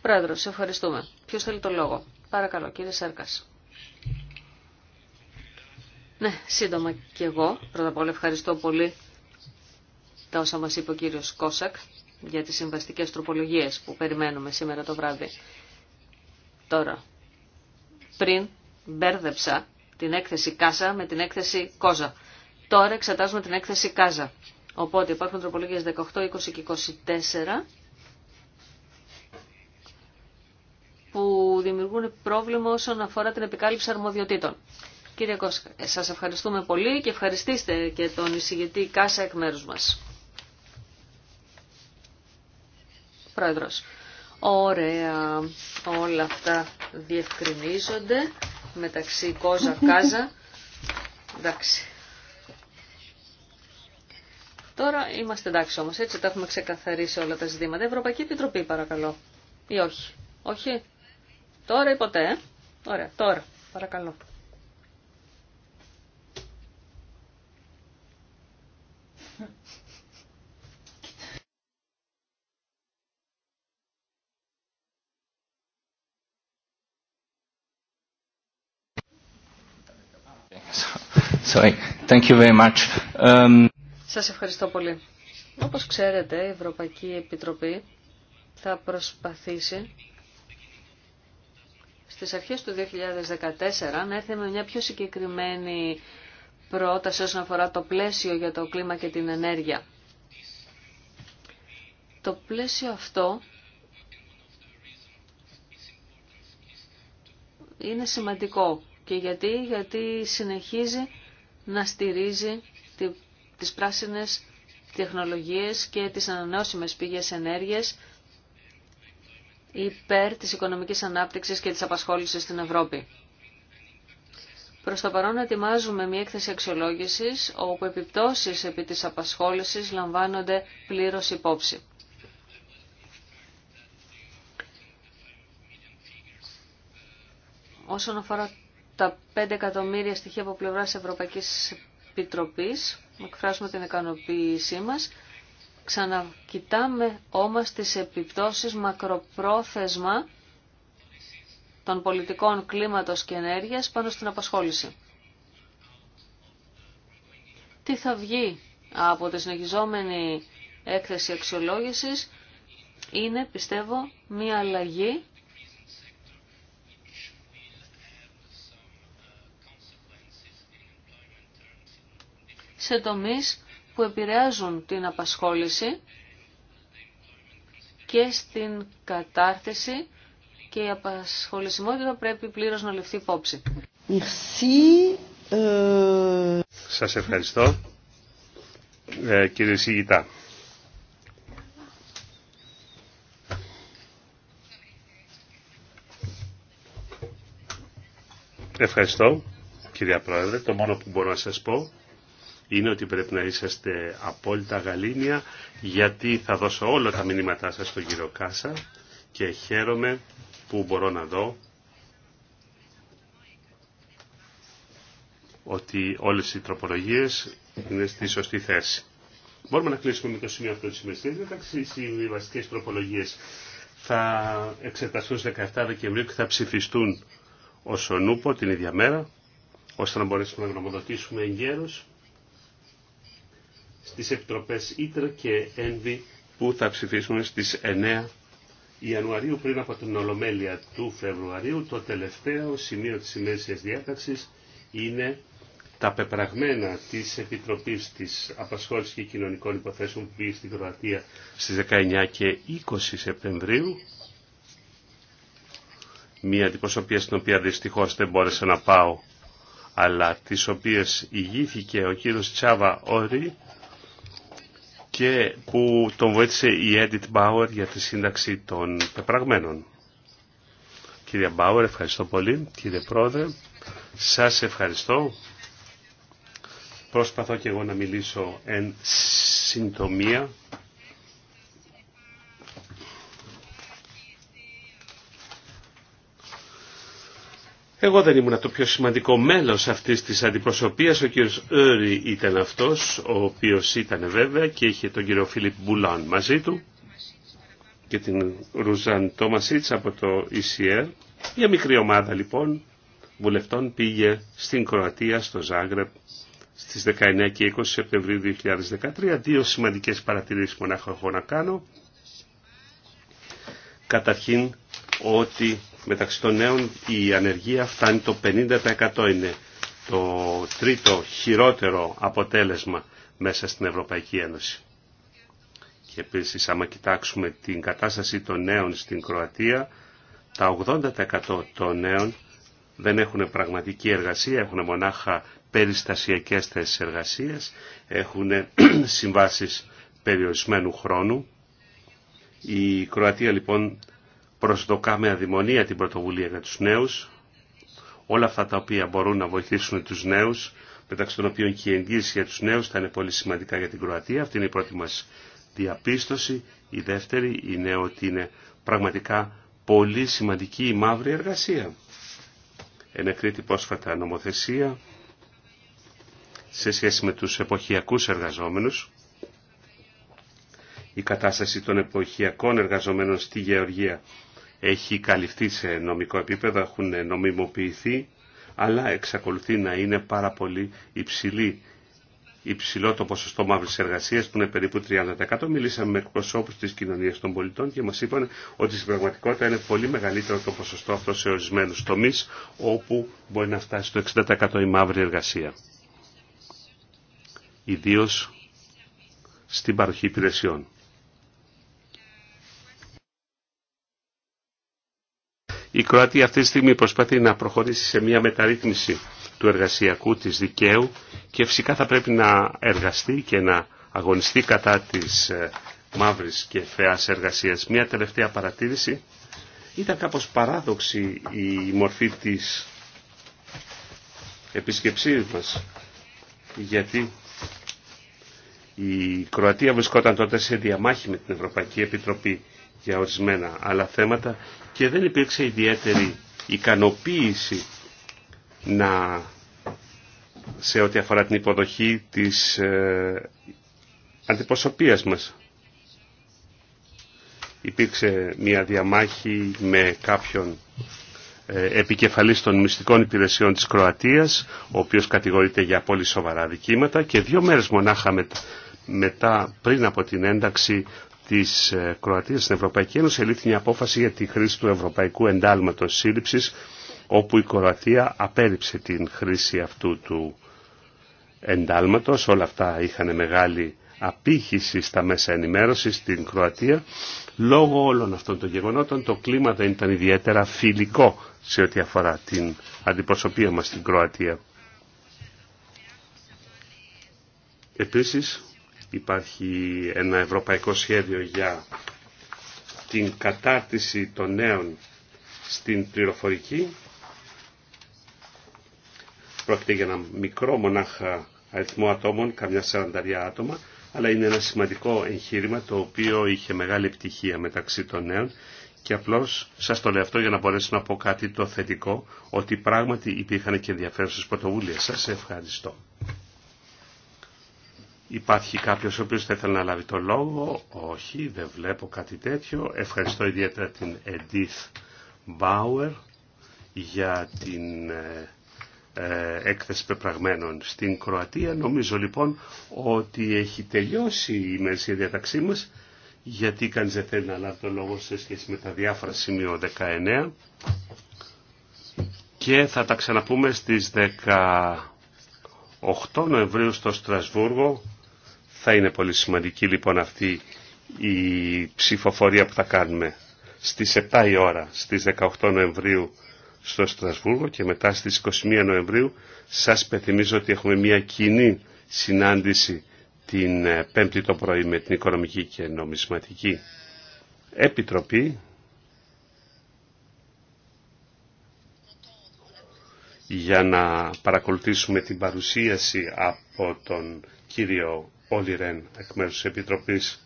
Πρόεδρο, ευχαριστούμε. Ποιος θέλει το λόγο. Παρακαλώ, κύριε Σέρκας. Ναι, σύντομα και εγώ. Πρώτα απ' όλα ευχαριστώ πολύ τα όσα μας είπε ο κύριος Κόσακ για τις συμβαστικές τροπολογίες που περιμένουμε σήμερα το βράδυ. Τώρα, πριν μπέρδεψα την έκθεση Κάσα με την έκθεση Κόζα. Τώρα εξετάζουμε την έκθεση Κάζα. Οπότε υπάρχουν τροπολογίες 18, 20 και 24 που δημιουργούν πρόβλημα όσον αφορά την επικάλυψη αρμοδιοτήτων. Κύριε Κόσκα, σας ευχαριστούμε πολύ και ευχαριστήστε και τον εισηγητή Κάσα εκ μέρους μας. Πρόεδρος. Ωραία. Όλα αυτά διευκρινίζονται μεταξύ Κόζα Κάζα. Εντάξει. Τώρα είμαστε εντάξει όμως, έτσι τα έχουμε ξεκαθαρίσει όλα τα ζητήματα. Ευρωπαϊκή Επιτροπή παρακαλώ. Ή όχι. Όχι. Τώρα ή ποτέ. Ε? Ωραία. Τώρα. Παρακαλώ. Sorry. you very much. Um, Σας ευχαριστώ πολύ. Όπως ξέρετε, η Ευρωπαϊκή Επιτροπή θα προσπαθήσει στις αρχές του 2014 να έρθει με μια πιο συγκεκριμένη πρόταση όσον αφορά το πλαίσιο για το κλίμα και την ενέργεια. Το πλαίσιο αυτό είναι σημαντικό. Και γιατί, γιατί συνεχίζει να στηρίζει τις πράσινες τεχνολογίες και τις ανανεώσιμες πηγές ενέργειας υπέρ της οικονομικής ανάπτυξης και της απασχόλησης στην Ευρώπη. Προς το παρόν ετοιμάζουμε μια έκθεση αξιολόγησης όπου επιπτώσεις επί της απασχόλησης λαμβάνονται πλήρως υπόψη. Όσον αφορά τα 5 εκατομμύρια στοιχεία από πλευρά Ευρωπαϊκή Ευρωπαϊκής Επιτροπής. Εκφράζουμε την ικανοποίησή μας. Ξανακοιτάμε όμως τι επιπτώσεις μακροπρόθεσμα των πολιτικών κλίματος και ενέργειας πάνω στην απασχόληση. Τι θα βγει από τη συνεχιζόμενη έκθεση αξιολόγηση είναι, πιστεύω, μία αλλαγή σε τομείς που επηρεάζουν την απασχόληση και στην κατάρτιση και η απασχολησιμότητα πρέπει πλήρως να ληφθεί υπόψη. Ε, σας ευχαριστώ ε, κύριε Σιγητά. Ευχαριστώ κυρία Πρόεδρε. Το μόνο που μπορώ να σας πω είναι ότι πρέπει να είσαστε απόλυτα γαλήνια γιατί θα δώσω όλα τα μηνύματά σας στον κύριο Κάσα και χαίρομαι που μπορώ να δω ότι όλες οι τροπολογίες είναι στη σωστή θέση. Μπορούμε να κλείσουμε με το σημείο αυτό της ημερησίας. Εντάξει, οι βασικές τροπολογίες θα εξεταστούν στις 17 Δεκεμβρίου και θα ψηφιστούν ως Νούπο την ίδια μέρα, ώστε να μπορέσουμε να γνωμοδοτήσουμε εγκαίρως στις Επιτροπές Ήτρα και ΕΝΒΙ που θα ψηφίσουν στις 9 Ιανουαρίου πριν από την Ολομέλεια του Φεβρουαρίου. Το τελευταίο σημείο της σημείωσης διάταξης είναι τα πεπραγμένα της Επιτροπής της Απασχόλησης και Κοινωνικών Υποθέσεων που πήγε στην Κροατία στις 19 και 20 Σεπτεμβρίου. Μία αντιπροσωπεία στην οποία δυστυχώς δεν μπόρεσα να πάω αλλά τις οποίες ηγήθηκε ο κύριος Τσάβα Όρη και που τον βοήθησε η Έντιτ Bauer για τη σύνταξη των πεπραγμένων. Κύριε Μπάουερ, ευχαριστώ πολύ. Κύριε Πρόεδρε, σας ευχαριστώ. Προσπαθώ και εγώ να μιλήσω εν συντομία. Εγώ δεν ήμουν το πιο σημαντικό μέλος αυτής της αντιπροσωπείας. Ο κύριος Έρη ήταν αυτός, ο οποίος ήταν βέβαια και είχε τον κύριο Φίλιπ Μπουλάν μαζί του και την Ρουζάν Τόμασίτς από το ECR. Μια μικρή ομάδα λοιπόν βουλευτών πήγε στην Κροατία, στο Ζάγκρεπ, στις 19 και 20 Σεπτεμβρίου 2013. Δύο σημαντικές παρατηρήσεις μονάχα έχω να κάνω. Καταρχήν ότι μεταξύ των νέων η ανεργία φτάνει το 50% είναι το τρίτο χειρότερο αποτέλεσμα μέσα στην Ευρωπαϊκή Ένωση. Και επίσης άμα κοιτάξουμε την κατάσταση των νέων στην Κροατία, τα 80% των νέων δεν έχουν πραγματική εργασία, έχουν μονάχα περιστασιακές θέσεις εργασίας, έχουν συμβάσεις περιορισμένου χρόνου. Η Κροατία λοιπόν Προσδοκάμε με την πρωτοβουλία για τους νέους. Όλα αυτά τα οποία μπορούν να βοηθήσουν τους νέους, μεταξύ των οποίων και η εγγύηση για τους νέους θα είναι πολύ σημαντικά για την Κροατία. Αυτή είναι η πρώτη μας διαπίστωση. Η δεύτερη είναι ότι είναι πραγματικά πολύ σημαντική η μαύρη εργασία. Ενεκρίτη πρόσφατα νομοθεσία σε σχέση με τους εποχιακούς εργαζόμενους. Η κατάσταση των εποχιακών εργαζομένων στη Γεωργία έχει καλυφθεί σε νομικό επίπεδο, έχουν νομιμοποιηθεί, αλλά εξακολουθεί να είναι πάρα πολύ υψηλή υψηλό το ποσοστό μαύρης εργασίας που είναι περίπου 30%. Μιλήσαμε με εκπροσώπους της κοινωνίας των πολιτών και μας είπαν ότι στην πραγματικότητα είναι πολύ μεγαλύτερο το ποσοστό αυτό σε ορισμένου τομεί όπου μπορεί να φτάσει το 60% η μαύρη εργασία. Ιδίω στην παροχή υπηρεσιών. Η Κροατία αυτή τη στιγμή προσπαθεί να προχωρήσει σε μια μεταρρύθμιση του εργασιακού της δικαίου και φυσικά θα πρέπει να εργαστεί και να αγωνιστεί κατά της ε, μαύρης και φαιάς εργασίας. Μια τελευταία παρατήρηση. Ήταν κάπως παράδοξη η μορφή της επισκεψής μας, γιατί η Κροατία βρισκόταν τότε σε διαμάχη με την Ευρωπαϊκή Επιτροπή για ορισμένα άλλα θέματα και δεν υπήρξε ιδιαίτερη ικανοποίηση να, σε ό,τι αφορά την υποδοχή της ε, μας. Υπήρξε μια διαμάχη με κάποιον ε, επικεφαλής των μυστικών υπηρεσιών της Κροατίας, ο οποίος κατηγορείται για πολύ σοβαρά δικήματα και δύο μέρες μονάχα μετά πριν από την ένταξη της ε, Κροατίας στην Ευρωπαϊκή Ένωση ελήφθη μια απόφαση για τη χρήση του Ευρωπαϊκού Εντάλματος Σύλληψης όπου η Κροατία απέρριψε την χρήση αυτού του εντάλματος. Όλα αυτά είχαν μεγάλη απήχηση στα μέσα ενημέρωσης στην Κροατία. Λόγω όλων αυτών των γεγονότων το κλίμα δεν ήταν ιδιαίτερα φιλικό σε ό,τι αφορά την αντιπροσωπεία μας στην Κροατία. Επίσης, Υπάρχει ένα ευρωπαϊκό σχέδιο για την κατάρτιση των νέων στην πληροφορική. Πρόκειται για ένα μικρό μονάχα αριθμό ατόμων, καμιά σαρανταριά άτομα, αλλά είναι ένα σημαντικό εγχείρημα το οποίο είχε μεγάλη επιτυχία μεταξύ των νέων και απλώς σας το λέω αυτό για να μπορέσω να πω κάτι το θετικό, ότι πράγματι υπήρχαν και ενδιαφέρουσες πρωτοβουλίες. Σας ευχαριστώ. Υπάρχει κάποιος ο οποίος θα ήθελε να λάβει το λόγο. Όχι, δεν βλέπω κάτι τέτοιο. Ευχαριστώ ιδιαίτερα την Edith Bauer για την ε, ε, έκθεση πεπραγμένων στην Κροατία. Νομίζω λοιπόν ότι έχει τελειώσει η μέση διαταξή μας γιατί κανείς δεν θέλει να λάβει το λόγο σε σχέση με τα διάφορα σημείο 19 και θα τα ξαναπούμε στις 18 Νοεμβρίου στο Στρασβούργο θα είναι πολύ σημαντική λοιπόν αυτή η ψηφοφορία που θα κάνουμε στις 7 η ώρα, στις 18 Νοεμβρίου στο Στρασβούργο και μετά στις 21 Νοεμβρίου. Σας υπενθυμίζω ότι έχουμε μια κοινή συνάντηση την 5η ε, το πρωί με την Οικονομική και Νομισματική Επιτροπή για να παρακολουθήσουμε την παρουσίαση από τον κύριο Όλη Ρεν, εκ μέρους της Επιτροπής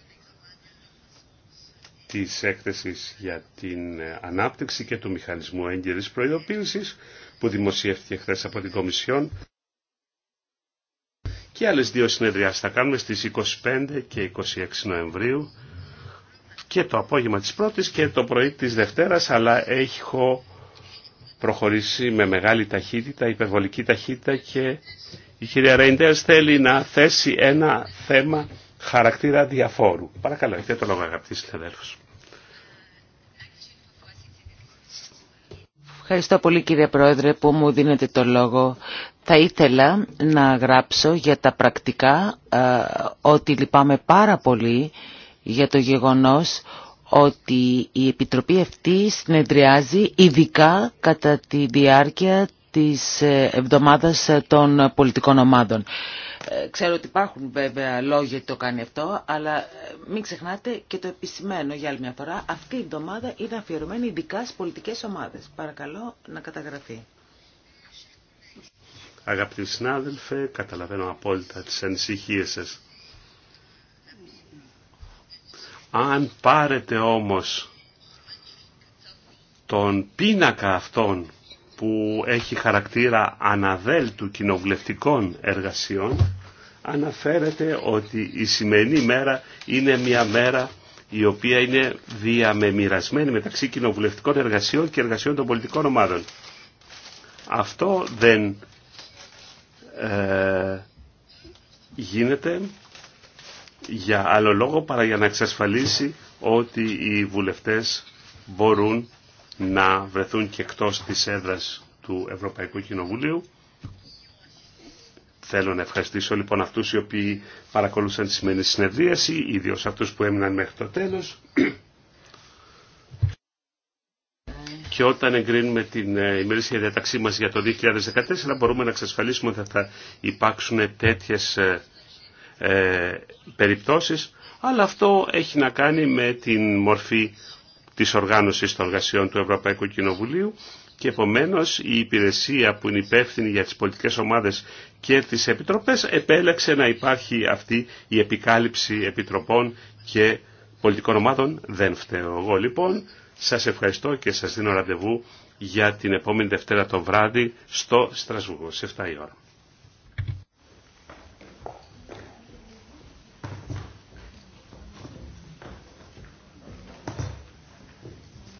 της έκθεσης για την ε, ανάπτυξη και του μηχανισμού Έγκυρης προειδοποίησης που δημοσιεύτηκε χθε από την Κομισιόν και άλλες δύο συνεδριάσεις θα κάνουμε στις 25 και 26 Νοεμβρίου και το απόγευμα της πρώτης και το πρωί της Δευτέρας αλλά έχω προχωρήσει με μεγάλη ταχύτητα, υπερβολική ταχύτητα και η κυρία Ρέιντερς θέλει να θέσει ένα θέμα χαρακτήρα διαφόρου. Παρακαλώ, έχετε το λόγο αγαπητοί συναδέλφου. Ευχαριστώ πολύ κύριε Πρόεδρε που μου δίνετε το λόγο. Θα ήθελα να γράψω για τα πρακτικά ε, ότι λυπάμαι πάρα πολύ για το γεγονός ότι η Επιτροπή αυτή συνεδριάζει ειδικά κατά τη διάρκεια της ε, εβδομάδας ε, των πολιτικών ομάδων. Ε, ξέρω ότι υπάρχουν βέβαια λόγια ότι το κάνει αυτό, αλλά μην ξεχνάτε και το επισημένο για άλλη μια φορά. Αυτή η εβδομάδα είναι αφιερωμένη ειδικά στις πολιτικές ομάδες. Παρακαλώ να καταγραφεί. Αγαπητοί συνάδελφοι, καταλαβαίνω απόλυτα τις ανησυχίες σας. Αν πάρετε όμως τον πίνακα αυτών που έχει χαρακτήρα αναδέλτου κοινοβουλευτικών εργασιών αναφέρεται ότι η σημερινή μέρα είναι μια μέρα η οποία είναι διαμεμοιρασμένη μεταξύ κοινοβουλευτικών εργασιών και εργασιών των πολιτικών ομάδων. Αυτό δεν ε, γίνεται για άλλο λόγο παρά για να εξασφαλίσει ότι οι βουλευτές μπορούν να βρεθούν και εκτός της έδρας του Ευρωπαϊκού Κοινοβουλίου. Θέλω να ευχαριστήσω λοιπόν αυτούς οι οποίοι παρακολούσαν τη σημερινή συνεδρίαση, ιδίως αυτούς που έμειναν μέχρι το τέλος. Και όταν εγκρίνουμε την ε, ημερήσια διαταξή μας για το 2014 μπορούμε να εξασφαλίσουμε ότι θα υπάρξουν τέτοιες ε, ε, περιπτώσεις, αλλά αυτό έχει να κάνει με την μορφή της οργάνωσης των εργασιών του Ευρωπαϊκού Κοινοβουλίου και επομένως η υπηρεσία που είναι υπεύθυνη για τις πολιτικές ομάδες και τις επιτροπές επέλεξε να υπάρχει αυτή η επικάλυψη επιτροπών και πολιτικών ομάδων. Δεν φταίω εγώ λοιπόν. Σας ευχαριστώ και σας δίνω ραντεβού για την επόμενη Δευτέρα το βράδυ στο Στρασβούργο, σε 7 η ώρα.